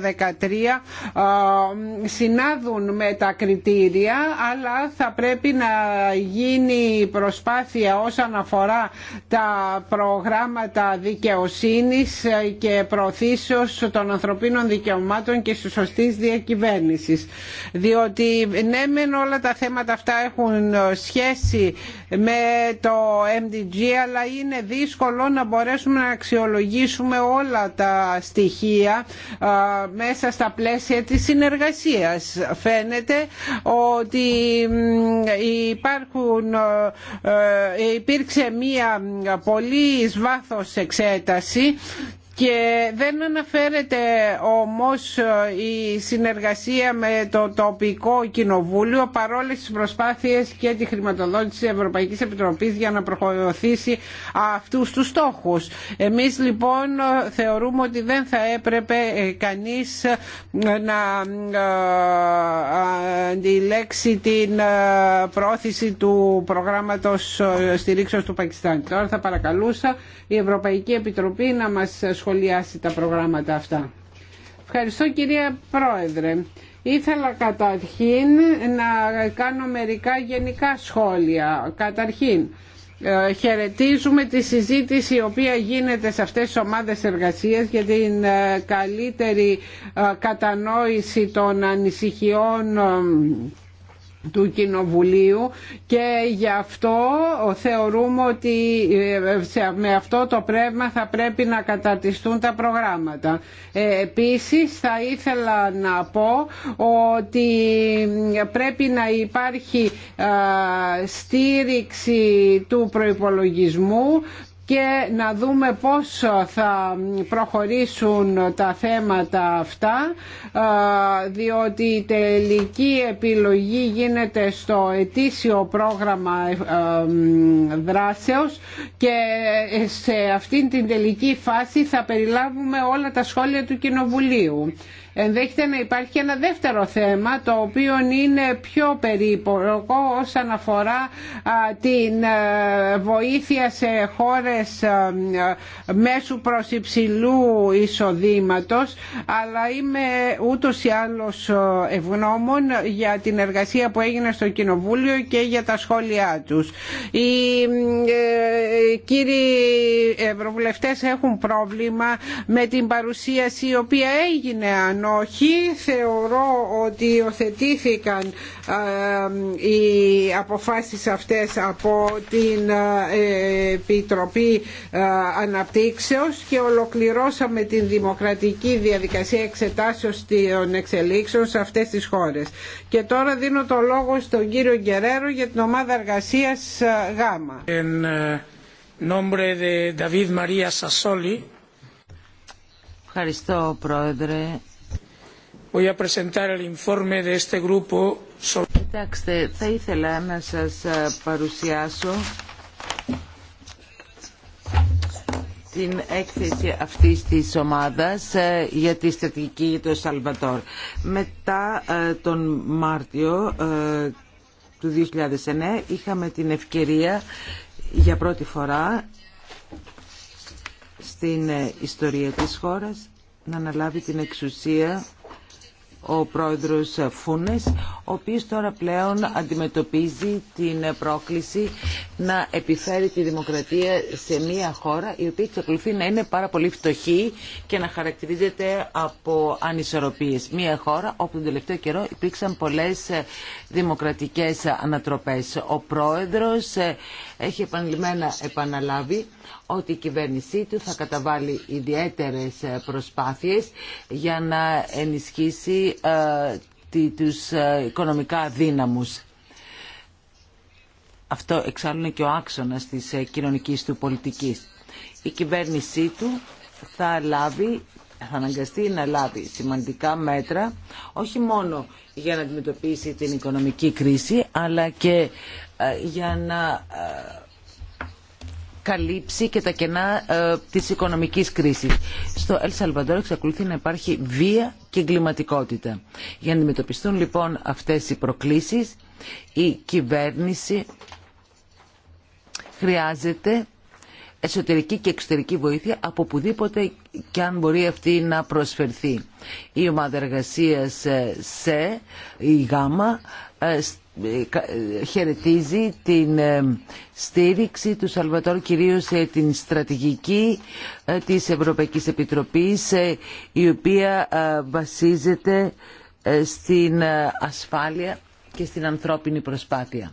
13 συνάδουν με τα κριτήρια αλλά θα πρέπει να γίνει προσπάθεια όσον αφορά τα προγράμματα δικαιοσύνης και προωθήσεως των ανθρωπίνων δικαιωμάτων και στους σωστής διακυβέρνησης. Διότι ναι μεν όλα τα θέματα αυτά έχουν σχέση με το MDG αλλά είναι δύσκολο να μπορέσουμε να αξιολογήσουμε όλα τα στοιχεία μέσα στα πλαίσια της συνεργασίας. Φαίνεται ότι υπάρχουν, ε, υπήρξε μία πολύ εις βάθος εξέταση και δεν αναφέρεται όμως ε, η συνεργασία με το τοπικό κοινοβούλιο παρόλες τις προσπάθειες και τη χρηματοδότηση της Ευρωπαϊκής Επιτροπής για να προχωρήσει αυτούς τους στόχους. Εμείς λοιπόν ε, θεωρούμε ότι δεν θα έπρεπε ε, κανείς να αντιλέξει την πρόθεση του προγράμματος στηρίξεως του Πακιστάν. Τώρα θα παρακαλούσα η Ευρωπαϊκή Επιτροπή να μας σχολιάσει σχολιάσει τα προγράμματα αυτά. Ευχαριστώ κυρία Πρόεδρε. Ήθελα καταρχήν να κάνω μερικά γενικά σχόλια. Καταρχήν, ε, χαιρετίζουμε τη συζήτηση η οποία γίνεται σε αυτές τις ομάδες εργασίας για την ε, καλύτερη ε, κατανόηση των ανησυχιών του Κοινοβουλίου και γι' αυτό θεωρούμε ότι ε, με αυτό το πρέμα θα πρέπει να καταρτιστούν τα προγράμματα. Ε, επίσης θα ήθελα να πω ότι ε, πρέπει να υπάρχει στήριξη του προϋπολογισμού και να δούμε πώς θα προχωρήσουν τα θέματα αυτά διότι η τελική επιλογή γίνεται στο ετήσιο πρόγραμμα ε, ε, δράσεως και ε, σε αυτήν την τελική φάση θα περιλάβουμε όλα τα σχόλια του Κοινοβουλίου. Ενδέχεται να υπάρχει και ένα δεύτερο θέμα το οποίο είναι πιο περίπλοκο όσον αφορά την βοήθεια σε χώρες μέσου προς υψηλού εισοδήματος αλλά είμαι ούτως ή άλλως ευγνώμων για την εργασία που έγινε στο Κοινοβούλιο και για τα σχόλιά τους. Οι ε, κύριοι ευρωβουλευτές έχουν πρόβλημα με την παρουσίαση η οποία έγινε αν όχι, θεωρώ ότι υιοθετήθηκαν οι αποφάσεις αυτές από την ε, Επιτροπή ε, Αναπτύξεως και ολοκληρώσαμε την δημοκρατική διαδικασία εξετάσεως των εξελίξεων σε αυτές τις χώρες. Και τώρα δίνω το λόγο στον κύριο Γκερέρο για την ομάδα εργασίας ε, ΓΑΜΑ. Εν Ευχαριστώ Πρόεδρε θα ήθελα να ε, παρουσιάσω την έκθεση αυτής της ομάδας ε, για τη στρατηγική του το Σαλβατόρ. Μετά ε, τον Μάρτιο του 2009 είχαμε την ευκαιρία για πρώτη φορά στην ιστορία της χώρας να αναλάβει την εξουσία ο πρόεδρος Φούνες, ο οποίος τώρα πλέον αντιμετωπίζει την πρόκληση να επιφέρει τη δημοκρατία σε μια χώρα η οποία εξακολουθεί να είναι πάρα πολύ φτωχή και να χαρακτηρίζεται από ανισορροπίες. Μια χώρα όπου τον τελευταίο καιρό υπήρξαν πολλές δημοκρατικές ανατροπές. Ο πρόεδρος ε, έχει επανειλημμένα επαναλάβει ότι η κυβέρνησή του θα καταβάλει ιδιαίτερες ε, προσπάθειες για να ενισχύσει ε, τους ε, οικονομικά δύναμους. Αυτό εξάλλου είναι και ο άξονας της κοινωνικής του πολιτικής. Η κυβέρνησή του θα λάβει θα αναγκαστεί να λάβει σημαντικά μέτρα όχι μόνο για να αντιμετωπίσει την οικονομική κρίση αλλά και ε, για να ε, καλύψει και τα κενά ε, της οικονομικής κρίσης. Στο Ελ Σαλβαντόρ εξακολουθεί να υπάρχει βία και εγκληματικότητα. Για να αντιμετωπιστούν λοιπόν αυτές οι προκλήσεις, η κυβέρνηση χρειάζεται εσωτερική και εξωτερική βοήθεια από πουδήποτε και αν μπορεί αυτή να προσφερθεί. Η ομάδα εργασίας σε η ΓΑΜΑ ε, ε, χαιρετίζει την ε, στήριξη του Σαλβατόρ κυρίως σε την στρατηγική της Ευρωπαϊκής Επιτροπής η οποία βασίζεται στην ασφάλεια και στην ανθρώπινη προσπάθεια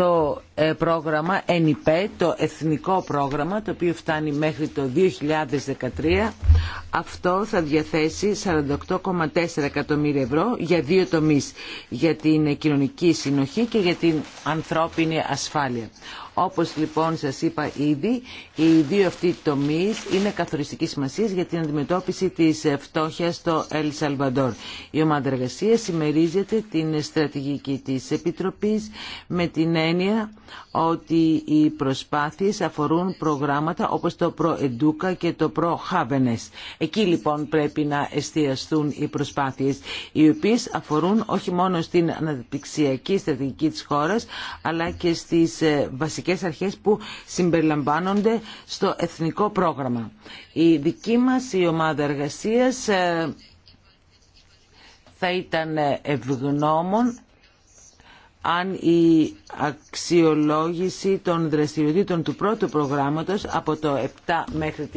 το ε, πρόγραμμα ΕΝΙΠΕ, το εθνικό πρόγραμμα, το οποίο φτάνει μέχρι το 2013. Αυτό θα διαθέσει 48,4 εκατομμύρια ευρώ για δύο τομείς, για την κοινωνική συνοχή και για την ανθρώπινη ασφάλεια. Όπως λοιπόν σας είπα ήδη, οι δύο αυτοί τομείς είναι καθοριστική σημασία για την αντιμετώπιση της φτώχειας στο Ελ Σαλβαντόρ. Η ομάδα εργασία συμμερίζεται την στρατηγική της Επιτροπής με την έννοια ότι οι προσπάθειες αφορούν προγράμματα όπως το Προεντούκα και το Προχάβενες. Εκεί λοιπόν πρέπει να εστιαστούν οι προσπάθειες, οι οποίες αφορούν όχι μόνο στην αναπτυξιακή στρατηγική της χώρας, αλλά και στις ε, βασικές αρχές που συμπεριλαμβάνονται στο εθνικό πρόγραμμα. Η δική μας η ομάδα εργασίας ε, θα ήταν ευγνώμων αν η αξιολόγηση των δραστηριοτήτων του πρώτου προγράμματος από το 7 μέχρι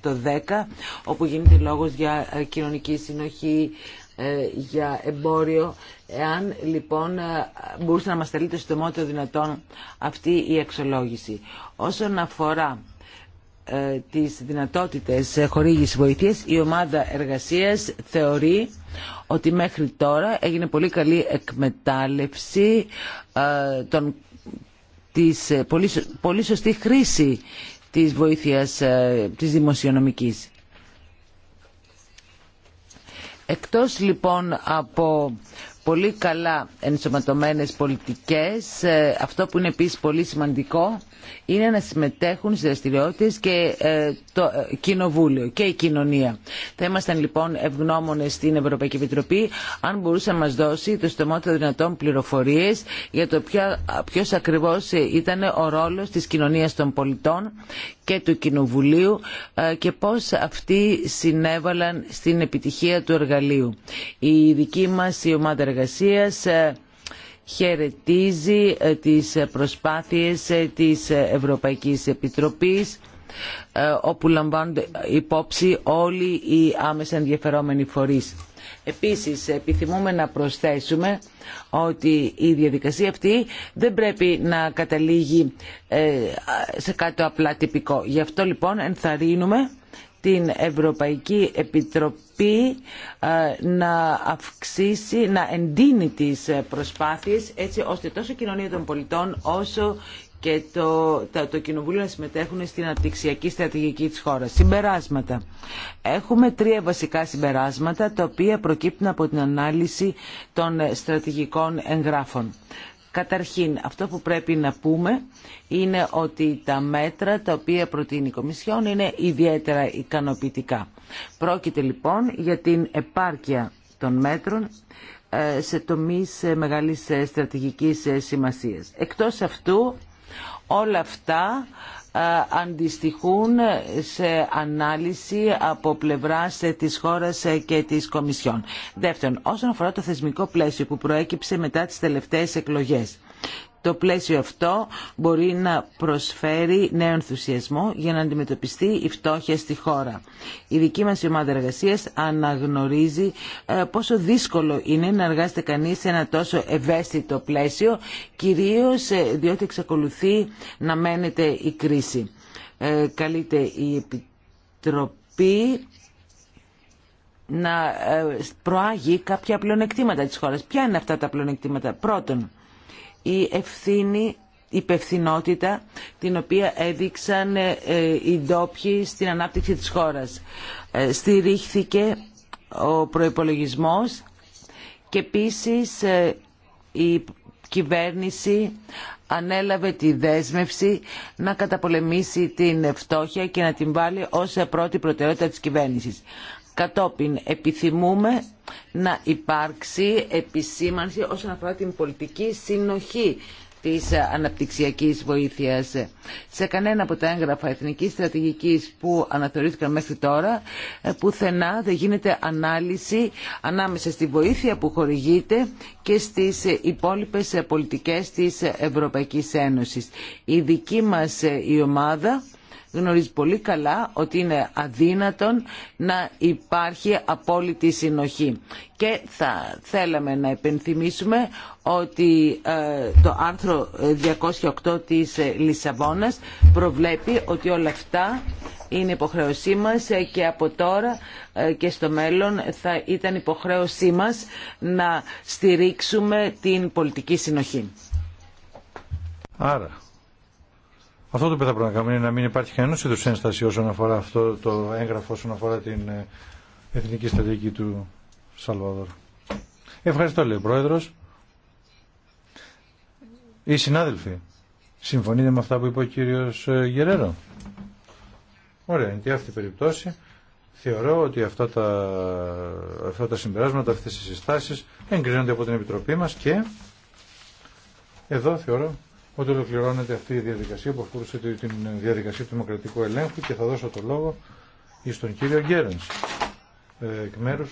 το 10 όπου γίνεται λόγος για κοινωνική συνοχή, ε, για εμπόριο. Εάν λοιπόν ε, μπορούσε να μας στελεί το συντομότερο δυνατόν αυτή η εξολόγηση. Όσον αφορά ε, τις δυνατότητες χορήγησης βοηθείας, η ομάδα εργασίας θεωρεί ότι μέχρι τώρα έγινε πολύ καλή εκμετάλλευση των, της πολύ, πολύ σωστή χρήση της βοήθειας της δημοσιονομικής. Εκτός λοιπόν από πολύ καλά ενσωματωμένες πολιτικές, ε, αυτό που είναι επίσης πολύ σημαντικό είναι να συμμετέχουν στις δραστηριότητε και ε, το ε, κοινοβούλιο και η κοινωνία. Θα ήμασταν λοιπόν ευγνώμονε στην Ευρωπαϊκή Επιτροπή αν μπορούσε να μας δώσει το των δυνατόν πληροφορίες για το ποιο ακριβώς ήταν ο ρόλος της κοινωνίας των πολιτών και του Κοινοβουλίου ε, και πώς αυτοί συνέβαλαν στην επιτυχία του εργαλείου. Η δική μας η ομάδα εργασίας ε, χαιρετίζει ε, τις προσπάθειες της Ευρωπαϊκής Επιτροπής όπου λαμβάνονται υπόψη όλοι οι άμεσα ενδιαφερόμενοι φορείς. Επίσης επιθυμούμε να προσθέσουμε ότι η διαδικασία αυτή δεν πρέπει να καταλήγει ε, σε κάτι απλά τυπικό. Γι' αυτό λοιπόν ενθαρρύνουμε την Ευρωπαϊκή Επιτροπή ε, να αυξήσει, να εντείνει τις προσπάθειες έτσι ώστε τόσο η κοινωνία των πολιτών όσο και το, το, Κοινοβούλιο να συμμετέχουν στην αναπτυξιακή στρατηγική της χώρας. Συμπεράσματα. Έχουμε τρία βασικά συμπεράσματα τα οποία προκύπτουν από την ανάλυση των στρατηγικών εγγράφων. Καταρχήν, αυτό που πρέπει να πούμε είναι ότι τα μέτρα τα οποία προτείνει η Κομισιόν είναι ιδιαίτερα ικανοποιητικά. Πρόκειται λοιπόν για την επάρκεια των μέτρων ε, σε τομείς ε, μεγάλης ε, στρατηγικής σημασίας. Εκτός αυτού, Όλα αυτά ε, αντιστοιχούν σε ανάλυση από πλευράς ε, της χώρας ε, και της Κομισιόν. Δεύτερον, όσον αφορά το θεσμικό πλαίσιο που προέκυψε μετά τις τελευταίες εκλογές. Το πλαίσιο αυτό μπορεί να προσφέρει νέο ενθουσιασμό για να αντιμετωπιστεί η φτώχεια στη χώρα. Η δική μας ομάδα εργασία αναγνωρίζει ε, πόσο δύσκολο είναι να εργάζεται κανείς σε ένα τόσο ευαίσθητο πλαίσιο, κυρίως ε, διότι εξακολουθεί να μένεται η κρίση. Ε, καλείται η Επιτροπή να προάγει κάποια πλεονεκτήματα της χώρας. Ποια είναι αυτά τα πλεονεκτήματα. Πρώτον, η ευθύνη υπευθυνότητα την οποία έδειξαν ε, ε, οι ντόπιοι στην ανάπτυξη της χώρας. Ε, στηρίχθηκε ο προϋπολογισμός και επίσης η κυβέρνηση ανέλαβε τη δέσμευση να καταπολεμήσει την φτώχεια και να την βάλει ως πρώτη προτεραιότητα της κυβέρνησης. Κατόπιν επιθυμούμε να υπάρξει επισήμανση όσον αφορά την πολιτική συνοχή της αναπτυξιακής βοήθειας. Σε κανένα από τα έγγραφα εθνικής στρατηγικής που αναθεωρήθηκαν μέχρι τώρα, ε, πουθενά δεν γίνεται ανάλυση ανάμεσα στη βοήθεια που χορηγείται και στις υπόλοιπες πολιτικές της Ευρωπαϊκής Ένωσης. Η δική μας ε, η ομάδα γνωρίζει πολύ καλά ότι είναι αδύνατον να υπάρχει απόλυτη συνοχή. Και θα θέλαμε να επενθυμίσουμε ότι ε, το άρθρο 208 της Λισαβόνας προβλέπει ότι όλα αυτά είναι υποχρέωσή μας και από τώρα ε, και στο μέλλον θα ήταν υποχρέωσή μας να στηρίξουμε την πολιτική συνοχή. Άρα αυτό το οποίο θα πρέπει να κάνουμε είναι να μην υπάρχει κανένα είδου ένσταση όσον αφορά αυτό το έγγραφο, όσον αφορά την ε, εθνική στρατηγική του Σαλβαδόρ. Ευχαριστώ, λέει ο Πρόεδρο. Οι συνάδελφοι, συμφωνείτε με αυτά που είπε ο κύριο ε, Γερέρο. Ωραία, είναι αυτή η περίπτωση. Θεωρώ ότι αυτά τα, αυτά τα συμπεράσματα, αυτές οι συστάσεις εγκρίνονται από την Επιτροπή μας και εδώ θεωρώ όταν ολοκληρώνεται αυτή η διαδικασία που αφορούσε την διαδικασία του δημοκρατικού ελέγχου και θα δώσω το λόγο στον κύριο Γκέρενς ε, εκ μέρου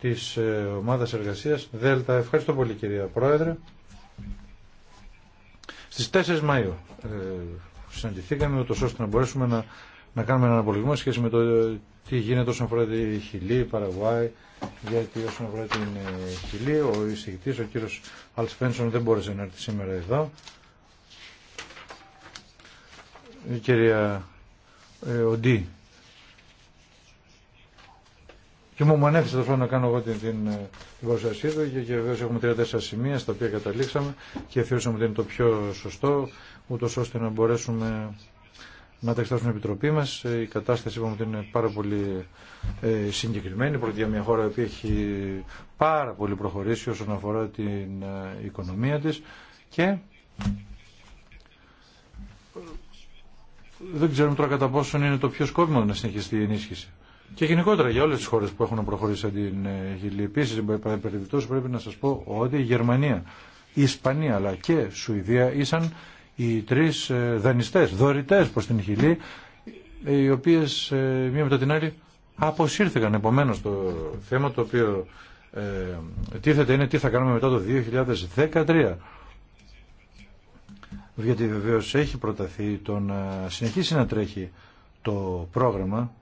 της ε, ομάδας εργασίας ΔΕΛΤΑ. Ευχαριστώ πολύ κυρία Πρόεδρε. Στις 4 Μαΐου ε, συναντηθήκαμε ώστε να μπορέσουμε να, να κάνουμε έναν απολογισμό σχέση με το ε, τι γίνεται όσον αφορά τη Χιλή, Παραγουάη, γιατί όσον αφορά την Χιλή, ο εισηγητής, ο κύριος Αλσπένσον δεν μπόρεσε να έρθει σήμερα εδώ η κυρία ε, Οντή. Και μου ανέφερε το να κάνω εγώ την, την, ε, την παρουσιασή του και, και βεβαίω έχουμε 34 σημεία στα οποία καταλήξαμε και θεωρήσαμε ότι είναι το πιο σωστό, ούτω ώστε να μπορέσουμε να τα εξετάσουμε στην Επιτροπή μα. Ε, η κατάσταση είπαμε ότι είναι πάρα πολύ ε, συγκεκριμένη. Πρόκειται για μια χώρα που έχει πάρα πολύ προχωρήσει όσον αφορά την ε, οικονομία τη και δεν ξέρουμε τώρα κατά πόσον είναι το πιο σκόπιμο να συνεχιστεί η ενίσχυση. Και γενικότερα για όλε τι χώρε που έχουν προχωρήσει αντί την Χιλή. Ε, Επίση, πρέπει να σα πω ότι η Γερμανία, η Ισπανία αλλά και η Σουηδία ήσαν οι τρει ε, δανειστέ, δωρητέ προ την Χιλή, ε, οι οποίε μία μετά την άλλη αποσύρθηκαν. Επομένω, το θέμα το οποίο ε, τίθεται είναι τι θα κάνουμε μετά το 2013 γιατί βεβαίω έχει προταθεί το να συνεχίσει να τρέχει το πρόγραμμα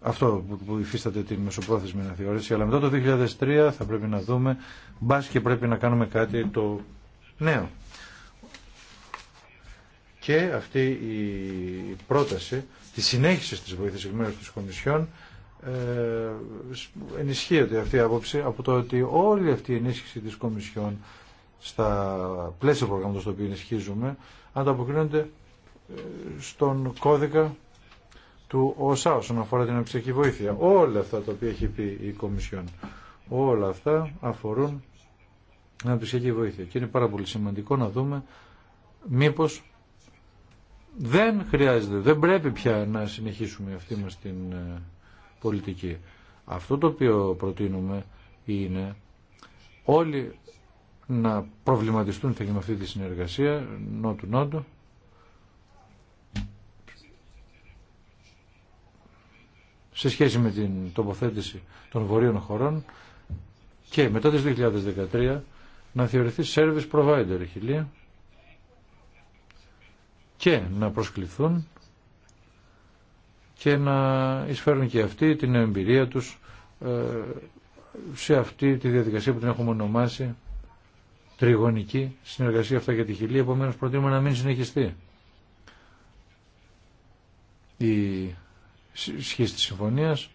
αυτό που υφίσταται την μεσοπρόθεσμη αναθεώρηση, αλλά μετά το 2003 θα πρέπει να δούμε, μπας και πρέπει να κάνουμε κάτι το νέο. Και αυτή η πρόταση τη συνέχιση της βοήθειας εκ μέρους της Κομισιόν ε, ενισχύεται αυτή η άποψη από το ότι όλη αυτή η ενίσχυση της Κομισιόν στα πλαίσια προγράμματος το οποίο ενισχύζουμε ανταποκρίνονται ε, στον κώδικα του ΟΣΑ όσον αφορά την αυξιακή βοήθεια. Όλα αυτά τα οποία έχει πει η Κομισιόν, όλα αυτά αφορούν την αυξιακή βοήθεια. Και είναι πάρα πολύ σημαντικό να δούμε μήπως δεν χρειάζεται, δεν πρέπει πια να συνεχίσουμε αυτή μας την ε, πολιτική. Αυτό το οποίο προτείνουμε είναι όλοι να προβληματιστούν με αυτή τη συνεργασία νότου-νότου. σε σχέση με την τοποθέτηση των βορείων χωρών και μετά τις 2013 να θεωρηθεί service provider η Χιλία και να προσκληθούν και να εισφέρουν και αυτοί την εμπειρία τους ε, σε αυτή τη διαδικασία που την έχουμε ονομάσει τριγωνική συνεργασία αυτά για τη χιλή, επομένως προτείνουμε να μην συνεχιστεί η σχέση της συμφωνίας,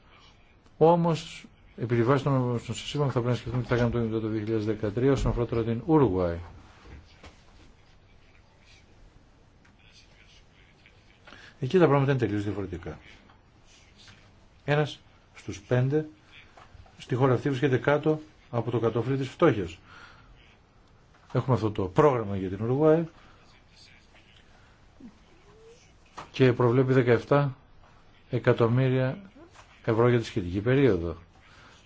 όμως επειδή βάσει των θα πρέπει να σκεφτούμε τι θα κάνουμε το 2013 όσον αφορά τώρα την Ουρουγουάη Εκεί τα πράγματα είναι τελείως διαφορετικά. Ένας στους πέντε στη χώρα αυτή βρίσκεται κάτω από το κατόφλι της φτώχειας. Έχουμε αυτό το πρόγραμμα για την Ουρουάη και προβλέπει 17 εκατομμύρια ευρώ για τη σχετική περίοδο.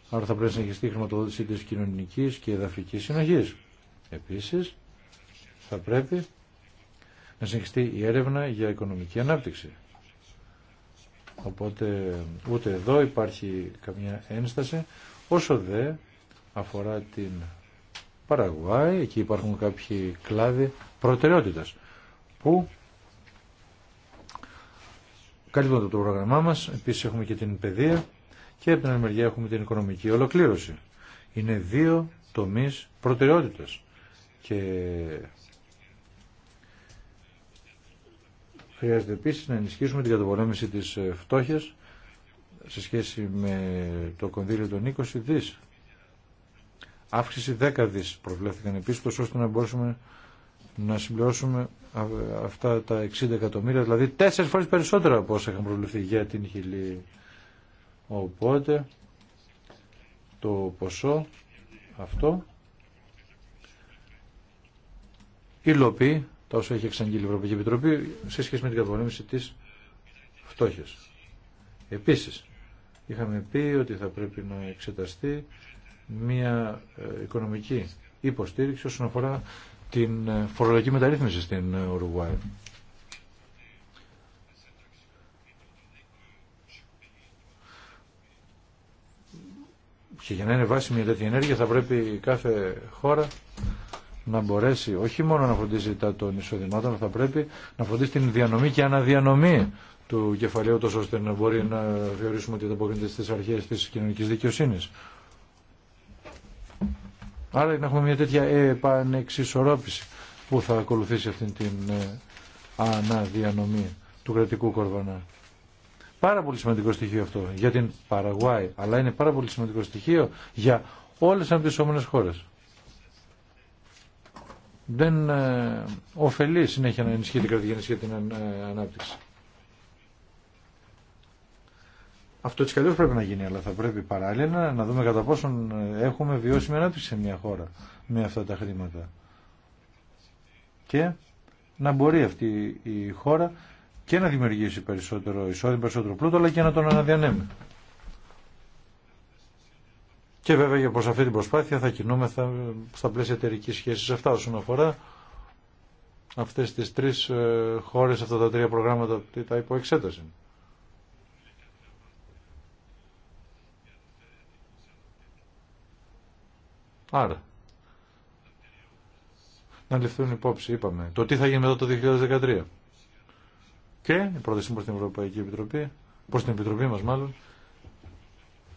Άρα θα πρέπει να συνεχιστεί η χρηματοδότηση της κοινωνικής και εδαφικής συνοχής. Επίσης, θα πρέπει να συνεχιστεί η έρευνα για οικονομική ανάπτυξη. Οπότε ούτε εδώ υπάρχει καμία ένσταση, όσο δε αφορά την Παραγουάη, εκεί υπάρχουν κάποιοι κλάδοι προτεραιότητας που καλύπτουν το πρόγραμμά μας. Επίσης έχουμε και την παιδεία και από την άλλη μεριά έχουμε την οικονομική ολοκλήρωση. Είναι δύο τομείς προτεραιότητας και χρειάζεται επίσης να ενισχύσουμε την καταπολέμηση της φτώχειας σε σχέση με το κονδύλιο των 20 δις Αύξηση 10 δις προβλέφθηκαν επίσης, ώστε να μπορέσουμε να συμπληρώσουμε αυτά τα 60 εκατομμύρια, δηλαδή τέσσερι φορές περισσότερα από όσα είχαν προβλεφθεί για την χιλή. Οπότε το ποσό αυτό υλοποιεί τα όσα έχει εξαγγείλει η Ευρωπαϊκή Επιτροπή σε σχέση με την καταπολέμηση τη φτώχεια. Επίσης, είχαμε πει ότι θα πρέπει να εξεταστεί μια ε, οικονομική υποστήριξη όσον αφορά την ε, φορολογική μεταρρύθμιση στην ε, Ουρουγουάη. Και για να είναι βάσιμη τέτοια ενέργεια θα πρέπει κάθε χώρα να μπορέσει όχι μόνο να φροντίζει τα των εισοδημάτων, αλλά θα πρέπει να φροντίσει την διανομή και αναδιανομή του κεφαλαίου, τόσο ώστε να μπορεί να θεωρήσουμε ότι ανταποκρίνεται στι αρχέ τη κοινωνική δικαιοσύνη. Άρα να έχουμε μια τέτοια επανεξισορρόπηση που θα ακολουθήσει αυτή την ε, αναδιανομή του κρατικού κορβανά. Πάρα πολύ σημαντικό στοιχείο αυτό για την Παραγουάη, αλλά είναι πάρα πολύ σημαντικό στοιχείο για όλες τις αναπτυσσόμενες χώρες. Δεν ε, ωφελεί συνέχεια να ενισχύει την κρατική για την ε, ανάπτυξη. Αυτό έτσι καλώς πρέπει να γίνει, αλλά θα πρέπει παράλληλα να δούμε κατά πόσον έχουμε βιώσιμη ανάπτυξη σε μια χώρα με αυτά τα χρήματα. Και να μπορεί αυτή η χώρα και να δημιουργήσει περισσότερο εισόδημα, περισσότερο πλούτο, αλλά και να τον αναδιανέμει. Και βέβαια για προς αυτή την προσπάθεια θα κινούμε στα πλαίσια σχέση σε Αυτά όσον αφορά αυτές τις τρεις ε, χώρες, αυτά τα τρία προγράμματα, τα υποεξέταση. Άρα, να ληφθούν υπόψη, είπαμε, το τι θα γίνει μετά το 2013. Και η πρόταση προς την Ευρωπαϊκή Επιτροπή, προς την Επιτροπή μας μάλλον,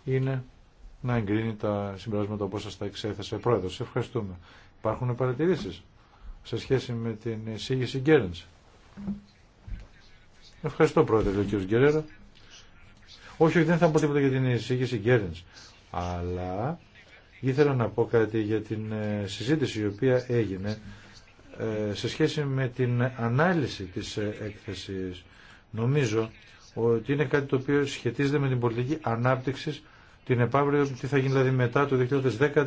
είναι να εγκρίνει τα συμπεράσματα όπως σας τα εξέθεσε πρόεδρος. Σε ευχαριστούμε. Υπάρχουν παρατηρήσεις σε σχέση με την εισήγηση Γκέρενς. Ευχαριστώ πρόεδρε, ο κ. Γκερέρα. Όχι, δεν θα πω τίποτα για την εισήγηση Γκέρενς. Αλλά Ήθελα να πω κάτι για την ε, συζήτηση η οποία έγινε ε, σε σχέση με την ανάλυση της ε, έκθεσης. Νομίζω ότι είναι κάτι το οποίο σχετίζεται με την πολιτική ανάπτυξης την επαύριο, τι θα γίνει δηλαδή μετά το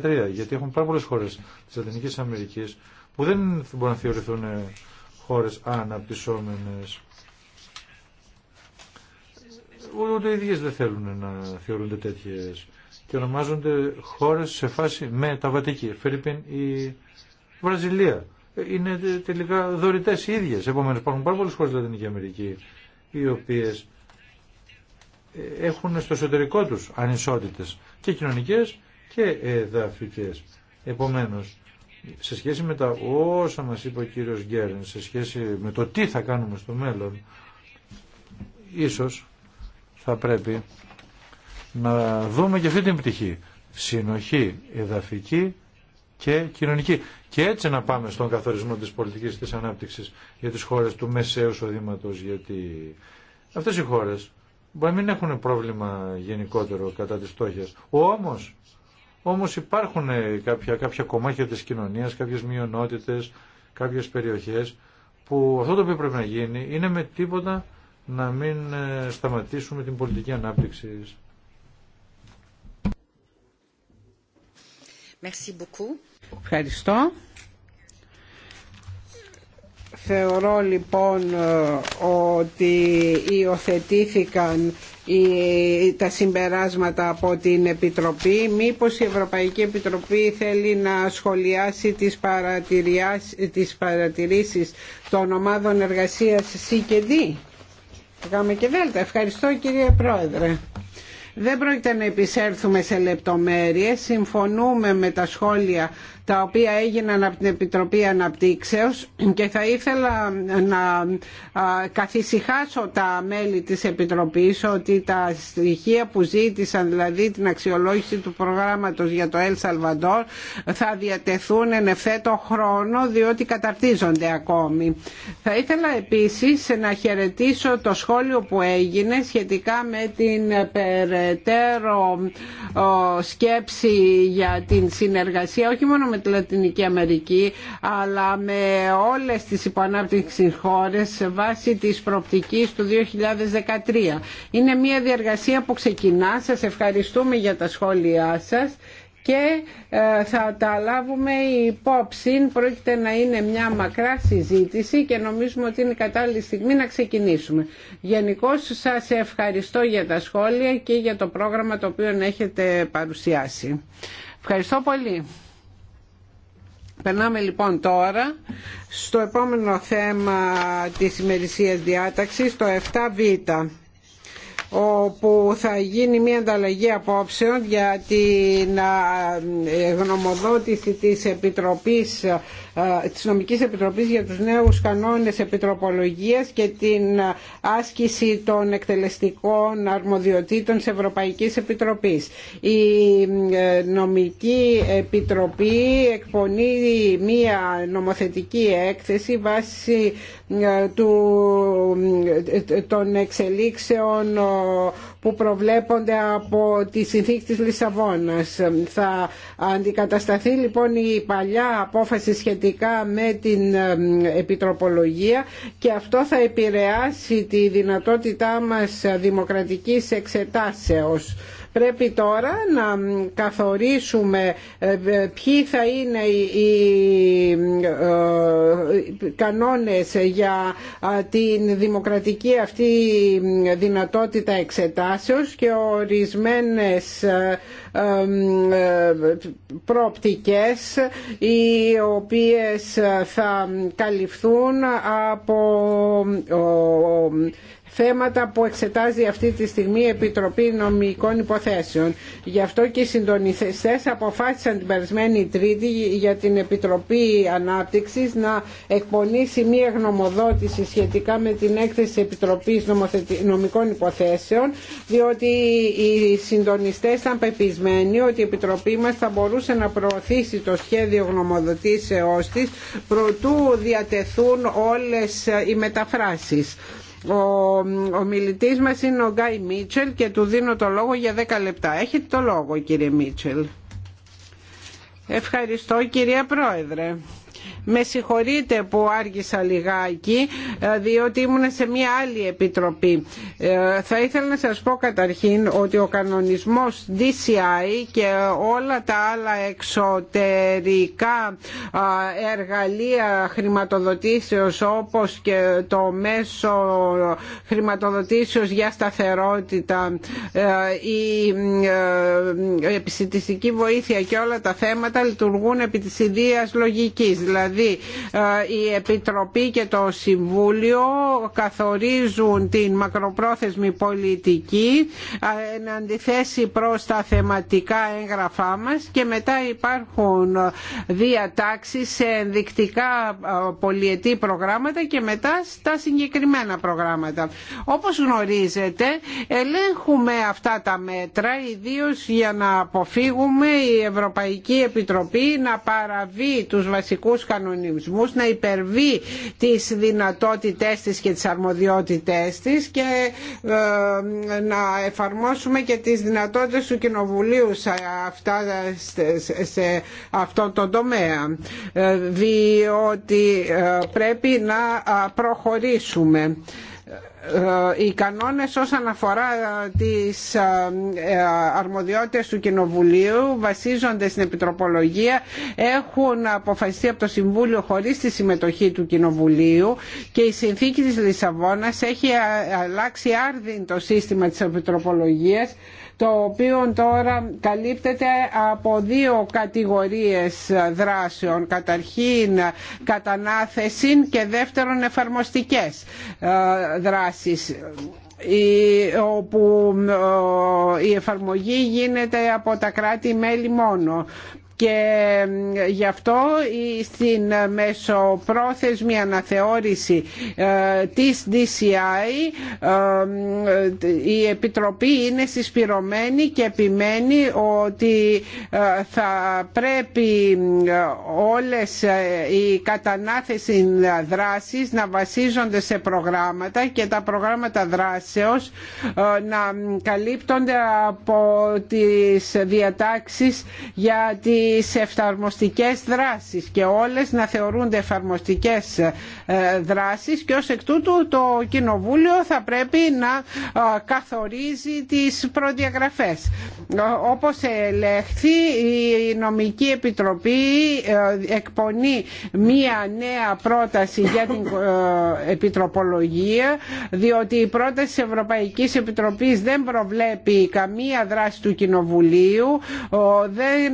2013, γιατί έχουν πάρα πολλές χώρες της Λατινικής Αμερικής που δεν μπορούν να θεωρηθούν χώρες αναπτυσσόμενες. Ούτε οι ίδιες δεν θέλουν να θεωρούνται τέτοιες και ονομάζονται χώρες σε φάση μεταβατική. Φερρυπίν η Βραζιλία. Είναι τελικά δωρητές οι ίδιες. Επομένως υπάρχουν πάρα πολλές χώρες Λατινική Αμερική οι οποίες ε, έχουν στο εσωτερικό τους ανισότητες και κοινωνικές και εδαφικές. Επομένως, σε σχέση με τα όσα μας είπε ο κύριος Γκέρν, σε σχέση με το τι θα κάνουμε στο μέλλον, ίσως θα πρέπει να δούμε και αυτή την πτυχή. Συνοχή εδαφική και κοινωνική. Και έτσι να πάμε στον καθορισμό της πολιτικής της ανάπτυξης για τις χώρες του μεσαίου σωδήματος, γιατί αυτές οι χώρες μπορεί να μην έχουν πρόβλημα γενικότερο κατά τις στόχες. Όμως, όμως υπάρχουν κάποια, κάποια κομμάτια της κοινωνίας, κάποιες μειονότητες, κάποιες περιοχές που αυτό το οποίο πρέπει να γίνει είναι με τίποτα να μην ε, σταματήσουμε την πολιτική ανάπτυξη. Ευχαριστώ. Θεωρώ λοιπόν ε, ότι υιοθετήθηκαν τα συμπεράσματα από την Επιτροπή. Μήπως η Ευρωπαϊκή Επιτροπή θέλει να σχολιάσει τις, τις παρατηρήσεις των ομάδων εργασίας C και D. και Ευχαριστώ κυρία Πρόεδρε. Δεν πρόκειται να επισέλθουμε σε λεπτομέρειες. Συμφωνούμε με τα σχόλια τα οποία έγιναν από την Επιτροπή Αναπτύξεως και θα ήθελα να καθησυχάσω τα μέλη της Επιτροπής ότι τα στοιχεία που ζήτησαν, δηλαδή την αξιολόγηση του προγράμματος για το El Salvador θα διατεθούν εν ευθέτω χρόνο διότι καταρτίζονται ακόμη. Θα ήθελα επίσης να χαιρετήσω το σχόλιο που έγινε σχετικά με την περαιτέρω σκέψη για την συνεργασία όχι μόνο με τη Λατινική Αμερική αλλά με όλες τις υποανάπτυξη χώρες σε βάση της προοπτικής του 2013. Είναι μια διαργασία που ξεκινά. Σας ευχαριστούμε για τα σχόλιά σας και ε, θα τα λάβουμε υπόψη. Πρόκειται να είναι μια μακρά συζήτηση και νομίζουμε ότι είναι κατάλληλη στιγμή να ξεκινήσουμε. Γενικώ σας ευχαριστώ για τα σχόλια και για το πρόγραμμα το οποίο έχετε παρουσιάσει. Ευχαριστώ πολύ. Περνάμε λοιπόν τώρα στο επόμενο θέμα της ημερησίας διάταξης, το 7β όπου θα γίνει μια ανταλλαγή απόψεων για την ε, γνωμοδότηση της Επιτροπής ε, της Νομικής Επιτροπής για τους νέους κανόνες επιτροπολογίας και την άσκηση των εκτελεστικών αρμοδιοτήτων της Ευρωπαϊκής Επιτροπής. Η ε, Νομική Επιτροπή εκπονεί μία νομοθετική έκθεση βάσει ε, του, των εξελίξεων που προβλέπονται από τη συνθήκη της Λισαβόνας. Θα αντικατασταθεί λοιπόν η παλιά απόφαση σχετικά με την επιτροπολογία και αυτό θα επηρεάσει τη δυνατότητά μας δημοκρατικής εξετάσεως Πρέπει τώρα να καθορίσουμε ε, ποιοι θα είναι οι ε, κανόνες για ε, την δημοκρατική αυτή δυνατότητα εξετάσεως και ορισμένες προοπτικές οι οποίες θα καλυφθούν από θέματα που εξετάζει αυτή τη στιγμή η Επιτροπή Νομικών Υποθέσεων. Γι' αυτό και οι συντονιστές αποφάσισαν την περσμένη Τρίτη για την Επιτροπή ανάπτυξη να εκπονήσει μία γνωμοδότηση σχετικά με την έκθεση Επιτροπής Νομικών Υποθέσεων διότι οι συντονιστές ήταν πεπισμένοι ότι η Επιτροπή μας θα μπορούσε να προωθήσει το σχέδιο γνωμοδοτήσεω τη προτού διατεθούν όλες οι μεταφράσεις. Ο, ομιλητής μας είναι ο Γκάι Μίτσελ και του δίνω το λόγο για 10 λεπτά. Έχετε το λόγο κύριε Μίτσελ. Ευχαριστώ κυρία Πρόεδρε. Με συγχωρείτε που άργησα λιγάκι ε, διότι ήμουν σε μια άλλη επιτροπή. Ε, θα ήθελα να σας πω καταρχήν ότι ο κανονισμός DCI και όλα τα άλλα εξωτερικά εργαλεία χρηματοδοτήσεως όπως και το μέσο χρηματοδοτήσεως για σταθερότητα ε, η επιστημιστική βοήθεια και όλα τα θέματα λειτουργούν επί της ιδίας λογικής. Δηλαδή δηλαδή ε, η Επιτροπή και το Συμβούλιο καθορίζουν την μακροπρόθεσμη πολιτική ε, εν αντιθέσει προς τα θεματικά έγγραφά μας και μετά υπάρχουν διατάξεις σε ενδεικτικά ε, πολιετή προγράμματα και μετά στα συγκεκριμένα προγράμματα. Όπως γνωρίζετε ελέγχουμε αυτά τα μέτρα ιδίως για να αποφύγουμε η Ευρωπαϊκή Επιτροπή να παραβεί τους βασικούς κανονισμούς, να υπερβεί τις δυνατότητές της και τις αρμοδιότητές της και ε, να εφαρμόσουμε και τις δυνατότητες του Κοινοβουλίου σε, αυτά, σε, αυτό το τομέα. Ε, διότι ε, πρέπει να προχωρήσουμε. Ε, οι κανόνες όσον αφορά ε, τις ε, αρμοδιότητες του Κοινοβουλίου βασίζονται στην Επιτροπολογία έχουν αποφασιστεί από το Συμβούλιο χωρίς τη συμμετοχή του Κοινοβουλίου και η συνθήκη της Λισαβόνας έχει αλλάξει άρδιν το σύστημα της Επιτροπολογίας το οποίο τώρα καλύπτεται από δύο κατηγορίες δράσεων. Καταρχήν κατανάθεση και δεύτερον εφαρμοστικές ε, δράσεις όπου ε, η εφαρμογή γίνεται από τα κράτη-μέλη μόνο και γι' αυτό στην μεσοπρόθεσμη αναθεώρηση ε, της DCI ε, η Επιτροπή είναι συσπηρωμένη και επιμένει ότι ε, θα πρέπει όλες οι κατανάθεση δράσεις να βασίζονται σε προγράμματα και τα προγράμματα δράσεως να καλύπτονται από τις διατάξεις για τις εφαρμοστικές δράσεις και όλες να θεωρούνται εφαρμοστικές ε, δράσεις και ως εκ τούτου το Κοινοβούλιο θα πρέπει να ε, καθορίζει τις προδιαγραφές. Ε, όπως ελέγχθη η Νομική Επιτροπή εκπονεί μία νέα πρόταση για την επιτροπολογία διότι η πρόταση της Ευρωπαϊκής Επιτροπής δεν προβλέπει καμία δράση του Κοινοβουλίου δεν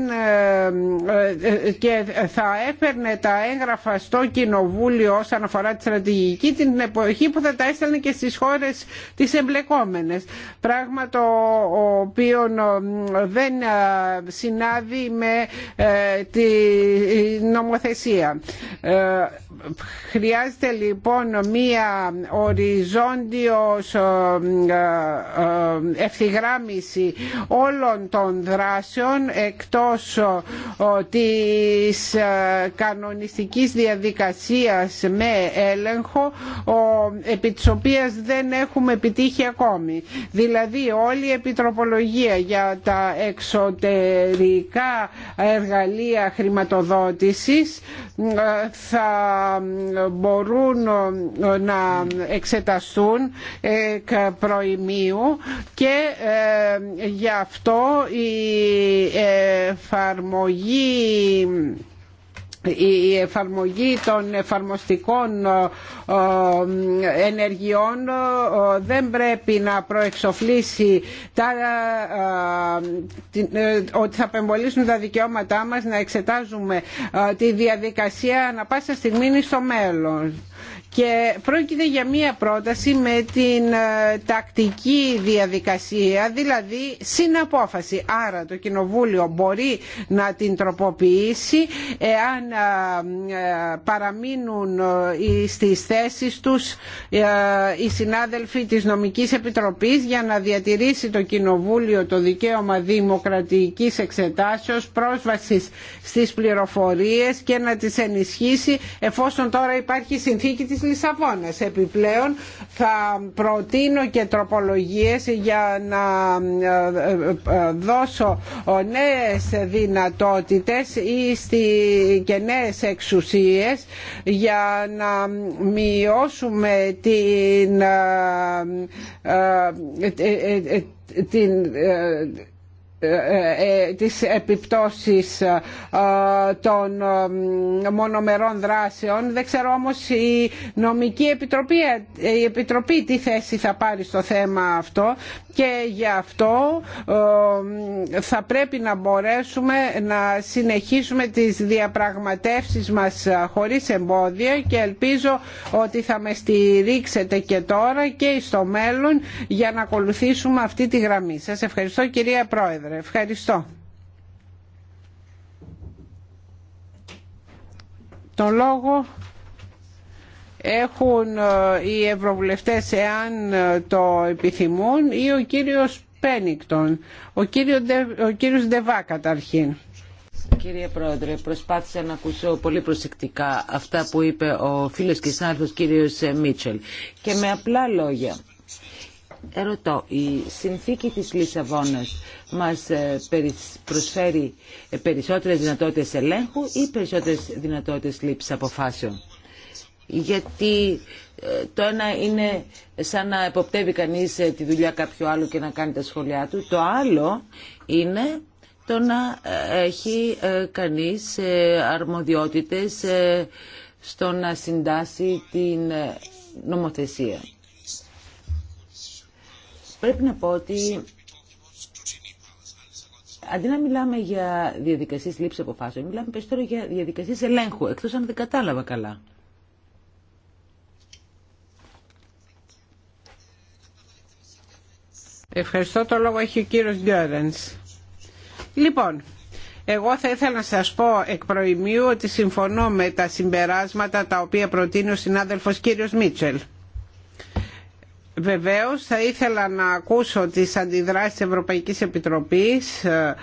και θα έπαιρνε τα έγγραφα στο Κοινοβούλιο όσον αφορά τη στρατηγική την εποχή που θα τα έστελνε και στις χώρες τις εμπλεκόμενες. Πράγμα το οποίο ε, δεν ε, συνάδει με ε, τη νομοθεσία. Χρειάζεται λοιπόν μία οριζόντιος ευθυγράμμιση όλων των δράσεων εκτός της ε, κανονιστικής διαδικασίας με έλεγχο επί της οποίας δεν έχουμε επιτύχει ακόμη. Δηλαδή όλη η επιτροπολογία για τα εξωτερικά εργαλεία χρηματοδότησης ε, θα μπορούν ε, να εξεταστούν εκ προημίου και γι' αυτό η εφαρμογή εφαρμογή η εφαρμογή των εφαρμοστικών ε, ε, ενεργειών ε, δεν πρέπει να προεξοφλήσει τα, ότι θα απεμπολίσουν τα δικαιώματά μας να εξετάζουμε τη διαδικασία να πάσα στιγμή στο μέλλον και πρόκειται για μία πρόταση με την ε, τακτική διαδικασία, δηλαδή συναπόφαση. Άρα το Κοινοβούλιο μπορεί να την τροποποιήσει εάν ε, ε, παραμείνουν στις θέσεις τους οι συνάδελφοι της Νομικής Επιτροπής για να διατηρήσει το Κοινοβούλιο το δικαίωμα δημοκρατικής εξετάσεως, πρόσβασης στις πληροφορίες και να τις ενισχύσει εφόσον τώρα υπάρχει συνθήκη της Επιπλέον θα προτείνω και τροπολογίες για να ε, ε, ε, δώσω νέες δυνατότητες και νέες εξουσίες για να μειώσουμε την την ε, ε, τις επιπτώσεις ε, των μονομερών δράσεων. Δεν ξέρω όμως η νομική επιτροπή, η επιτροπή τι θέση θα πάρει στο θέμα αυτό και γι' αυτό θα πρέπει να μπορέσουμε να συνεχίσουμε τις διαπραγματεύσεις μας χωρίς εμπόδια και ελπίζω ότι θα με στηρίξετε και τώρα και στο μέλλον για να ακολουθήσουμε αυτή τη γραμμή. Σας ευχαριστώ κυρία Πρόεδρε. Ευχαριστώ. Το λόγο έχουν ε, οι ευρωβουλευτές εάν ε, το επιθυμούν ή ο κύριος Πένικτον, ο, κύριο, ο κύριος Ντεβά καταρχήν. Κύριε Πρόεδρε, προσπάθησα να ακούσω πολύ προσεκτικά αυτά που είπε ο φίλος και συνάδελφος κύριος Μίτσελ και με απλά λόγια. Ερωτώ, η συνθήκη της Λισαβόνας μας ε, προσφέρει ε, περισσότερες δυνατότητες ελέγχου ή περισσότερες δυνατότητες λήψης αποφάσεων. Γιατί ε, το ένα είναι σαν να εποπτεύει κανείς τη δουλειά κάποιου άλλου και να κάνει τα σχόλιά του. Το άλλο είναι το να έχει κανείς αρμοδιότητες στο να συντάσει την νομοθεσία. Πρέπει να πω ότι αντί να μιλάμε για διαδικασίες λήψη αποφάσεων, μιλάμε περισσότερο για διαδικασίες ελέγχου, εκτός αν δεν κατάλαβα καλά. Ευχαριστώ. Το λόγο έχει ο κύριος Γκέρενς. Λοιπόν, εγώ θα ήθελα να σας πω εκ προημίου ότι συμφωνώ με τα συμπεράσματα τα οποία προτείνει ο συνάδελφος κύριος Μίτσελ. Βεβαίως θα ήθελα να ακούσω τις αντιδράσεις της Ευρωπαϊκής Επιτροπής ε,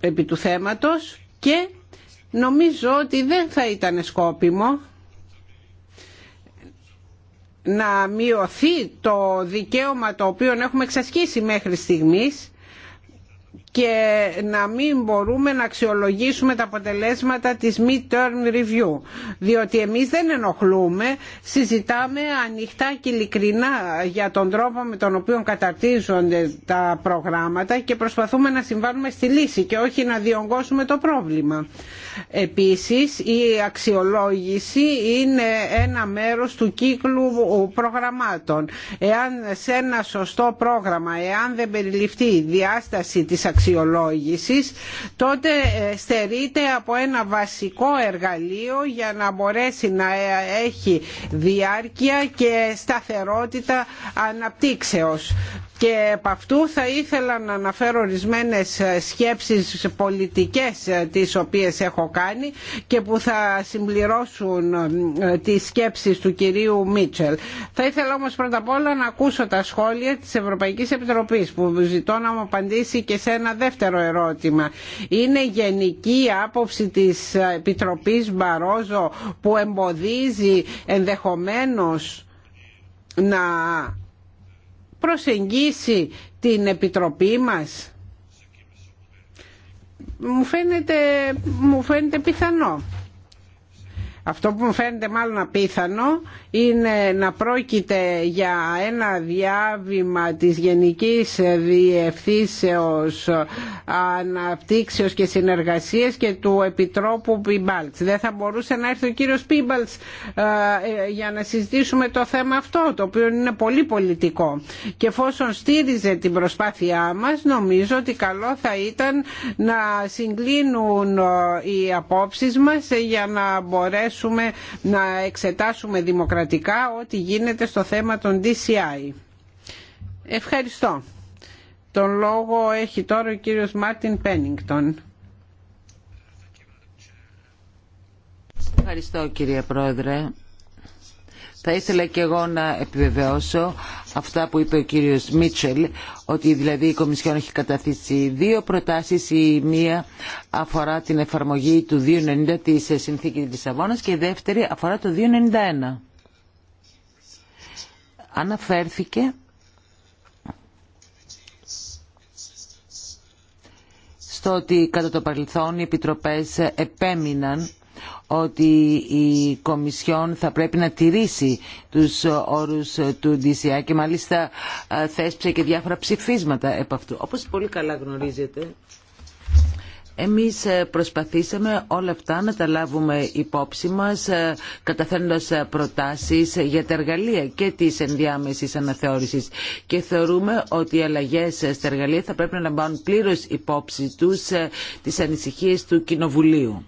επί του θέματος και νομίζω ότι δεν θα ήταν σκόπιμο να μειωθεί το δικαίωμα το οποίο έχουμε εξασκήσει μέχρι στιγμής και να μην μπορούμε να αξιολογήσουμε τα αποτελέσματα της mid-term review. Διότι εμείς δεν ενοχλούμε, συζητάμε ανοιχτά και ειλικρινά για τον τρόπο με τον οποίο καταρτίζονται τα προγράμματα και προσπαθούμε να συμβάλλουμε στη λύση και όχι να διονγκώσουμε το πρόβλημα. Επίσης η αξιολόγηση είναι ένα μέρος του κύκλου προγραμμάτων. Εάν σε ένα σωστό πρόγραμμα, εάν δεν περιληφθεί η διάσταση της αξιολόγησης, τότε ε, στερείται από ένα βασικό εργαλείο για να μπορέσει να ε, έχει διάρκεια και σταθερότητα αναπτύξεως και από αυτού θα ήθελα να αναφέρω ορισμένε σκέψεις πολιτικές ε, τις οποίες έχω κάνει και που θα συμπληρώσουν ε, τις σκέψεις του κυρίου Μίτσελ. Θα ήθελα όμως πρώτα απ' όλα να ακούσω τα σχόλια της Ευρωπαϊκής Επιτροπής που ζητώ να μου απαντήσει και σε ένα δεύτερο ερώτημα. Είναι γενική άποψη της Επιτροπής Μπαρόζο που εμποδίζει ενδεχομένως να προσεγγίσει την Επιτροπή μας. Μου φαίνεται, μου φαίνεται πιθανό. Αυτό που μου φαίνεται μάλλον απίθανο είναι να πρόκειται για ένα διάβημα της Γενικής Διευθύνσεως Αναπτύξεως και Συνεργασίας και του Επιτρόπου Πίμπαλτς. Δεν θα μπορούσε να έρθει ο κύριος Πίμπαλτς ε, για να συζητήσουμε το θέμα αυτό, το οποίο είναι πολύ πολιτικό. Και εφόσον στήριζε την προσπάθειά μας, νομίζω ότι καλό θα ήταν να συγκλίνουν ε, οι απόψεις μας για να μπορέσουν μπορέσουμε να εξετάσουμε δημοκρατικά ό,τι γίνεται στο θέμα των DCI. Ευχαριστώ. Το λόγο έχει τώρα ο κύριος Μάρτιν Πένιγκτον. Ευχαριστώ κύριε Πρόεδρε. Θα ήθελα και εγώ να επιβεβαιώσω αυτά που είπε ο κύριος Μίτσελ, ότι δηλαδή η Κομισιόν έχει καταθέσει δύο προτάσεις, η μία αφορά την εφαρμογή του 290 της συνθήκη της Αβώνας και η δεύτερη αφορά το 291. Αναφέρθηκε στο ότι κατά το παρελθόν οι επιτροπές επέμειναν ότι η Κομισιόν θα πρέπει να τηρήσει τους όρους του DCI και μάλιστα θέσψε και διάφορα ψηφίσματα επ' αυτού. Όπως πολύ καλά γνωρίζετε, εμείς ε, προσπαθήσαμε όλα αυτά να τα λάβουμε υπόψη μας ε, καταθένοντας ε, προτάσεις για τα εργαλεία και της ενδιάμεσης αναθεώρησης και θεωρούμε ότι οι αλλαγές στα εργαλεία θα πρέπει να λαμβάνουν πλήρως υπόψη τους τις ανησυχίες του Κοινοβουλίου.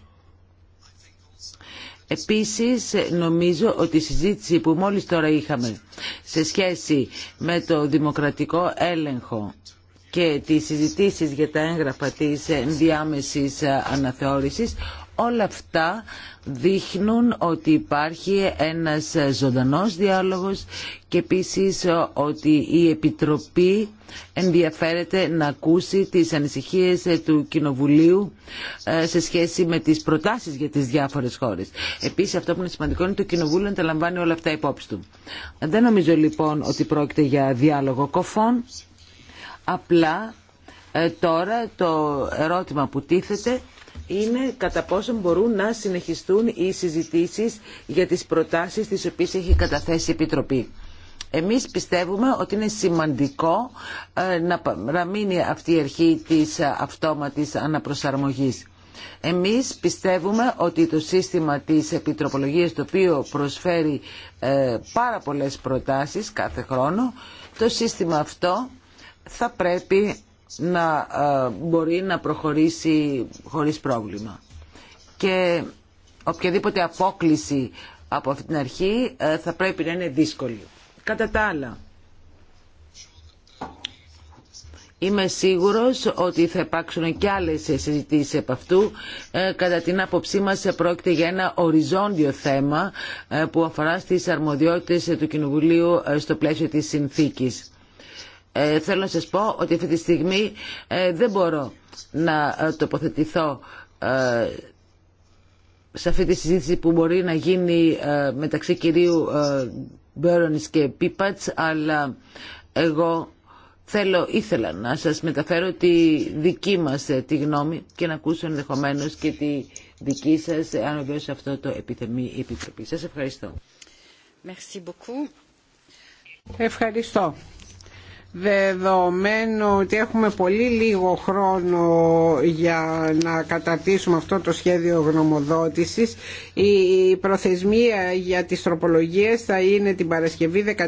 Επίσης νομίζω ότι η συζήτηση που μόλις τώρα είχαμε σε σχέση με το δημοκρατικό έλεγχο και τις συζητήσεις για τα έγγραφα της διάμεσης αναθεώρησης Όλα αυτά δείχνουν ότι υπάρχει ένας ζωντανός διάλογος και επίσης ότι η Επιτροπή ενδιαφέρεται να ακούσει τις ανησυχίες του Κοινοβουλίου ε, σε σχέση με τις προτάσεις για τις διάφορες χώρες. Επίσης αυτό που είναι σημαντικό είναι το Κοινοβούλιο να τα όλα αυτά υπόψη του. Δεν νομίζω λοιπόν ότι πρόκειται για διάλογο κοφών. Απλά ε, τώρα το ερώτημα που τίθεται είναι κατά πόσο μπορούν να συνεχιστούν οι συζητήσεις για τις προτάσεις τις οποίες έχει καταθέσει η Επιτροπή. Εμείς πιστεύουμε ότι είναι σημαντικό ε, να μείνει αυτή η αρχή της ε, αυτόματης αναπροσαρμογής. Εμείς πιστεύουμε ότι το σύστημα της επιτροπολογίας το οποίο προσφέρει ε, πάρα πολλές προτάσεις κάθε χρόνο, το σύστημα αυτό θα πρέπει να ε, μπορεί να προχωρήσει χωρίς πρόβλημα. Και οποιαδήποτε απόκληση από αυτή την αρχή ε, θα πρέπει να είναι δύσκολη. Κατά τα άλλα, είμαι σίγουρος ότι θα υπάρξουν και άλλες συζητήσεις από αυτού. Ε, κατά την άποψή μας πρόκειται για ένα οριζόντιο θέμα που αφορά στις αρμοδιότητες του Κοινοβουλίου στο πλαίσιο της συνθήκης. Ε, θέλω να σας πω ότι αυτή τη στιγμή ε, δεν μπορώ να ε, τοποθετηθώ σε αυτή τη συζήτηση που μπορεί να γίνει μεταξύ κυρίου Μπέρονης και Πίπατς, αλλά εγώ θέλω, ήθελα να σας μεταφέρω τη δική μας τη γνώμη και να ακούσω ενδεχομένω και τη δική σας, αν σε αυτό το επιθυμεί η Επιτροπή. Σας ευχαριστώ. Merci Ευχαριστώ δεδομένου ότι έχουμε πολύ λίγο χρόνο για να καταρτήσουμε αυτό το σχέδιο γνωμοδότησης η προθεσμία για τις τροπολογίες θα είναι την Παρασκευή 14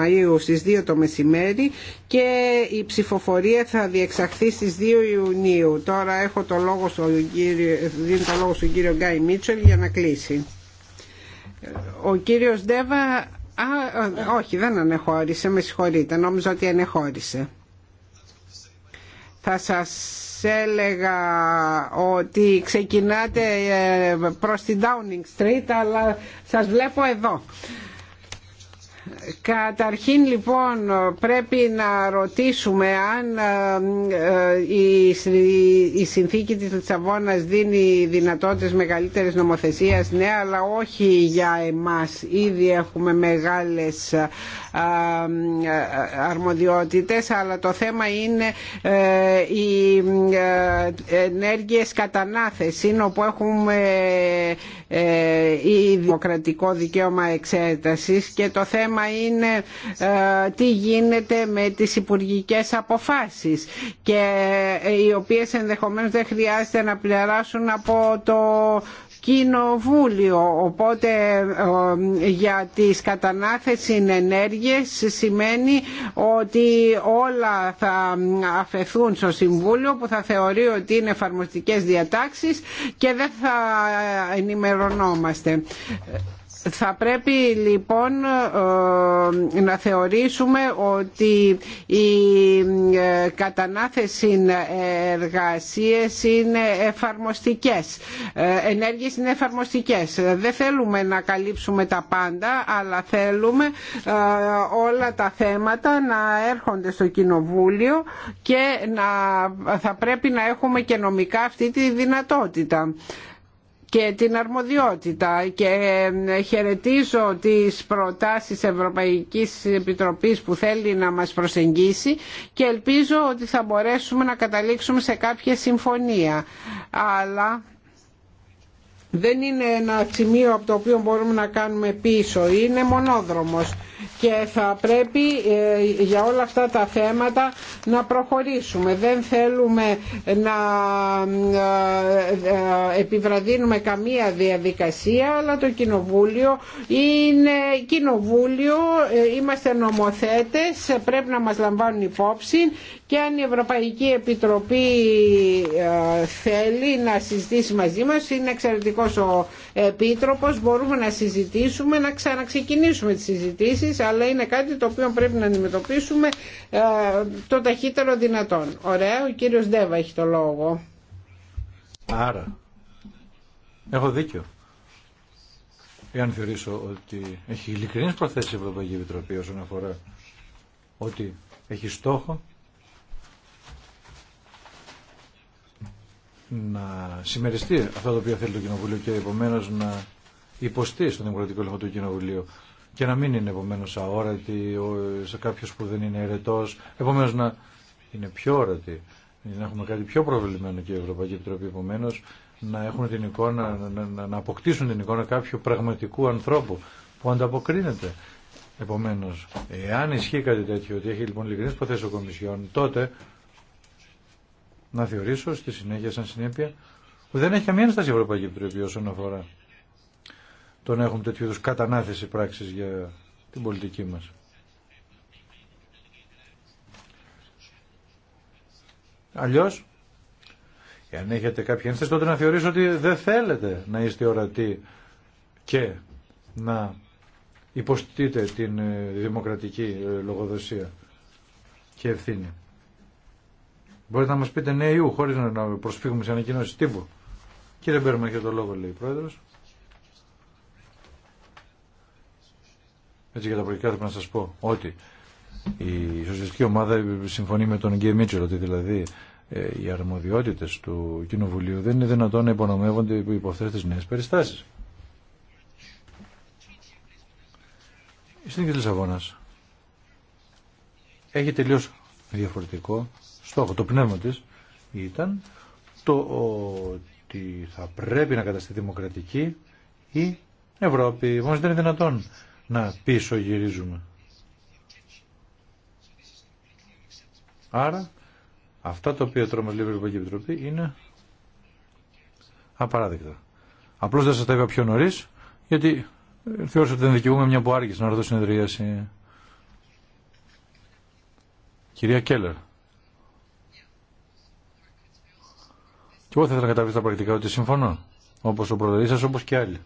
Μαΐου στις 2 το μεσημέρι και η ψηφοφορία θα διεξαχθεί στις 2 Ιουνίου τώρα έχω το λόγο στον κύριο, δίνω το λόγο στον κύριο Γκάι Μίτσελ για να κλείσει ο κύριος Ντέβα Α, όχι, δεν ανεχώρησε, με συγχωρείτε, νόμιζα ότι ανεχώρησε. Θα σας έλεγα ότι ξεκινάτε ε, προς την Downing Street, αλλά σας βλέπω εδώ. Καταρχήν λοιπόν πρέπει να ρωτήσουμε αν ε, ε, η συνθήκη της Λισαβόνας δίνει δυνατότητες μεγαλύτερης νομοθεσίας. Ναι, αλλά όχι για εμάς. Ήδη έχουμε μεγάλες αρμοδιότητες αλλά το θέμα είναι ε, οι ε, ενέργειες κατανάθεση όπου έχουμε ε, η δημοκρατικό δικαίωμα εξέτασης και το θέμα είναι τι γίνεται με τις υπουργικές αποφάσεις και οι οποίες ενδεχομένως δεν χρειάζεται να πληράσουν από το κοινοβούλιο οπότε για τις κατανάθεση ενέργειες σημαίνει ότι όλα θα αφαιθούν στο Συμβούλιο που θα θεωρεί ότι είναι εφαρμοστικές διατάξεις και δεν θα ενημερωνόμαστε. Θα πρέπει λοιπόν ε, να θεωρήσουμε ότι η ε, κατανάθεση εργασίες είναι εφαρμοστικές, ε, ενέργειες είναι εφαρμοστικές. Δεν θέλουμε να καλύψουμε τα πάντα, αλλά θέλουμε όλα τα θέματα να έρχονται στο Κοινοβούλιο και να, θα πρέπει να έχουμε και νομικά αυτή τη δυνατότητα και την αρμοδιότητα και χαιρετίζω τις προτάσεις Ευρωπαϊκής Επιτροπής που θέλει να μας προσεγγίσει και ελπίζω ότι θα μπορέσουμε να καταλήξουμε σε κάποια συμφωνία. Αλλά δεν είναι ένα σημείο από το οποίο μπορούμε να κάνουμε πίσω, είναι μονόδρομος και θα πρέπει ε, για όλα αυτά τα θέματα να προχωρήσουμε. Δεν θέλουμε να ε, ε, επιβραδύνουμε καμία διαδικασία, αλλά το Κοινοβούλιο είναι Κοινοβούλιο, είμαστε νομοθέτες, πρέπει να μας λαμβάνουν υπόψη και αν η Ευρωπαϊκή Επιτροπή θέλει να συζητήσει μαζί μας είναι εξαιρετικό ο Επίτροπος, μπορούμε να συζητήσουμε, να ξαναξεκινήσουμε τις συζητήσεις, αλλά είναι κάτι το οποίο πρέπει να αντιμετωπίσουμε ε, το ταχύτερο δυνατόν. Ωραία, ο κύριος Ντέβα έχει το λόγο. Άρα, έχω δίκιο. Εάν θεωρήσω ότι έχει ειλικρινές προθέσεις η Ευρωπαϊκή Επιτροπή όσον αφορά ότι έχει στόχο να συμμεριστεί αυτό το οποίο θέλει το Κοινοβούλιο και επομένω να υποστεί στον δημοκρατικό Λόγο του Κοινοβουλίου και να μην είναι επομένω αόρατη σε κάποιο που δεν είναι αιρετό. Επομένω να είναι πιο όρατη, να έχουμε κάτι πιο προβλημένο και η Ευρωπαϊκή Επιτροπή επομένω να έχουν την εικόνα, να, να αποκτήσουν την εικόνα κάποιου πραγματικού ανθρώπου που ανταποκρίνεται. Επομένω, εάν ισχύει κάτι τέτοιο, ότι έχει λοιπόν ειλικρινέ προθέσει ο Κομισιόν, τότε να θεωρήσω στη συνέχεια σαν συνέπεια που δεν έχει καμία ένσταση η Ευρωπαϊκή Επιτροπή όσον αφορά το να έχουμε τέτοιου είδου κατανάθεση πράξη για την πολιτική μα. Αλλιώ, εάν έχετε κάποια ένσταση, τότε να θεωρήσω ότι δεν θέλετε να είστε ορατοί και να υποστείτε την ε, δημοκρατική ε, λογοδοσία και ευθύνη. Μπορείτε να μας πείτε ναι ή χωρίς να προσφύγουμε σε ανακοινώσεις τύπου. Κύριε Μπέρμα, έχετε το λόγο, λέει η χωρις να προσφυγουμε σε ανακοινώσει τυπου κυριε μπερμα εχετε το λογο λεει ο προεδρος ετσι για τα προηγουμένα να σας πω ότι η σοσιαλιστική ομάδα συμφωνεί με τον Γκέι Μίτσελ ότι δηλαδή ε, οι αρμοδιότητες του Κοινοβουλίου δεν είναι δυνατόν να υπονομεύονται υπό αυτές τις νέες περιστάσεις. Στην Λισαβόνα έχει τελείως διαφορετικό στόχο, το πνεύμα της ήταν το ότι θα πρέπει να καταστεί δημοκρατική η Ευρώπη. Όμως δεν είναι δυνατόν να πίσω γυρίζουμε. Άρα αυτά τα οποία τρώμε λίγο η Ευρωπαϊκή Επιτροπή είναι απαράδεκτα. Απλώς δεν σας τα είπα πιο νωρί, γιατί θεώρησα ότι δεν δικαιούμαι μια που άργησε να ρωτώ συνεδρίαση. Κυρία Κέλλερ. εγώ θα ήθελα να καταβεί στα πρακτικά ότι συμφωνώ. Όπω ο προλαλή σα, όπω και άλλοι.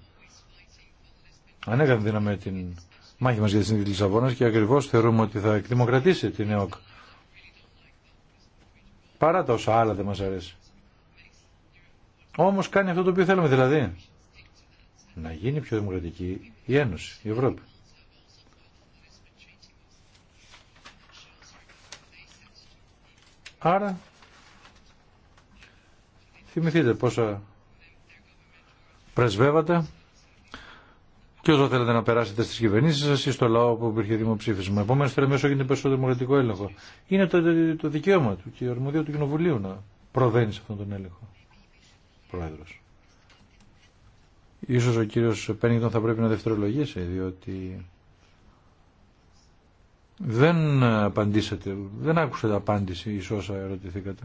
Ανέκαθεν δίναμε την μάχη μα για τη συνθήκη τη Λισαβόνα και ακριβώ θεωρούμε ότι θα εκδημοκρατήσει την ΕΟΚ. Παρά τα όσα άλλα δεν μα αρέσει. Όμω κάνει αυτό το οποίο θέλουμε, δηλαδή να γίνει πιο δημοκρατική η Ένωση, η Ευρώπη. Άρα Θυμηθείτε πόσα πρεσβεύατε και όσο θέλετε να περάσετε στις κυβερνήσει σας ή στο λαό που υπήρχε δημοψήφισμα. Επομένω, θέλετε μέσω γίνεται περισσότερο δημοκρατικό έλεγχο. Είναι το, το, το δικαίωμα του και η αρμοδία του Κοινοβουλίου να προβαίνει σε αυτόν τον έλεγχο. Πρόεδρο. Ίσως ο κύριος Πένιγκτον θα πρέπει να δευτερολογήσει, διότι δεν απαντήσατε, δεν άκουσατε απάντηση ίσως όσα ερωτηθήκατε.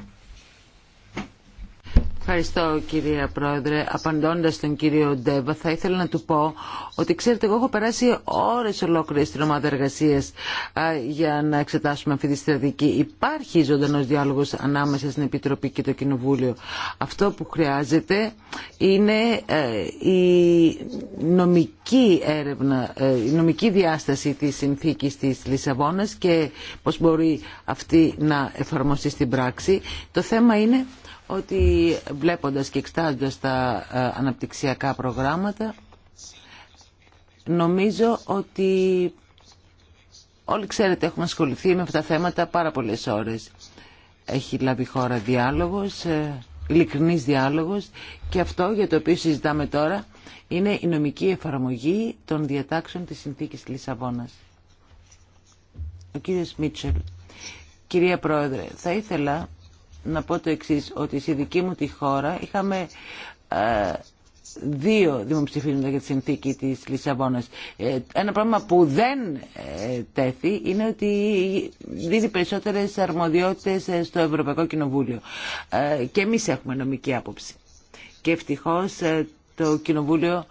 Ευχαριστώ κυρία Πρόεδρε. Απαντώντας τον κύριο Ντέβα θα ήθελα να του πω ότι ξέρετε εγώ έχω περάσει ώρες ολόκληρε στην ομάδα εργασία για να εξετάσουμε αυτή τη στρατηγική. Υπάρχει ζωντανό διάλογο ανάμεσα στην Επιτροπή και το Κοινοβούλιο. Αυτό που χρειάζεται είναι ε, η νομική έρευνα, ε, η νομική διάσταση τη συνθήκη τη Λισαβόνα και πώ μπορεί αυτή να εφαρμοστεί στην πράξη. Το θέμα είναι ότι βλέποντας και εξτάζοντας τα ε, αναπτυξιακά προγράμματα νομίζω ότι όλοι ξέρετε έχουμε ασχοληθεί με αυτά τα θέματα πάρα πολλές ώρες. Έχει λάβει χώρα διάλογος, ε, ειλικρινής διάλογος και αυτό για το οποίο συζητάμε τώρα είναι η νομική εφαρμογή των διατάξεων της συνθήκης Λισαβόνας. Ο κύριος Μίτσελ. Κυρία Πρόεδρε, θα ήθελα να πω το εξή ότι στη δική μου τη χώρα είχαμε ε, δύο δημοψηφίσματα για τη συνθήκη της Λισαβόνας. Ε, ένα πρόβλημα που δεν ε, τέθη είναι ότι δίνει περισσότερες αρμοδιότητες στο Ευρωπαϊκό Κοινοβούλιο. Και εμείς έχουμε νομική άποψη. Και ευτυχώς το Κοινοβούλιο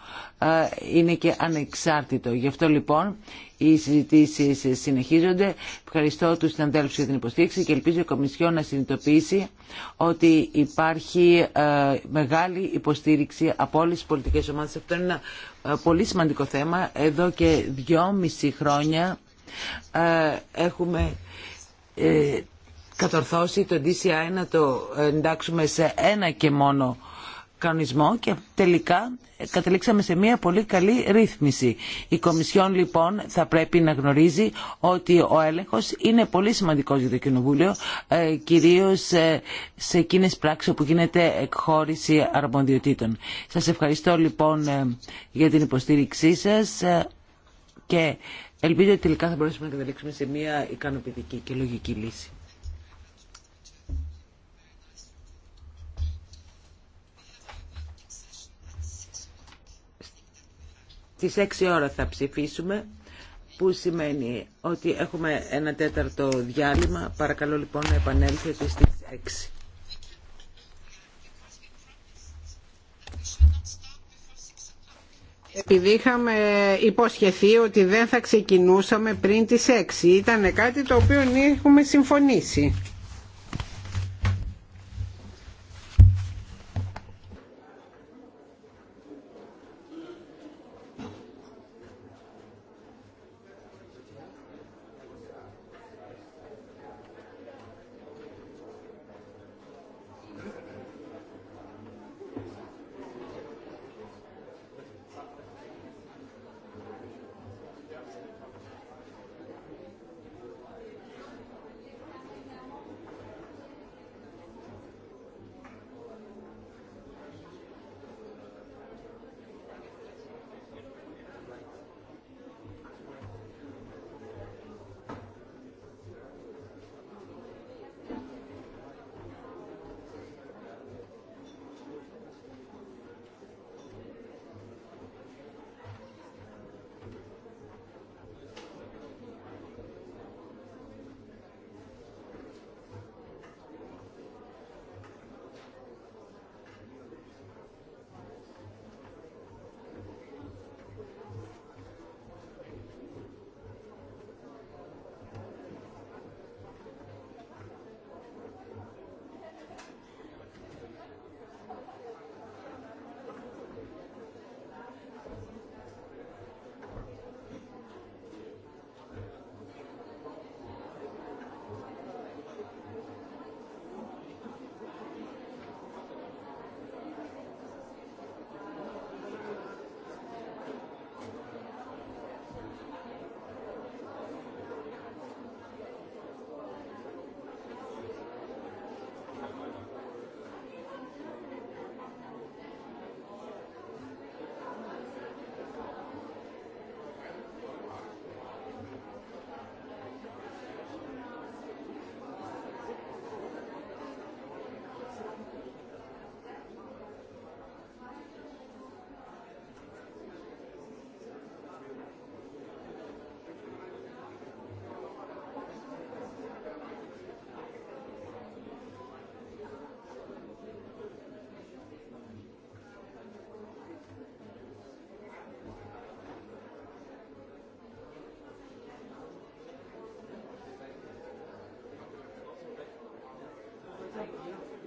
είναι και ανεξάρτητο. Γι' αυτό λοιπόν οι συζητήσει συνεχίζονται. Ευχαριστώ του συναντέλφου για την υποστήριξη και ελπίζω η Κομισιό να συνειδητοποιήσει ότι υπάρχει μεγάλη υποστήριξη από όλε τι πολιτικέ ομάδε. Αυτό είναι ένα πολύ σημαντικό θέμα. Εδώ και δυόμιση χρόνια έχουμε ε, κατορθώσει το DCI να το ε, εντάξουμε σε ένα και μόνο κανονισμό και τελικά καταλήξαμε σε μια πολύ καλή ρύθμιση. Η Κομισιόν λοιπόν θα πρέπει να γνωρίζει ότι ο έλεγχος είναι πολύ σημαντικός για το Κοινοβούλιο, ε, κυρίως ε, σε εκείνες πράξεις όπου γίνεται εκχώρηση αρμοδιοτήτων. Σας ευχαριστώ λοιπόν ε, για την υποστήριξή σας και ελπίζω ότι τελικά θα μπορέσουμε να καταλήξουμε σε μια ικανοποιητική και λογική λύση. Στις 6 ώρα θα ψηφίσουμε, που σημαίνει ότι έχουμε ένα τέταρτο διάλειμμα. Παρακαλώ λοιπόν να επανέλθετε στις 6. Επειδή είχαμε υποσχεθεί ότι δεν θα ξεκινούσαμε πριν τις 6. Ήταν κάτι το οποίο έχουμε συμφωνήσει. Υπότιτλοι AUTHORWAVE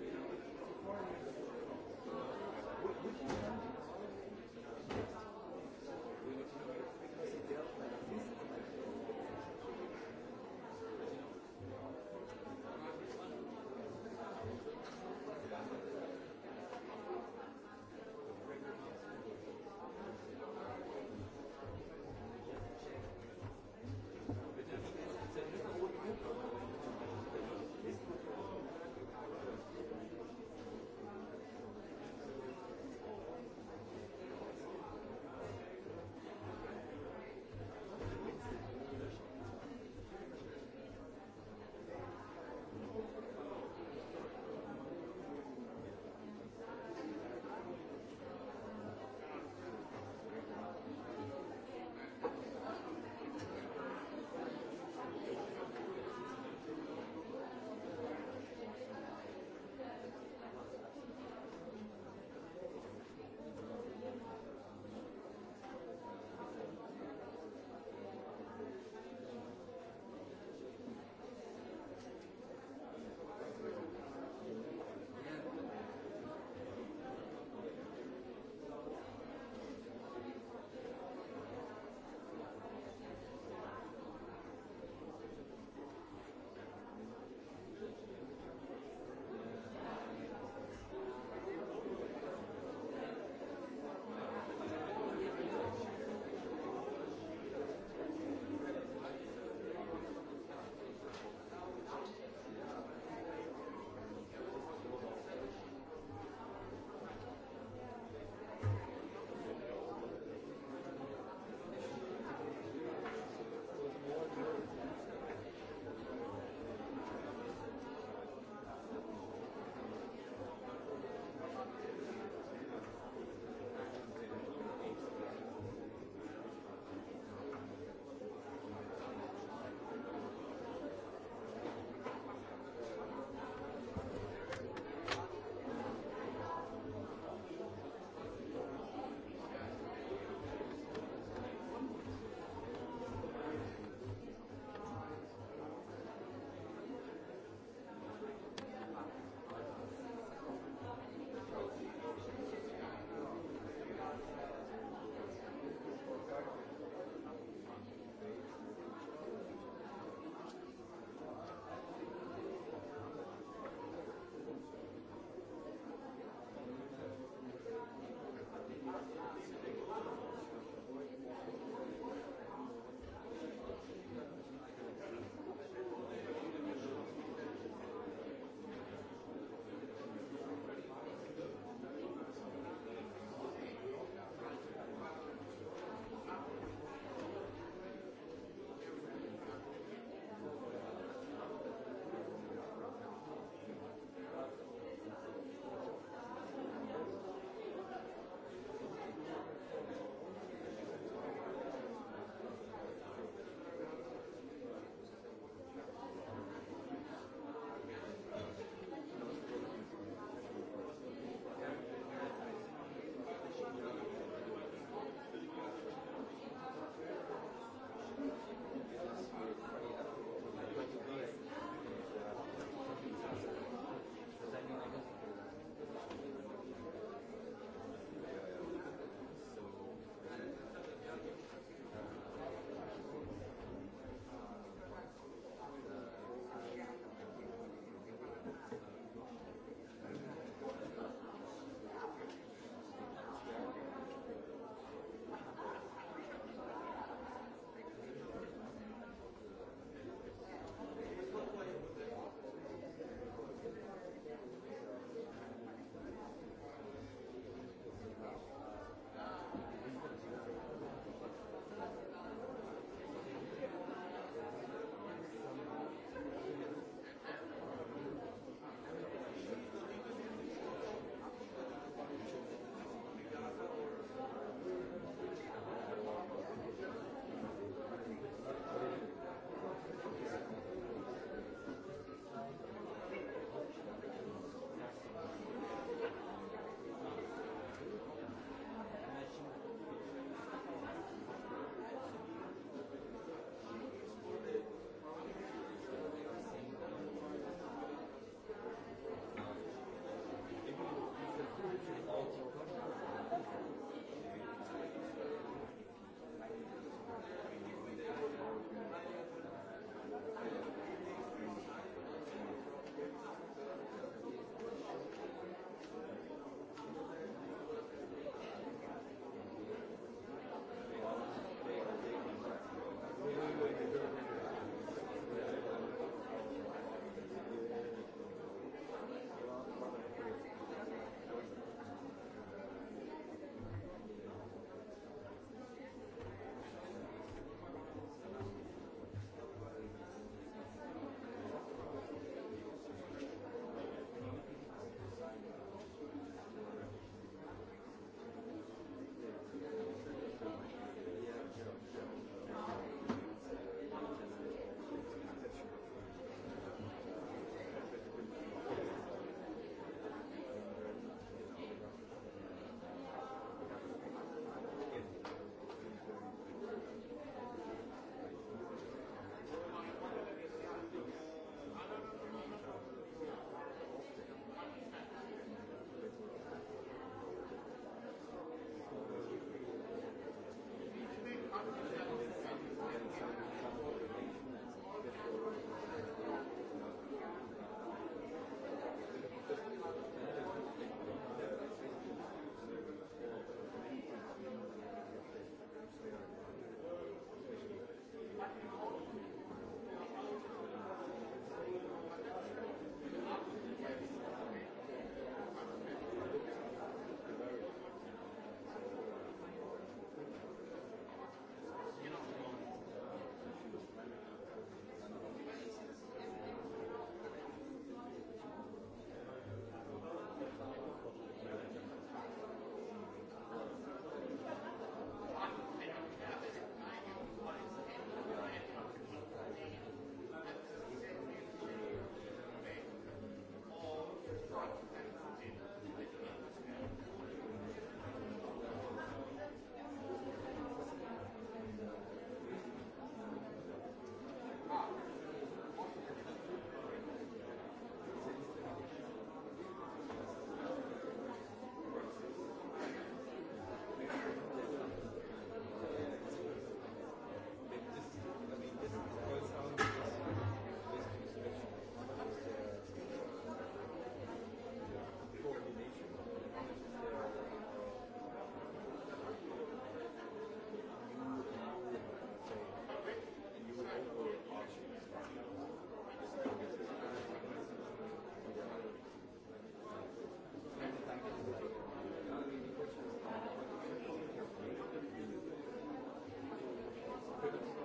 Υπότιτλοι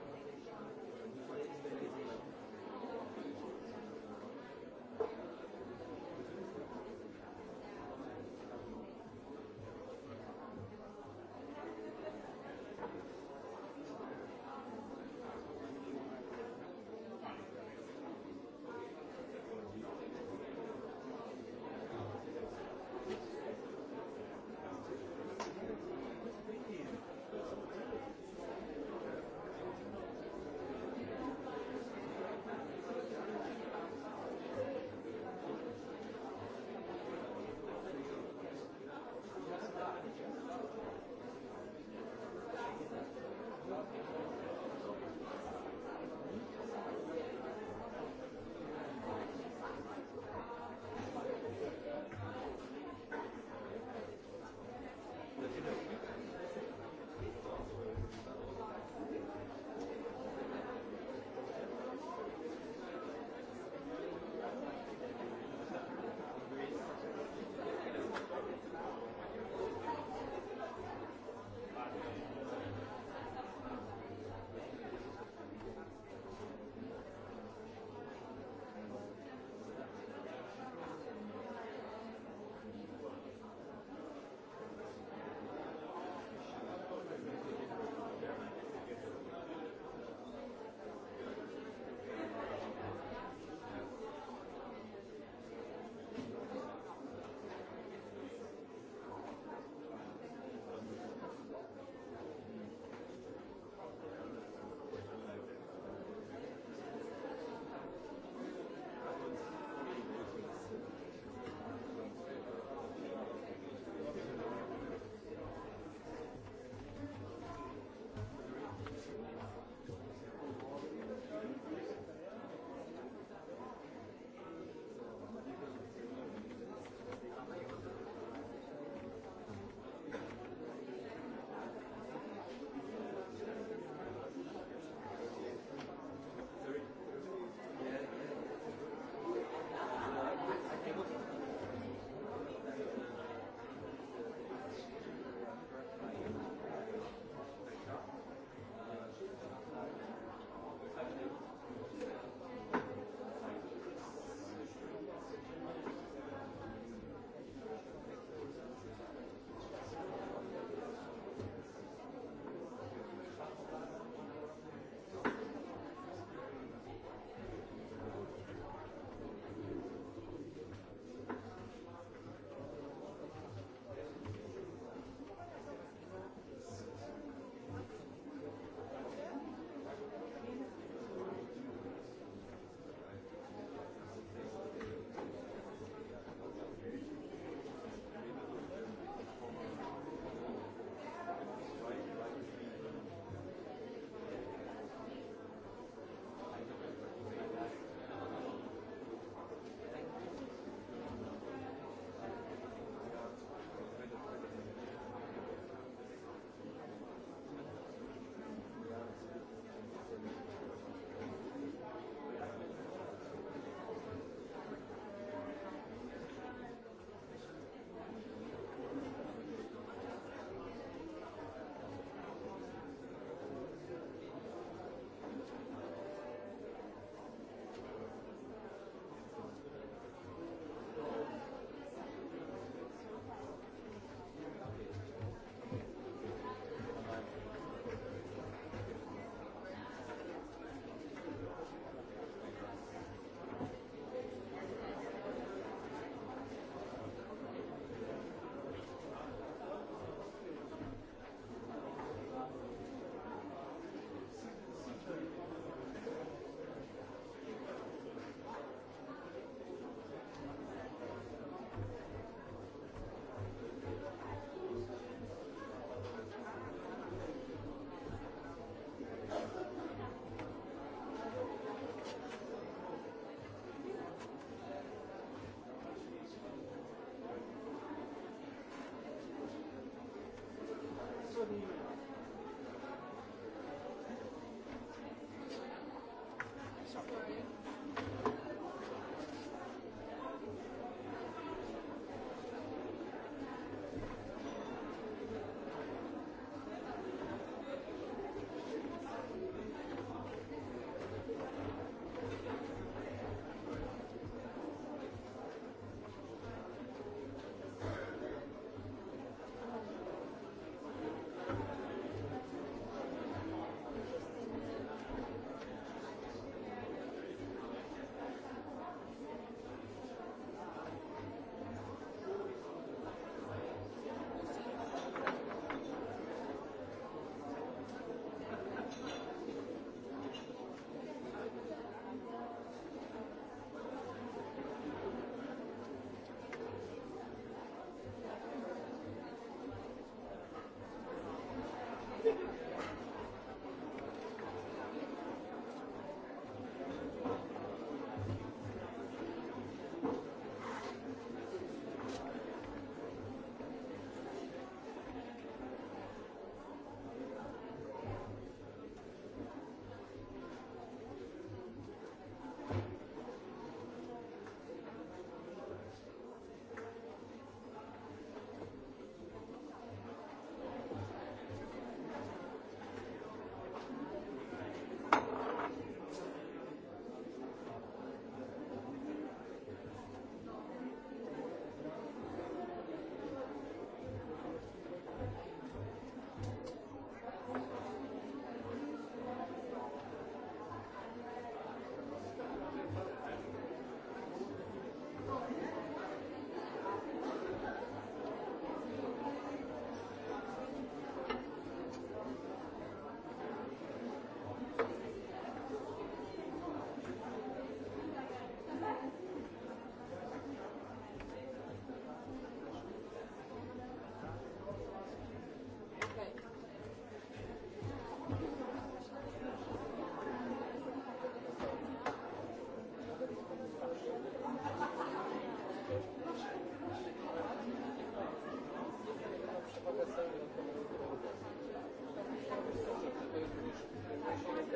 Υπότιτλοι AUTHORWAVE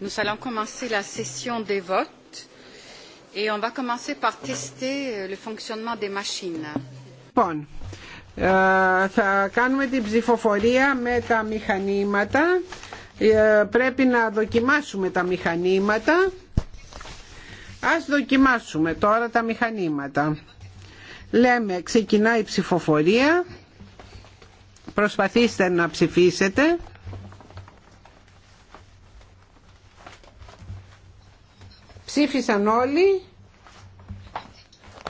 Nous allons commencer la session des votes et on va commencer par tester euh, le fonctionnement des machines. Bon. Λοιπόν, ε, θα κάνουμε την ψηφοφορία με τα μηχανήματα. Ε, πρέπει να δοκιμάσουμε τα μηχανήματα. Ας δοκιμάσουμε τώρα τα μηχανήματα. Λέμε, ξεκινάει η ψηφοφορία. Προσπαθήστε να ψηφίσετε. Ψήφισαν όλοι.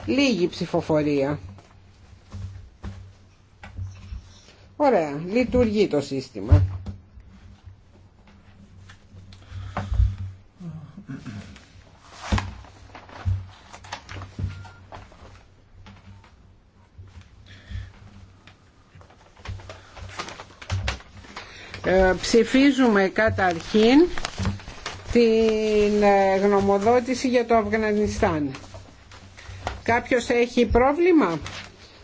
Λίγη ψηφοφορία. Ωραία, λειτουργεί το σύστημα. Ε, ψηφίζουμε καταρχήν την ε, γνωμοδότηση για το Αφγανιστάν. Κάποιος έχει πρόβλημα?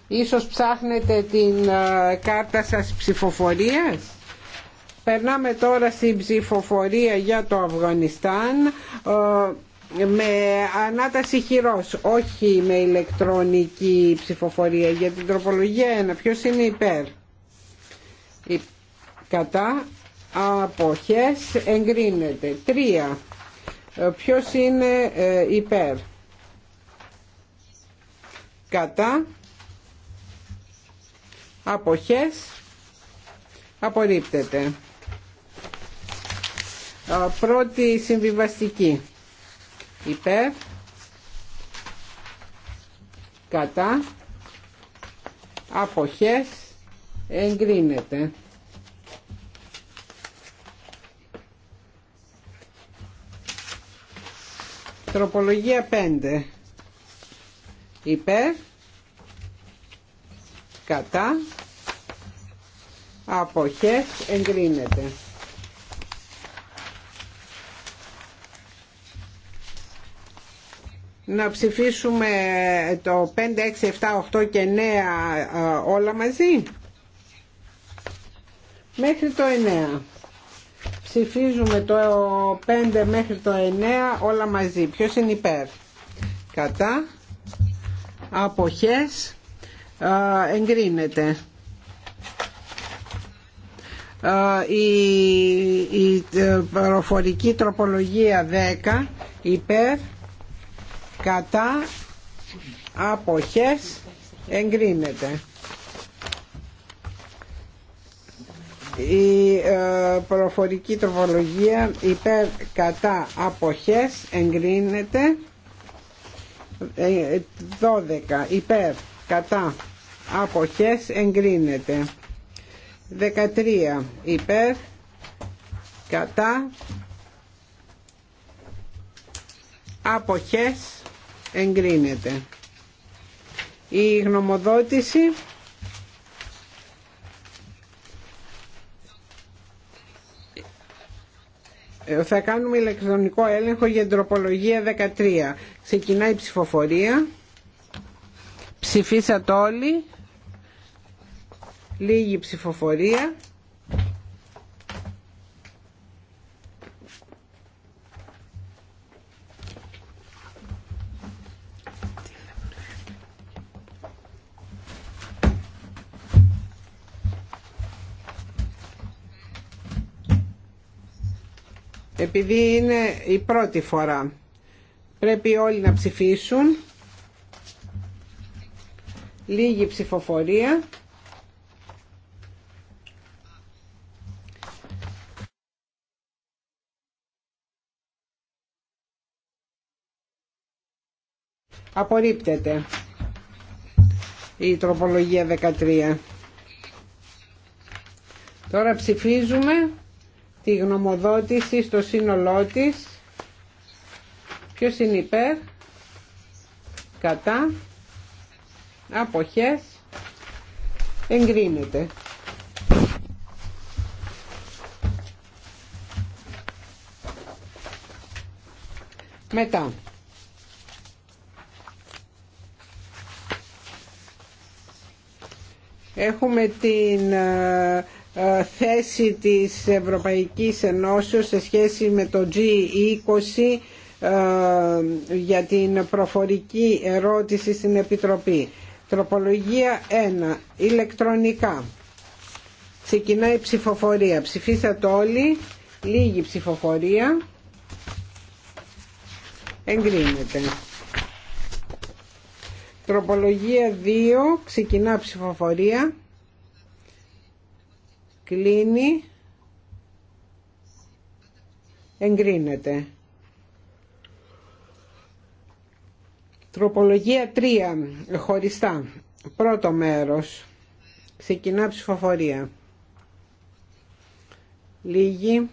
Ίσως ψάχνετε την ε, κάρτα σας ψηφοφορίας. Περνάμε τώρα στην ψηφοφορία για το Αφγανιστάν ε, με ανάταση χειρός, όχι με ηλεκτρονική ψηφοφορία. Για την τροπολογία 1, ποιος είναι υπέρ. Κατά αποχές εγκρίνεται. Τρία. Ε, ποιος είναι ε, υπέρ. Κατά αποχές απορρίπτεται. Ε, πρώτη συμβιβαστική. Υπέρ. Κατά. Αποχές εγκρίνεται. Τροπολογία 5. Υπέρ. Κατά. Αποχές εγκρίνεται. Να ψηφίσουμε το 5, 6, 7, 8 και 9 ε, όλα μαζί. Μέχρι το 9. Ψηφίζουμε το 5 μέχρι το 9 όλα μαζί. Ποιος είναι υπέρ. Κατά. Αποχές. Εγκρίνεται. Η, η ε, προφορική τροπολογία 10 υπέρ κατά αποχές εγκρίνεται. η ε, προφορική τροφολογία υπέρ κατά αποχές εγκρίνεται 12 ε, υπέρ κατά αποχές εγκρίνεται 13 υπέρ κατά αποχές εγκρίνεται η γνωμοδότηση Ε, θα κάνουμε ηλεκτρονικό έλεγχο για τροπολογία 13. Ξεκινάει η ψηφοφορία. Ψηφίσατε όλοι. Λίγη ψηφοφορία. επειδή είναι η πρώτη φορά. Πρέπει όλοι να ψηφίσουν. Λίγη ψηφοφορία. Απορρίπτεται η τροπολογία 13. Τώρα ψηφίζουμε τη γνωμοδότηση στο σύνολό της. Ποιος είναι υπέρ, κατά, αποχές, εγκρίνεται. Μετά. Έχουμε την ε, ε, θέση της Ευρωπαϊκής Ενώσεως σε σχέση με το G20 ε, για την προφορική ερώτηση στην Επιτροπή. Τροπολογία 1. Ηλεκτρονικά. Ξεκινάει η ψηφοφορία. Ψηφίσατε όλοι. Λίγη ψηφοφορία. Εγκρίνεται. Τροπολογία 2. Ξεκινά ψηφοφορία. Κλείνει. Εγκρίνεται. Τροπολογία 3. Χωριστά. Πρώτο μέρος. Ξεκινά ψηφοφορία. Λίγη.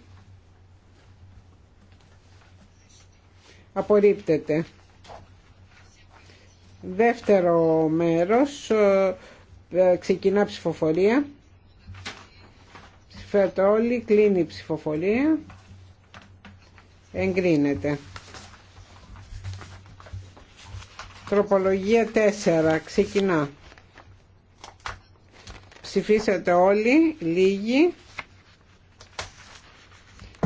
Απορρίπτεται. Δεύτερο μέρος. Ε, ξεκινά ψηφοφορία φέρτε όλοι, κλείνει η ψηφοφορία. Εγκρίνεται. Τροπολογία 4, ξεκινά. Ψηφίσατε όλοι, λίγοι.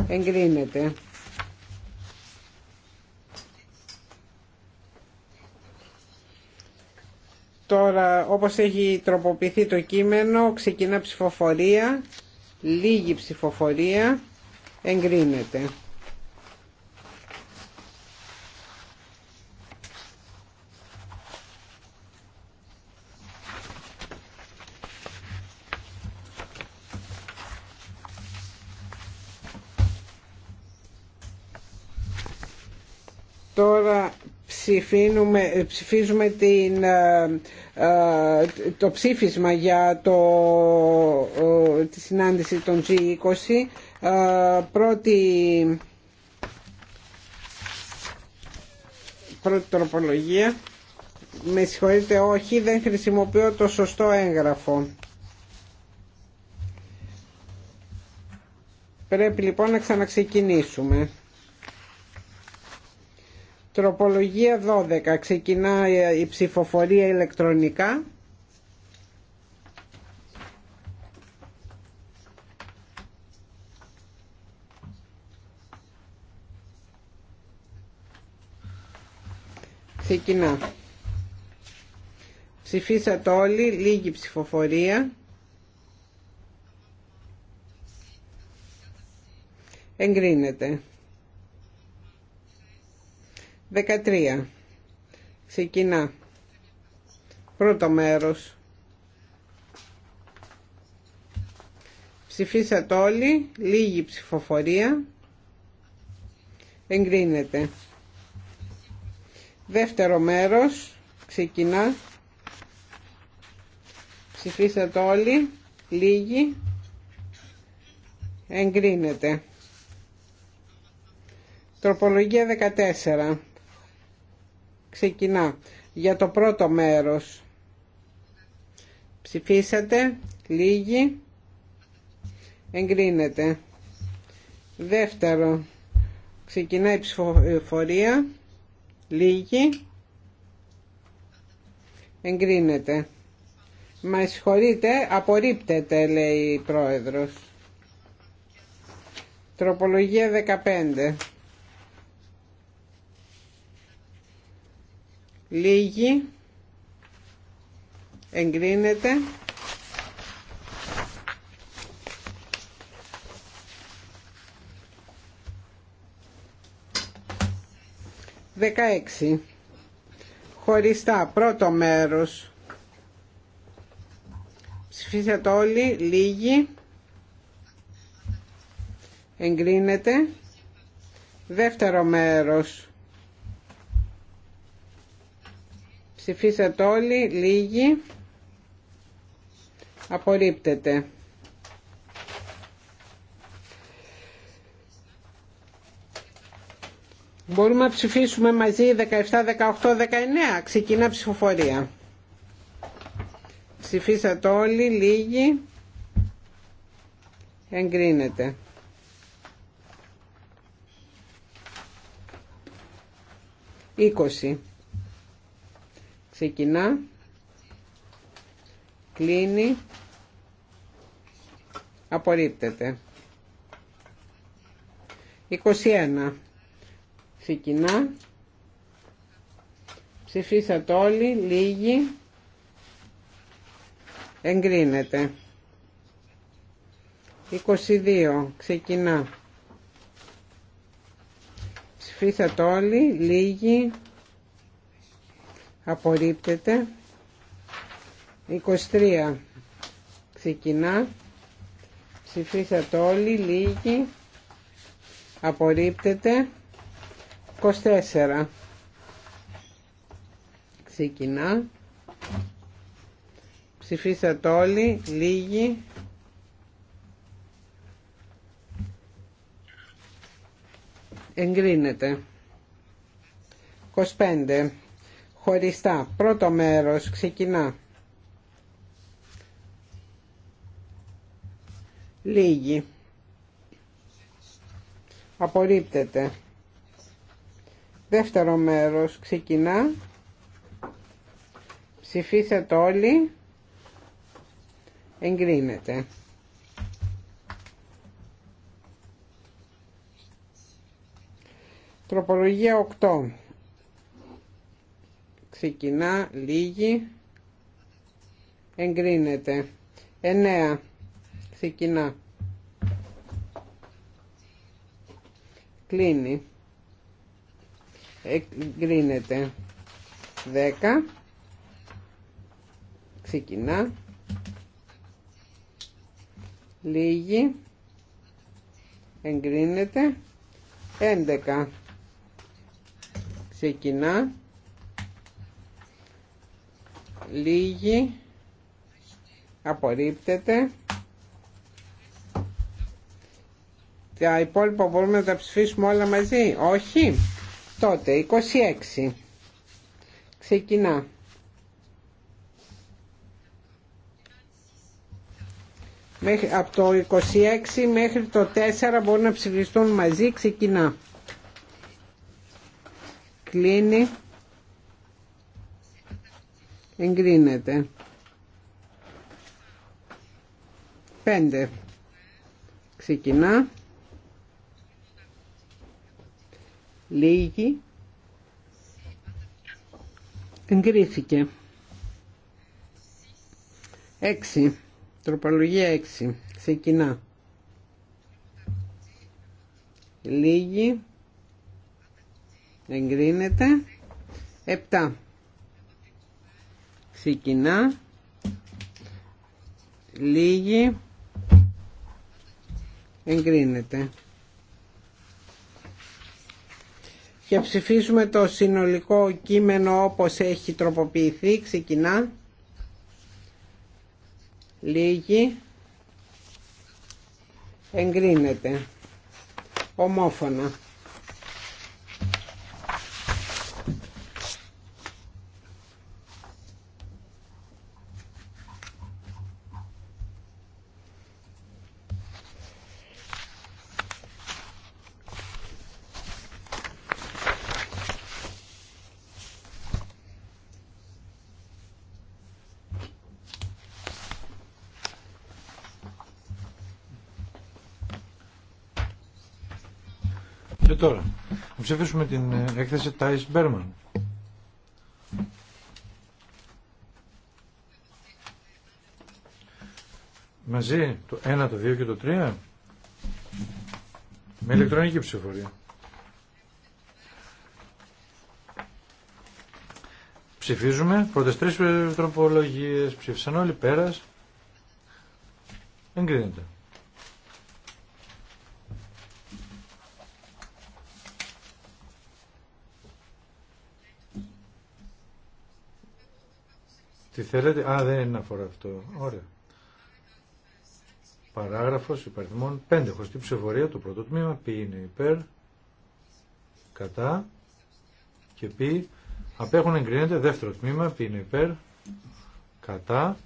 Εγκρίνεται. Τώρα, όπως έχει τροποποιηθεί το κείμενο, ξεκινά ψηφοφορία. Λίγη ψηφοφορία εγκρίνεται. Τώρα ε, ψηφίζουμε την, ε, ε, το ψήφισμα για το, τη συνάντηση των G20 πρώτη, πρώτη τροπολογία με συγχωρείτε όχι δεν χρησιμοποιώ το σωστό έγγραφο πρέπει λοιπόν να ξαναξεκινήσουμε Τροπολογία 12. Ξεκινά η ψηφοφορία ηλεκτρονικά. Ξεκινά. Ψηφίσατε όλοι, λίγη ψηφοφορία. Εγκρίνεται. 13. Ξεκινά. Πρώτο μέρος. Ψηφίσατε όλοι. Λίγη ψηφοφορία. Εγκρίνεται. Δεύτερο μέρος. Ξεκινά. Ψηφίσατε όλοι. Λίγη. Εγκρίνεται. Τροπολογία 14 ξεκινά. Για το πρώτο μέρος ψηφίσατε, Λίγη; εγκρίνεται. Δεύτερο, ξεκινάει η ψηφοφορία, λίγοι, εγκρίνεται. Μα συγχωρείτε, απορρίπτεται, λέει η πρόεδρος. Τροπολογία 15. Λίγη. Εγκρίνεται. Δεκαέξι. Χωριστά. Πρώτο μέρος. Ψηφίσατε όλοι. Λίγοι. Εγκρίνεται. Δεύτερο μέρος. Ψηφίσατε όλοι, λίγοι. Απορρίπτεται. Μπορούμε να ψηφίσουμε μαζί 17, 18, 19. Ξεκινά ψηφοφορία. Ψηφίσατε όλοι, λίγοι. Εγκρίνεται. Είκοσι. Ξεκινά. Κλείνει. Απορρίπτεται. 21. Ξεκινά. Ψηφίσατε όλοι. Λίγοι. Εγκρίνεται. 22. Ξεκινά. Ψηφίσατε όλοι. Λίγοι απορρίπτεται 23 ξεκινά ψηφίσατε όλοι λίγοι απορρίπτεται 24 ξεκινά ψηφίσατε όλοι λίγοι εγκρίνεται 25 χωριστά. Πρώτο μέρος ξεκινά. Λίγη. Απορρίπτεται. Δεύτερο μέρος ξεκινά. ψηφίσετε όλοι. Εγκρίνεται. Τροπολογία 8. Ξεκινά, λίγη. Εγκρίνεται. 9. Ξεκινά. Κλείνει. Εγκρίνεται. 10. Ξεκινά. Λίγη. Εγκρίνεται. 11. Ξεκινά. Λίγη. Απορρίπτεται. Τα υπόλοιπα μπορούμε να τα ψηφίσουμε όλα μαζί. Όχι. Τότε 26. Ξεκινά. από το 26 μέχρι το 4 μπορούν να ψηφιστούν μαζί. Ξεκινά. Κλείνει εγκρίνεται. 5 ξεκινά. Λίγη. Εγκρίθηκε. 6. Τροπολογία 6. Ξεκινά. Λίγη. Εγκρίνεται. 7. Ξεκινά. Λίγη. Εγκρίνεται. Και ψηφίσουμε το συνολικό κείμενο όπως έχει τροποποιηθεί. Ξεκινά. Λίγη. Εγκρίνεται. Ομόφωνα. Τώρα, να ψηφίσουμε την ε, έκθεση Τάις Μπέρμαν. Μαζί, το 1, το 2 και το 3, με ηλεκτρονική ψηφορία. Ψηφίζουμε, πρώτες τρεις ε, τροπολογίες ψήφισαν όλοι, πέρας, εγκρίνεται. Τι θέλετε. Α, δεν είναι αφορά αυτό. Ωραία. Παράγραφος υπαριθμών 5. Χωστή ψηφορία το πρώτο τμήμα. Π είναι υπέρ. Κατά. Και π. Απέχουν εγκρίνεται. Δεύτερο τμήμα. Π είναι υπέρ. Κατά.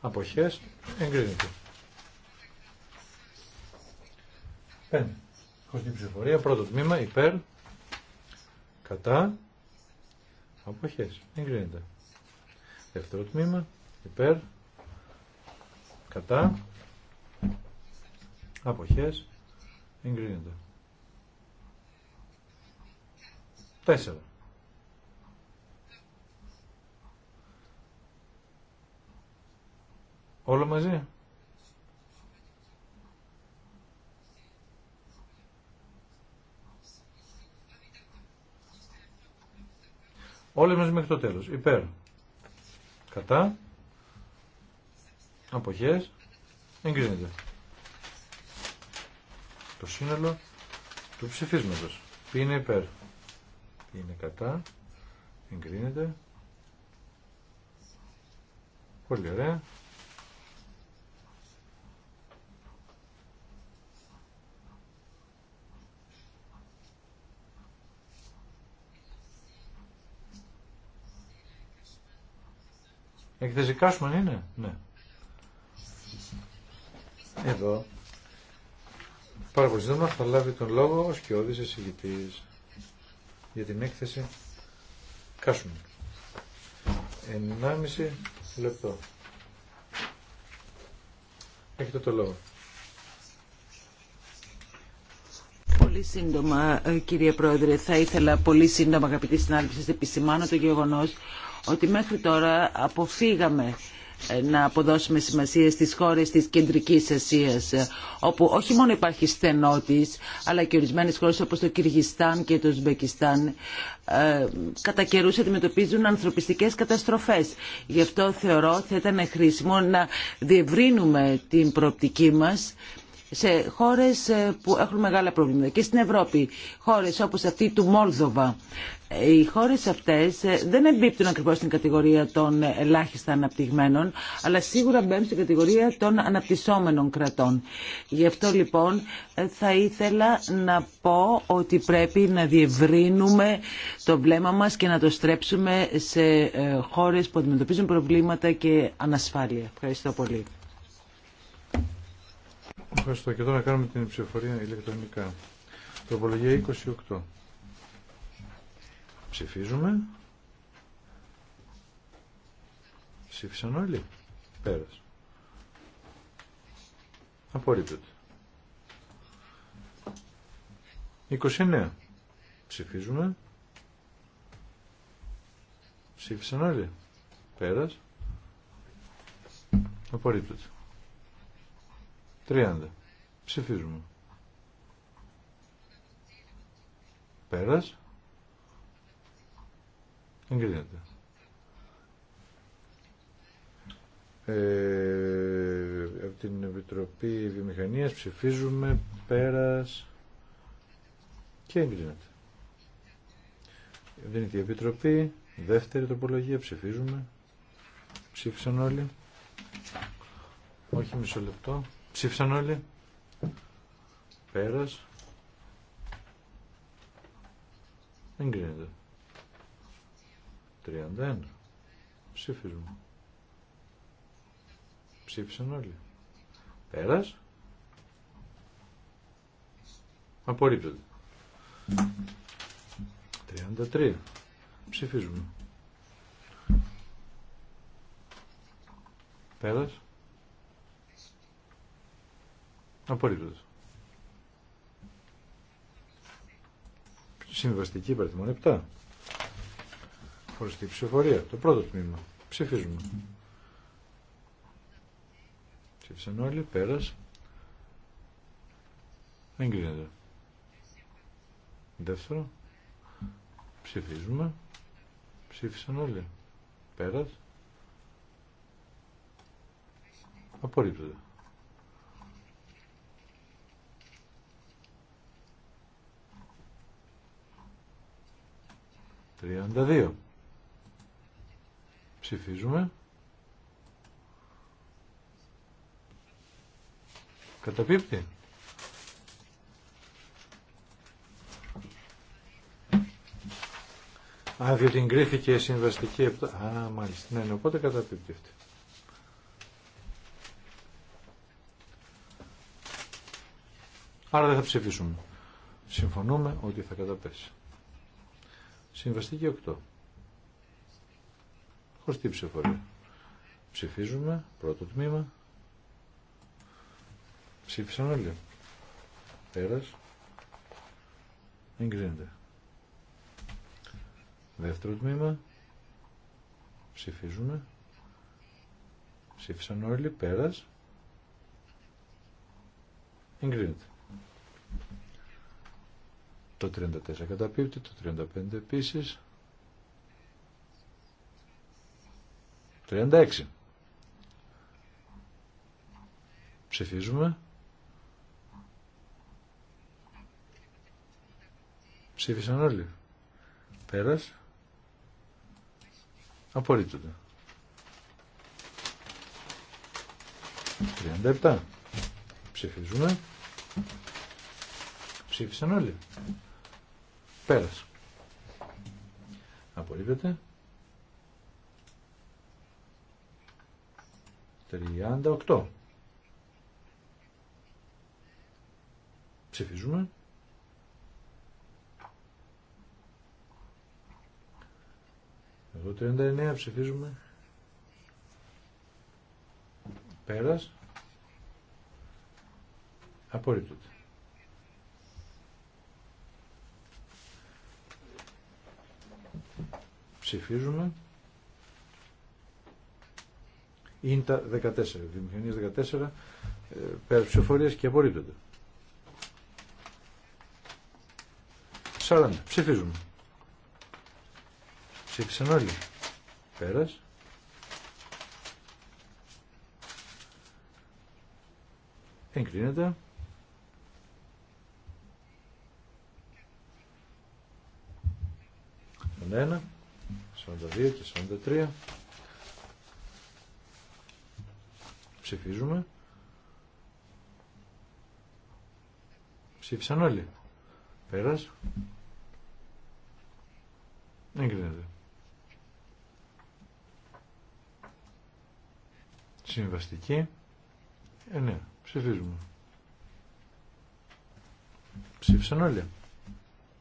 Αποχές. Εγκρίνεται. 5. Χωστή ψηφορία. Πρώτο τμήμα. Υπέρ. Κατά. Αποχές. Εγκρίνεται. Δεύτερο τμήμα. Υπέρ. Κατά. Αποχές. Εγκρίνεται. Τέσσερα. Όλα μαζί. Όλες μας μέχρι το τέλο Υπέρ. Κατά. Αποχές. Εγκρίνεται. Το σύνολο του ψηφίσματο. Ποιοι είναι υπέρ. Ποιοι είναι κατά. Εγκρίνεται. Πολύ ωραία. Έκθεση Κάσμαν είναι, ναι. Εδώ. Πάρα πολύ σύντομα θα λάβει τον λόγο ο Σκιώδης εισηγητής για την έκθεση Κάσουμε. Ενάμιση λεπτό. Έχετε το λόγο. Πολύ σύντομα, ε, κύριε Πρόεδρε, θα ήθελα πολύ σύντομα, αγαπητοί συνάδελφοι, σας επισημάνω το γεγονός ότι μέχρι τώρα αποφύγαμε ε, να αποδώσουμε σημασία στις χώρες της Κεντρικής Ασίας ε, όπου όχι μόνο υπάρχει στενότης αλλά και ορισμένες χώρες όπως το Κυργιστάν και το ε, κατά καιρούς αντιμετωπίζουν ανθρωπιστικές καταστροφές. Γι' αυτό θεωρώ θα ήταν χρήσιμο να διευρύνουμε την προοπτική μας σε χώρες ε, που έχουν μεγάλα προβλήματα και στην Ευρώπη, χώρες όπως αυτή του Μόλδοβα. Ε, οι χώρες αυτές ε, δεν εμπίπτουν ακριβώς στην κατηγορία των ελάχιστα αναπτυγμένων, αλλά σίγουρα μπαίνουν στην κατηγορία των αναπτυσσόμενων κρατών. Γι' αυτό λοιπόν θα ήθελα να πω ότι πρέπει να διευρύνουμε το βλέμμα μας και να το στρέψουμε σε χώρες που αντιμετωπίζουν προβλήματα και ανασφάλεια. Ευχαριστώ πολύ. Ευχαριστώ. Και τώρα να κάνουμε την ψηφοφορία ηλεκτρονικά. Τροπολογία 28. Ψηφίζουμε. Ψήφισαν όλοι. Πέρασε. Απορρίπτωται. 29. Ψηφίζουμε. Ψήφισαν όλοι. Πέρας. Απορρίπτωται. 30. Ψηφίζουμε. Πέρας. Εγκρίνεται. Ε, από την Επιτροπή Βιομηχανίας ψηφίζουμε πέρας και εγκρίνεται. Από την Επιτροπή. Δεύτερη τροπολογία ψηφίζουμε. Ψήφισαν όλοι. Όχι μισό λεπτό. Ψήφισαν όλοι. Πέρας. Δεν κρίνεται. 31. Ψήφισμα. Ψήφισαν όλοι. Πέρας. Απορρίπτεται. 33. Ψηφίζουμε. Πέρας. Απορρίπτωτο. Συμβαστική υπαριθμόν 7. Χωριστή ψηφοφορία. Το πρώτο τμήμα. Ψηφίζουμε. Ψήφισαν όλοι. Πέρας. Εγκρίνεται. Δεύτερο. Ψηφίζουμε. Ψήφισαν όλοι. Πέρας. Απορρίπτωτο. 32. Ψηφίζουμε. Καταπίπτει. Α, διότι εγκρίθηκε η συμβαστική 7. Α, μάλιστα. Ναι, ναι, οπότε καταπίπτει αυτή. Άρα δεν θα ψηφίσουμε. Συμφωνούμε ότι θα καταπέσει. Συμβαστική 8. τύψη ψηφορία. Ψηφίζουμε. Πρώτο τμήμα. Ψήφισαν όλοι. Πέρας. Εγκρίνεται. Δεύτερο τμήμα. Ψηφίζουμε. Ψήφισαν όλοι. Πέρας. Εγκρίνεται. Το 34 καταπίπτει, το 35 επίσης. 36. Ψηφίζουμε. Ψήφισαν όλοι. Πέρας. Απορρίπτονται. 37. Ψηφίζουμε. Ψήφισαν όλοι. Πέρασε. Απορρίπτεται. 38. Ψηφίζουμε. Εδώ 39 ψηφίζουμε. Πέρας. Απορρίπτεται. Ψηφίζουμε. τα 14. Βιομηχανίες 14. Πέρα ψηφορίας και απορρίπτονται. 40. Ψηφίζουμε. Ψήφισαν όλοι. Πέρας. Εγκρίνεται. Ένα. 42 και 43. Ψηφίζουμε. Ψήφισαν όλοι. Πέρας. Εγκρίνεται. Συμβαστική. Ε, ναι. Ψηφίζουμε. Ψήφισαν όλοι.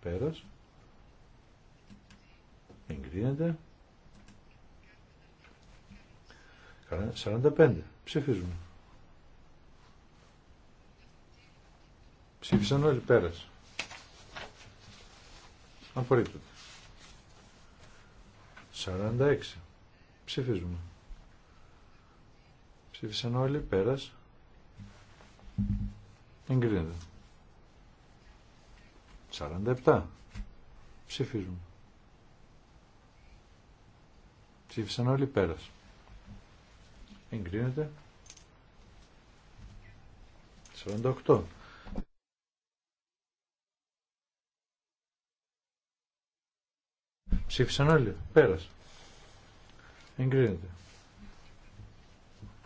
Πέρας. Εγκρίνεται. 45. Ψηφίζουμε. Ψήφισαν όλοι πέρας. Απορρίπτεται. 46. Ψηφίζουμε. Ψήφισαν όλοι πέρας. Εγκρίνεται. 47. Ψηφίζουμε. Ψήφισαν όλοι πέρας. Εγκρίνεται. 48. Ψήφισαν όλοι. Πέρας. Εγκρίνεται.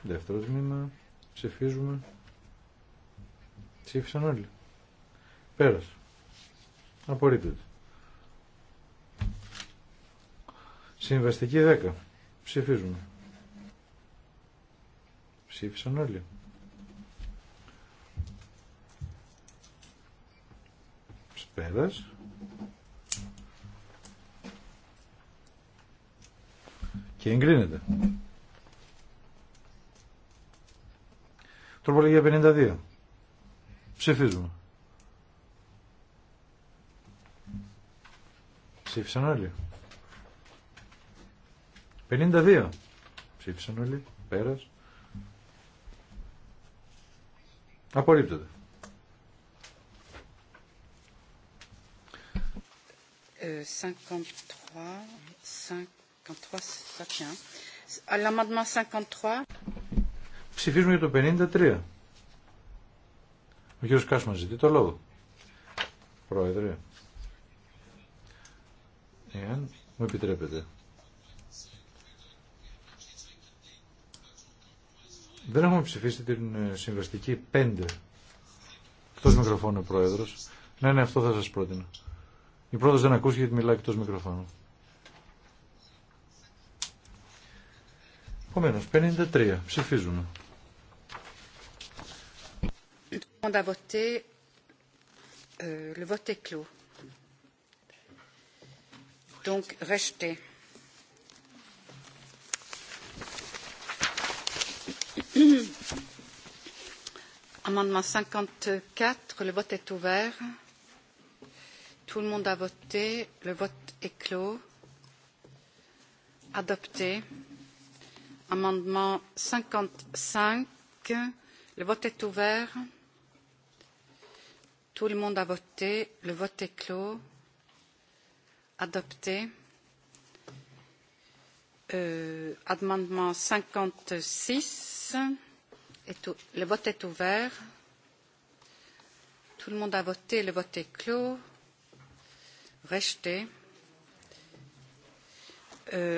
Δεύτερο τμήμα. Ψηφίζουμε. Ψήφισαν όλοι. Πέρας. Απορρίπτεται. Συμβαστική 10. Ψηφίζουμε. Ψήφισαν όλοι. Σπέρας. Και εγκρίνεται. Τροπολογία 52. Ψηφίζουμε. Ψήφισαν όλοι. 52. Ψήφισαν όλοι. Πέρας. Απορρίπτεται. 53. Ε, Ψηφίζουμε για το 53. Ο κύριος Κάσμα ζητεί το λόγο. Πρόεδρε, εάν μου επιτρέπετε, Δεν έχουμε ψηφίσει την ε, συμβαστική 5. Εκτό μικροφώνου ο Πρόεδρος. Ναι, ναι, αυτό θα σα πρότεινα. Η πρόεδρο δεν ακούσει γιατί μιλάει εκτό μικροφώνου. Επομένω, 53. Ψηφίζουμε. Euh, le vote est clos. Donc, rejeté. Amendement 54, le vote est ouvert. Tout le monde a voté. Le vote est clos. Adopté. Amendement 55, le vote est ouvert. Tout le monde a voté. Le vote est clos. Adopté. Amendement 56 Le vote est ouvert. Tout le monde a voté. Le vote est clos. Rejeté.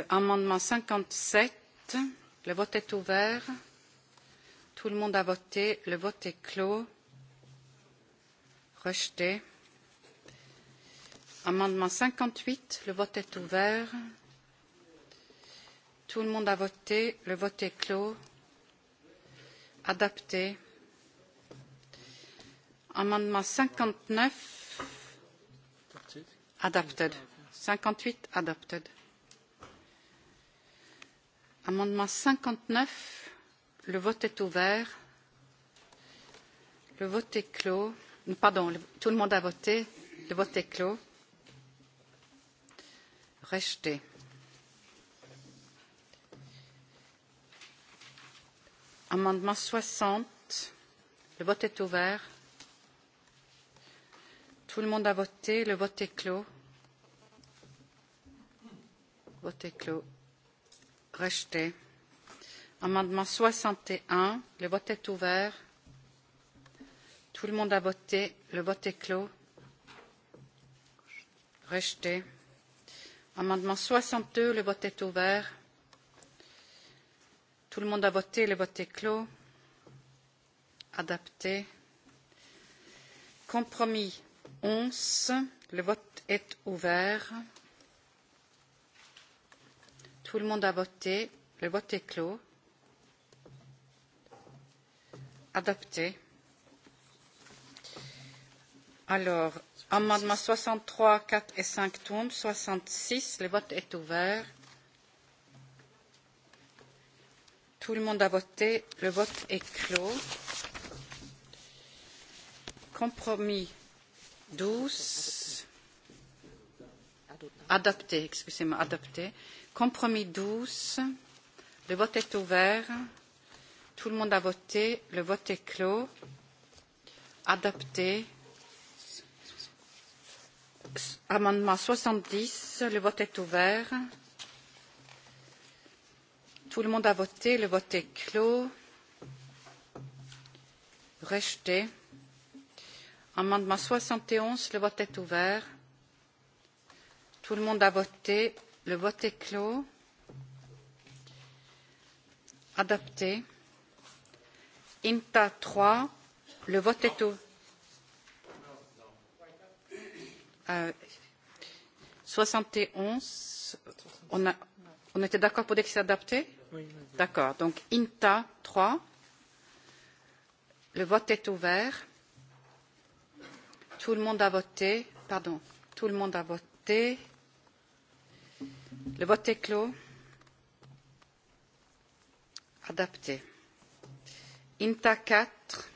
Amendement 57. Le vote est ouvert. Tout le monde a voté. Le vote est clos. Rejeté. Amendement 58. Le vote est ouvert. Tout le monde a voté. Le vote est clos adapté. Amendement 59 adopted. 58 adopted. Amendement 59, le vote est ouvert. Le vote est clos. Pardon, tout le monde a voté. Le vote est clos. Rejeté. Amendement 60. Le vote est ouvert. Tout le monde a voté. Le vote est clos. Vote est clos. Rejeté. Amendement 61. Le vote est ouvert. Tout le monde a voté. Le vote est clos. Rejeté. Amendement 62. Le vote est ouvert. Tout le monde a voté, le vote est clos. Adapté. Compromis 11, le vote est ouvert. Tout le monde a voté, le vote est clos. Adapté. Alors, amendements 63, 4 et 5 tombent. 66, le vote est ouvert. Tout le monde a voté. Le vote est clos. Compromis 12. Adopté, excusez-moi, adopté. Compromis 12. Le vote est ouvert. Tout le monde a voté. Le vote est clos. Adopté. Amendement 70. Le vote est ouvert. Tout le monde a voté. Le vote est clos. Rejeté. Amendement 71. Le vote est ouvert. Tout le monde a voté. Le vote est clos. Adapté. INTA 3. Le vote est ouvert. 71. On était d'accord pour dire que c'est adapté D'accord. Donc, INTA 3. Le vote est ouvert. Tout le monde a voté. Pardon. Tout le monde a voté. Le vote est clos. Adapté. INTA 4.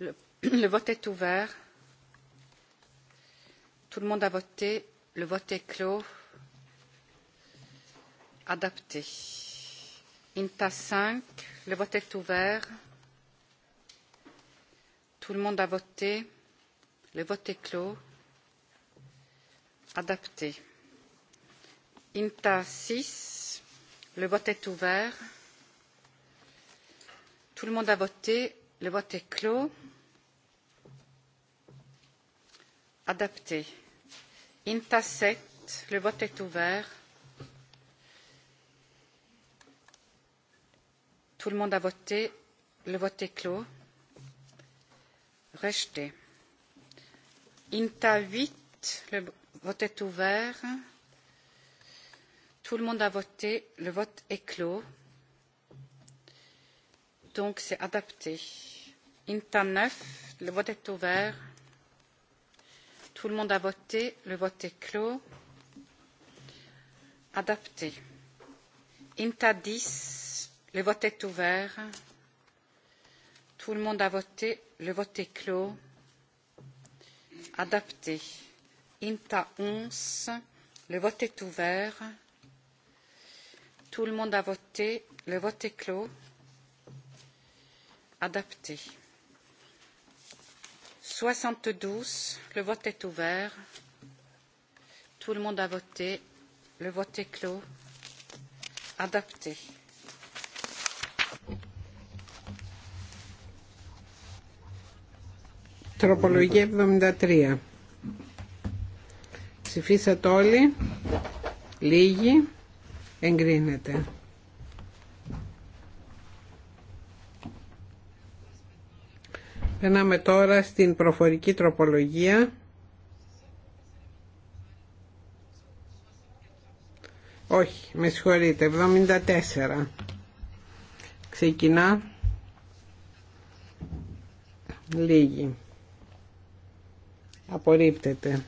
Le vote est ouvert. Tout le monde a voté. Le vote est clos. Adapté. INTA 5, le vote est ouvert. Tout le monde a voté. Le vote est clos. Adapté. INTA 6, le vote est ouvert. Tout le monde a voté. Le vote est clos. Adapté. INTA 7, le vote est ouvert. Tout le monde a voté. Le vote est clos. Rejeté. INTA 8. Le vote est ouvert. Tout le monde a voté. Le vote est clos. Donc c'est adapté. INTA 9. Le vote est ouvert. Tout le monde a voté. Le vote est clos. Adapté. INTA 10. Le vote est ouvert. Tout le monde a voté. Le vote est clos. Adapté. INTA 11. Le vote est ouvert. Tout le monde a voté. Le vote est clos. Adapté. 72. Le vote est ouvert. Tout le monde a voté. Le vote est clos. Adapté. Τροπολογία 73. Ψηφίσατε όλοι. Λίγοι. Εγκρίνεται. Περνάμε τώρα στην προφορική τροπολογία. Όχι, με συγχωρείτε, 74. Ξεκινά. λίγοι Απορρίπτεται.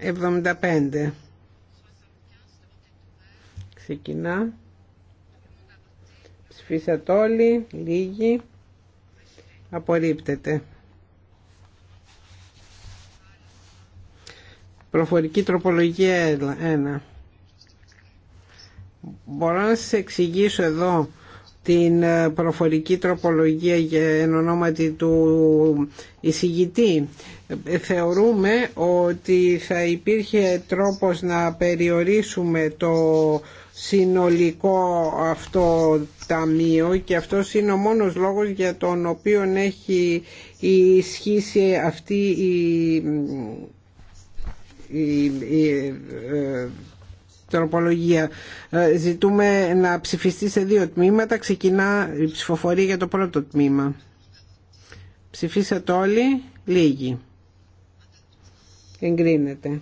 75. Ξεκινά. Ψηφίσατε όλοι. Λίγοι. Απορρίπτεται. Προφορική τροπολογία 1. Μπορώ να σας εξηγήσω εδώ την ε, προφορική τροπολογία για εν ονόματι του εισηγητή. Ε, θεωρούμε ότι θα υπήρχε τρόπος να περιορίσουμε το συνολικό αυτό ταμείο και αυτό είναι ο μόνος λόγος για τον οποίο έχει ισχύσει αυτή η, η, η ε, τροπολογία. Ε, ζητούμε να ψηφιστεί σε δύο τμήματα. Ξεκινά η ψηφοφορία για το πρώτο τμήμα. Ψηφίσατε όλοι. Λίγοι. Εγκρίνεται.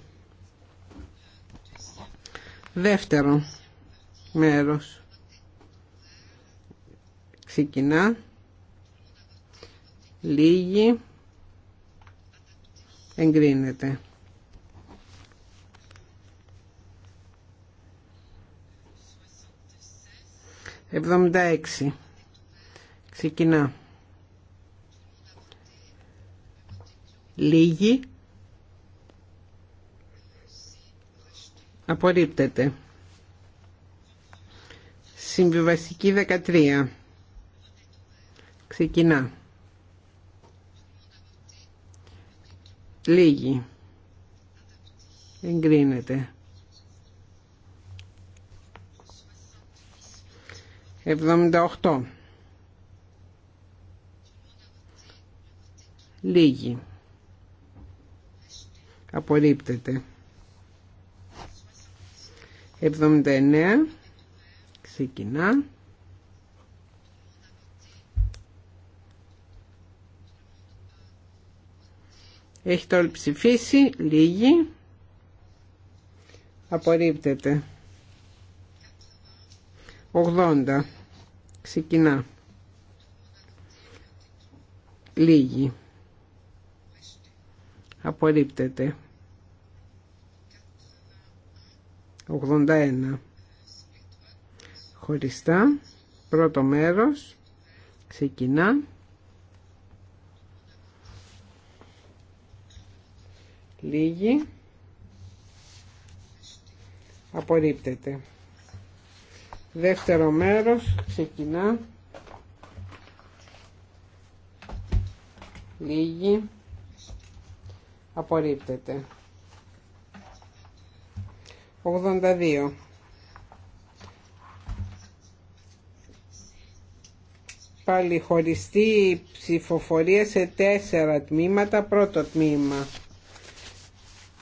Δεύτερο μέρος. Ξεκινά. Λίγοι. Εγκρίνεται. 76. Ξεκινά. Λίγη. Απορρίπτεται. Συμβιβαστική 13. Ξεκινά. Λίγη. Εγκρίνεται. 78 λίγη απορρίπτεται 79 ξεκινά Έχετε όλοι ψηφίσει, λίγοι. Απορρίπτεται. 80 ξεκινά λίγη απορρίπτεται 81 χωριστά πρώτο μέρος ξεκινά λίγη απορρίπτεται Δεύτερο μέρος ξεκινά. Λίγη. Απορρίπτεται. 82. Πάλι χωριστή ψηφοφορία σε τέσσερα τμήματα. Πρώτο τμήμα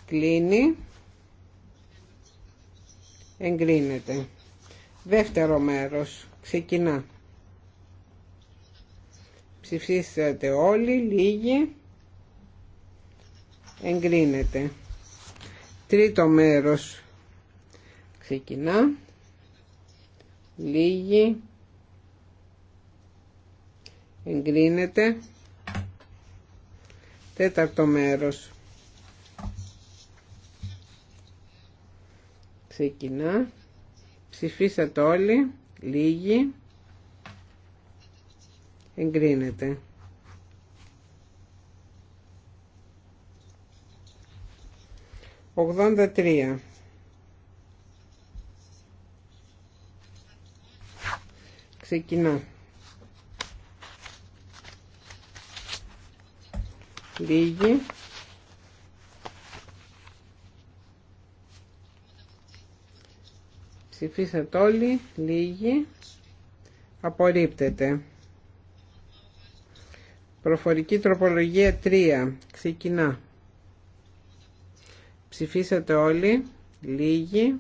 κλείνει. Εγκρίνεται. Δεύτερο μέρος. Ξεκινά. Ψηφίσατε όλοι, λίγοι. Εγκρίνεται. Τρίτο μέρος. Ξεκινά. Λίγοι. Εγκρίνεται. Τέταρτο μέρος. Ξεκινά. Ψηφίσατε όλοι. Λίγοι. Εγκρίνεται. Ογδόντα τρία. Ξεκινά. Λίγοι. Ψηφίσατε όλοι, λίγοι. Απορρίπτεται. Προφορική τροπολογία 3. Ξεκινά. Ψηφίσατε όλοι, λίγοι.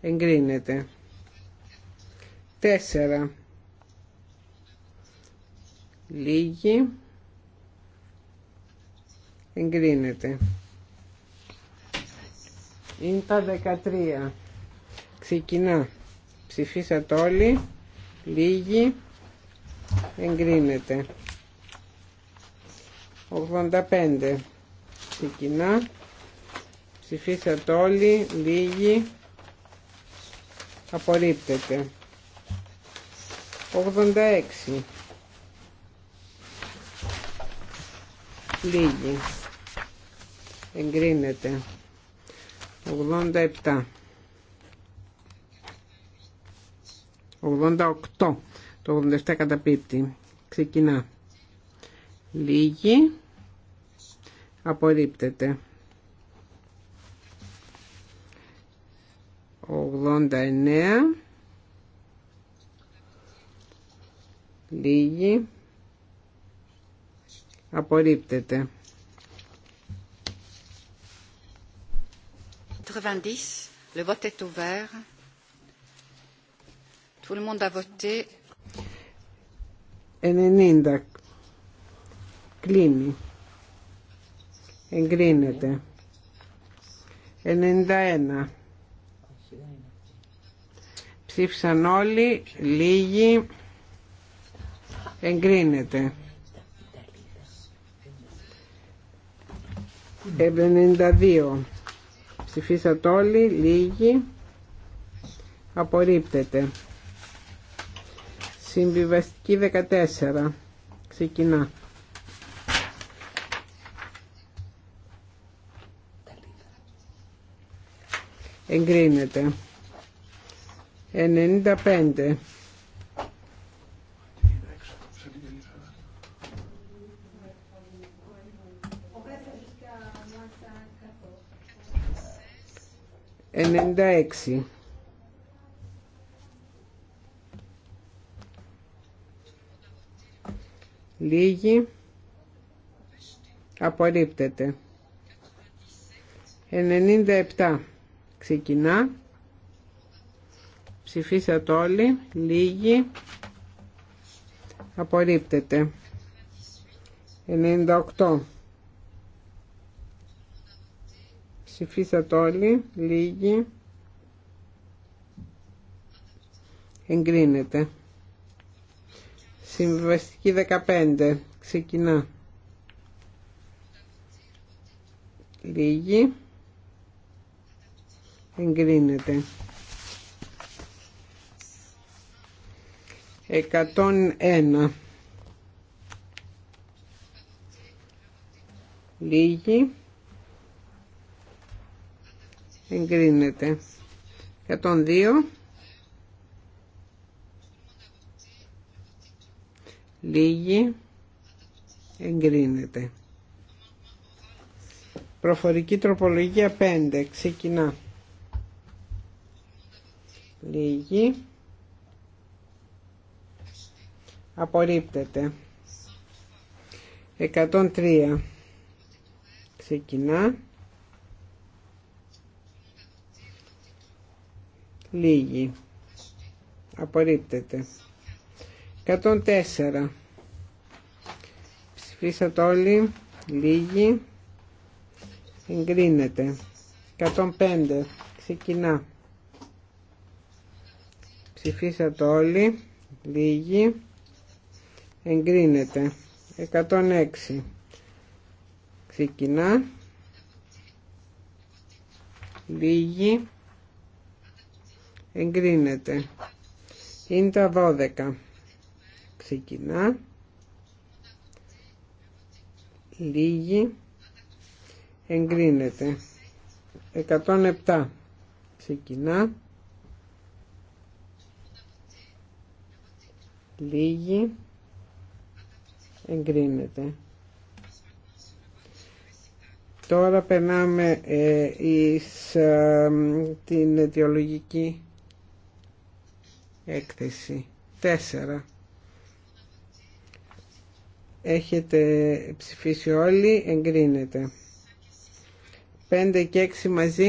Εγκρίνεται. 4. Λίγοι. Εγκρίνεται. Είναι τα 13. Ξεκινά. Ψηφίσατε όλοι. Λίγοι. Εγκρίνεται. 85. Ξεκινά. Ψηφίσατε όλοι. Λίγοι. Απορρίπτεται. 86. Λίγοι. Εγκρίνεται. 87 88 το 87 καταπίπτει ξεκινά λίγη απορρίπτεται 89 λίγη απορρίπτεται 90. Le vote est ouvert. Tout le monde a voté. 90. Κλείνει. Εγκρίνεται. 91. Ψήφισαν όλοι. Λίγοι. Εγκρίνεται. 72. Ψηφίσατε όλοι, λίγοι. Απορρίπτεται. Συμβιβαστική 14. Ξεκινά. Εγκρίνεται. 95. 36. Λίγη. Απορρίπτεται. 97. Ξεκινά. Ψηφίσατε όλοι. Λίγη. Απορρίπτεται. 98. Ψηφίσατε όλοι. Λίγη. εγκρίνεται. Συμβαστική 15 ξεκινά. Λίγη. Εγκρίνεται. 101. Λίγη. Εγκρίνεται. 102. Λίγη. Εγκρίνεται. Προφορική τροπολογία 5. Ξεκινά. Λίγη. Απορρίπτεται. 103. Ξεκινά. Λίγη. Απορρίπτεται. 104 ψηφίσατε όλοι λίγοι εγκρίνεται 105 ξεκινά ψηφίσατε όλοι λίγοι εγκρίνεται 106 ξεκινά λίγοι εγκρίνεται είναι τα 12 Ξεκινά. Λίγη. Εγκρίνεται. 107. Ξεκινά. Λίγη. Εγκρίνεται. Τώρα περνάμε ε, ε την αιτιολογική έκθεση. Τέσσερα. Έχετε ψηφίσει όλοι, εγκρίνετε. 5 και 6 μαζί.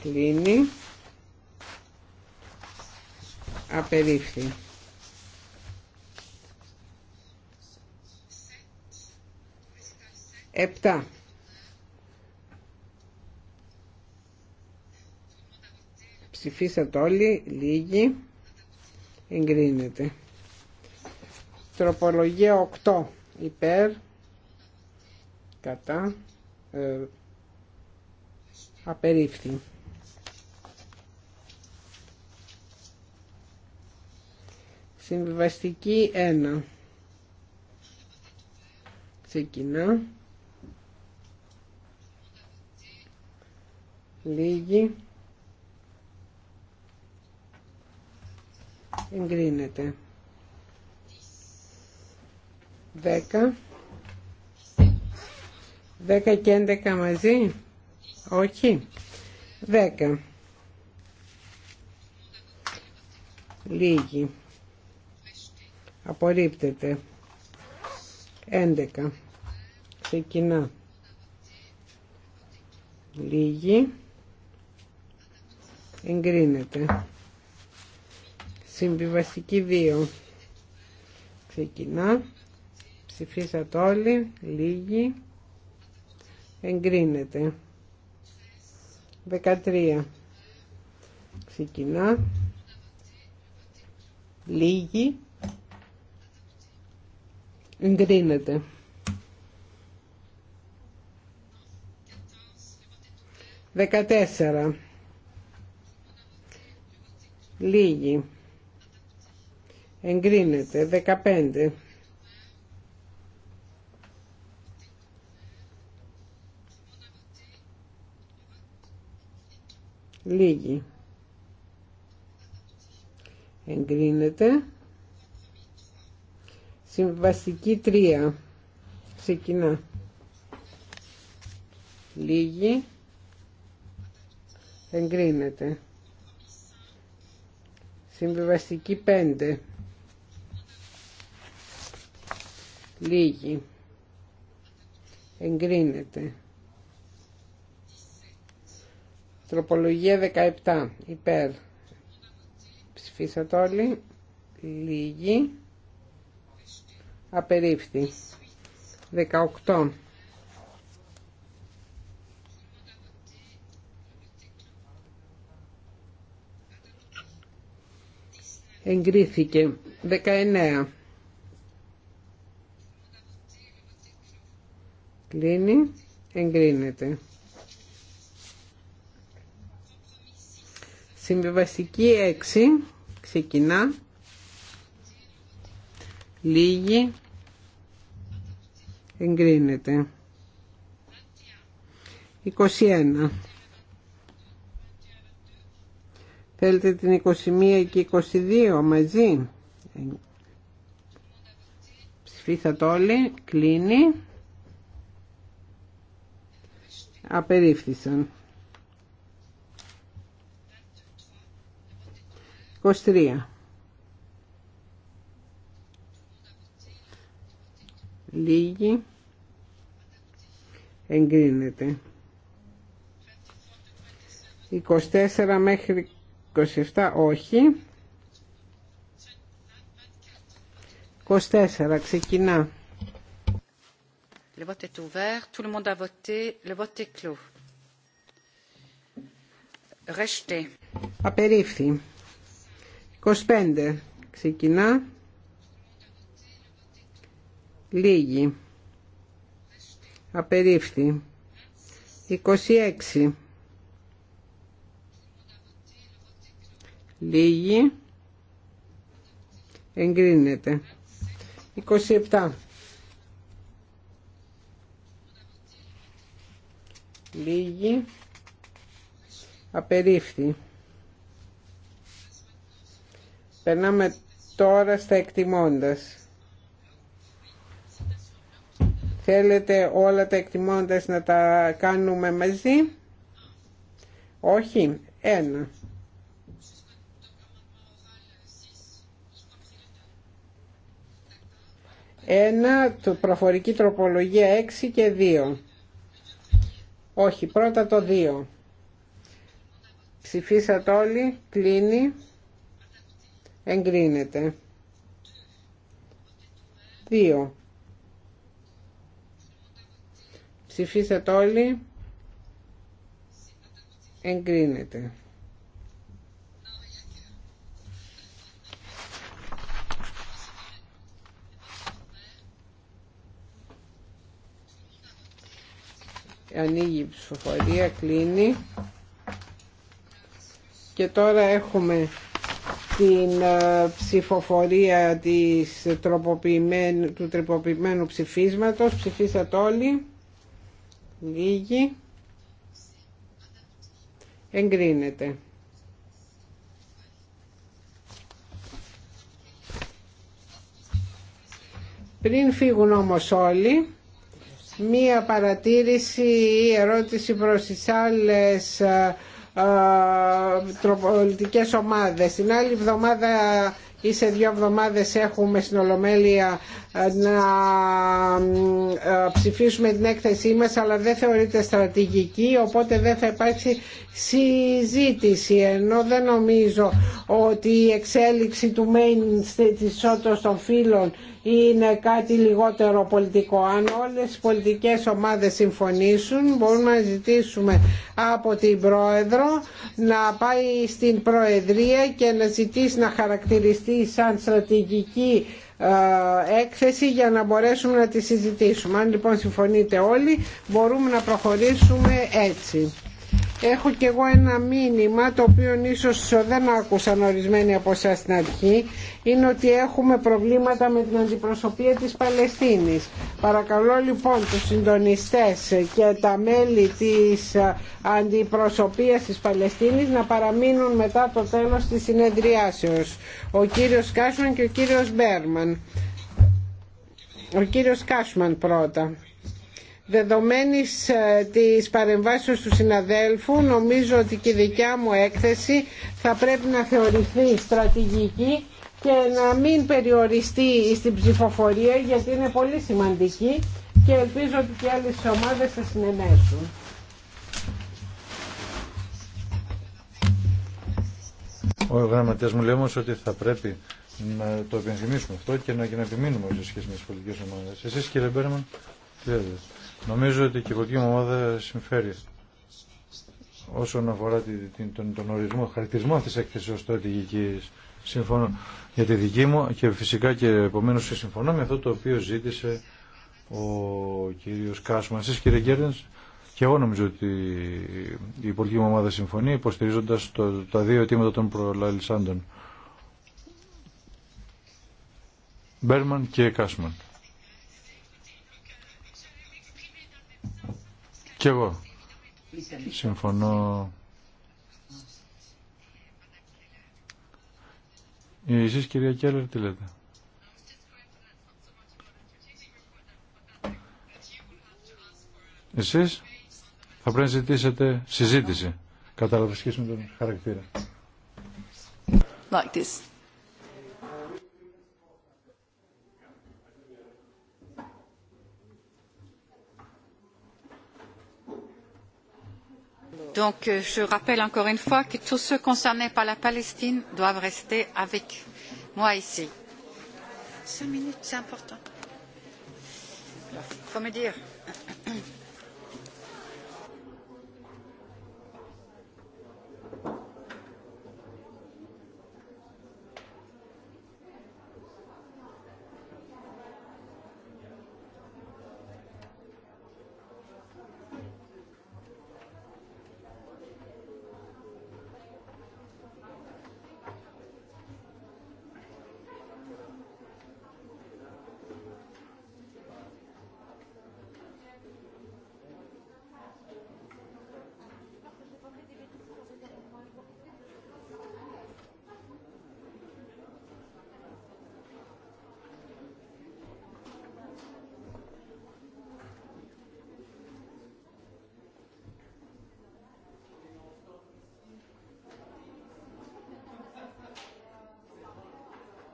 Κλείνει. Απερίφθη. 7. Ψηφίσατε όλοι, λίγοι εγκρίνεται. Τροπολογία 8 υπέρ κατά ε, απερίφθη. Συμβιβαστική 1. Ξεκινά. Λίγη. εγκρίνεται 10 10 και 11 μαζί όχι 10 λίγη απορρίπτεται 11 ξεκινά λίγη εγκρίνεται Συμβιβαστική 2. Ξεκινά. Ψηφίσατε όλοι. Λίγοι. Εγκρίνεται. 13. Ξεκινά. Λίγοι. Εγκρίνεται. 14. Λίγοι εγκρίνεται 15 λίγη εγκρίνεται συμβαστική τρία. ξεκινά λίγη εγκρίνεται συμβιβαστική πέντε. Λίγη. Εγκρίνεται. Τροπολογία 17. Υπέρ. Ψηφίσατε όλοι. Λίγη. Απερίφθη. 18. Εγκρίθηκε. 19. Κλείνει. Εγκρίνεται. Συμβιβαστική 6. Ξεκινά. Λίγη. Εγκρίνεται. 21. Θέλετε την 21 και 22 μαζί. Ε, ψηφίσατε όλοι. Κλείνει απερίφθησαν. 23. Λίγη. Εγκρίνεται. 24 μέχρι 27 όχι. 24 ξεκινά. Le vote est ouvert. Tout le monde a voté. Le vote est clos. Rejeté. Απερίφθη. 25. Ξεκινά. Λίγη. Απερίφθη. 26. Λίγη. Εγκρίνεται. 27. Λίγη. Απερίφθη. Περνάμε τώρα στα εκτιμώντας. Θέλετε όλα τα εκτιμώντας να τα κάνουμε μαζί. Όχι. Ένα. Ένα, το προφορική τροπολογία 6 και 2. Όχι, πρώτα το 2. Ψηφίσατε όλοι, κλείνει, εγκρίνεται. 2. Ψηφίσατε όλοι, εγκρίνεται. ανοίγει η ψηφοφορία, κλείνει. Και τώρα έχουμε την ε, ψηφοφορία της τροποποιημένου, του τροποποιημένου ψηφίσματος. Ψηφίσατε όλοι. Λίγοι. Εγκρίνεται. Πριν φύγουν όμως όλοι, μία παρατήρηση ή ερώτηση προς τις άλλες τροπολιτικές ομάδες. Την άλλη εβδομάδα ή σε δύο εβδομάδες έχουμε στην Ολομέλεια να ψηφίσουμε την έκθεσή μας αλλά δεν θεωρείται στρατηγική οπότε δεν θα υπάρξει συζήτηση ενώ δεν νομίζω ότι η εξέλιξη του main της των φύλων είναι κάτι λιγότερο πολιτικό. Αν όλες οι πολιτικές ομάδες συμφωνήσουν μπορούμε να ζητήσουμε από την Πρόεδρο να πάει στην Προεδρία και να ζητήσει να χαρακτηριστεί σαν στρατηγική ε, έκθεση για να μπορέσουμε να τη συζητήσουμε. Αν λοιπόν συμφωνείτε όλοι μπορούμε να προχωρήσουμε έτσι. Έχω κι εγώ ένα μήνυμα το οποίο ίσως δεν άκουσαν ορισμένοι από εσά στην αρχή είναι ότι έχουμε προβλήματα με την αντιπροσωπεία της Παλαιστίνης. Παρακαλώ λοιπόν τους συντονιστές και τα μέλη της αντιπροσωπείας της Παλαιστίνης να παραμείνουν μετά το τέλος της συνεδριάσεως. Ο κύριος Κάσμαν και ο κύριος Μπέρμαν. Ο κύριος Κάσμαν πρώτα. Δεδομένης ε, της παρεμβάσεως του συναδέλφου νομίζω ότι και η δικιά μου έκθεση θα πρέπει να θεωρηθεί στρατηγική και να μην περιοριστεί στην ψηφοφορία γιατί είναι πολύ σημαντική και ελπίζω ότι και άλλες ομάδες θα συνενέσουν. Ο γραμματέας μου λέει όμως ότι θα πρέπει να το επενθυμίσουμε αυτό και να, επιμείνουμε σε σχέση με τις πολιτικές ομάδες. Εσείς κύριε Μπέρμαν, τι λέτε. Νομίζω ότι και η πολιτική ομάδα συμφέρει όσον αφορά τον, τον ορισμό, χαρακτηρισμό αυτής της έκθεσης στρατηγικής συμφωνώ για τη δική μου και φυσικά και επομένως συμφωνώ με αυτό το οποίο ζήτησε ο κύριος Κάσμα. Εσείς κύριε Γκέρντς και εγώ νομίζω ότι η πολιτική ομάδα συμφωνεί υποστηρίζοντας τα δύο αιτήματα των προλαλισάντων. Μπέρμαν και Κάσμαν. Και εγώ συμφωνώ. Ε, εσείς κυρία Κέλλερ τι λέτε. Εσείς θα πρέπει να ζητήσετε συζήτηση. Κατάλαβε σχέση με τον χαρακτήρα. Like this. Donc, je rappelle encore une fois que tous ceux concernés par la Palestine doivent rester avec moi ici. c'est important. Faut me dire.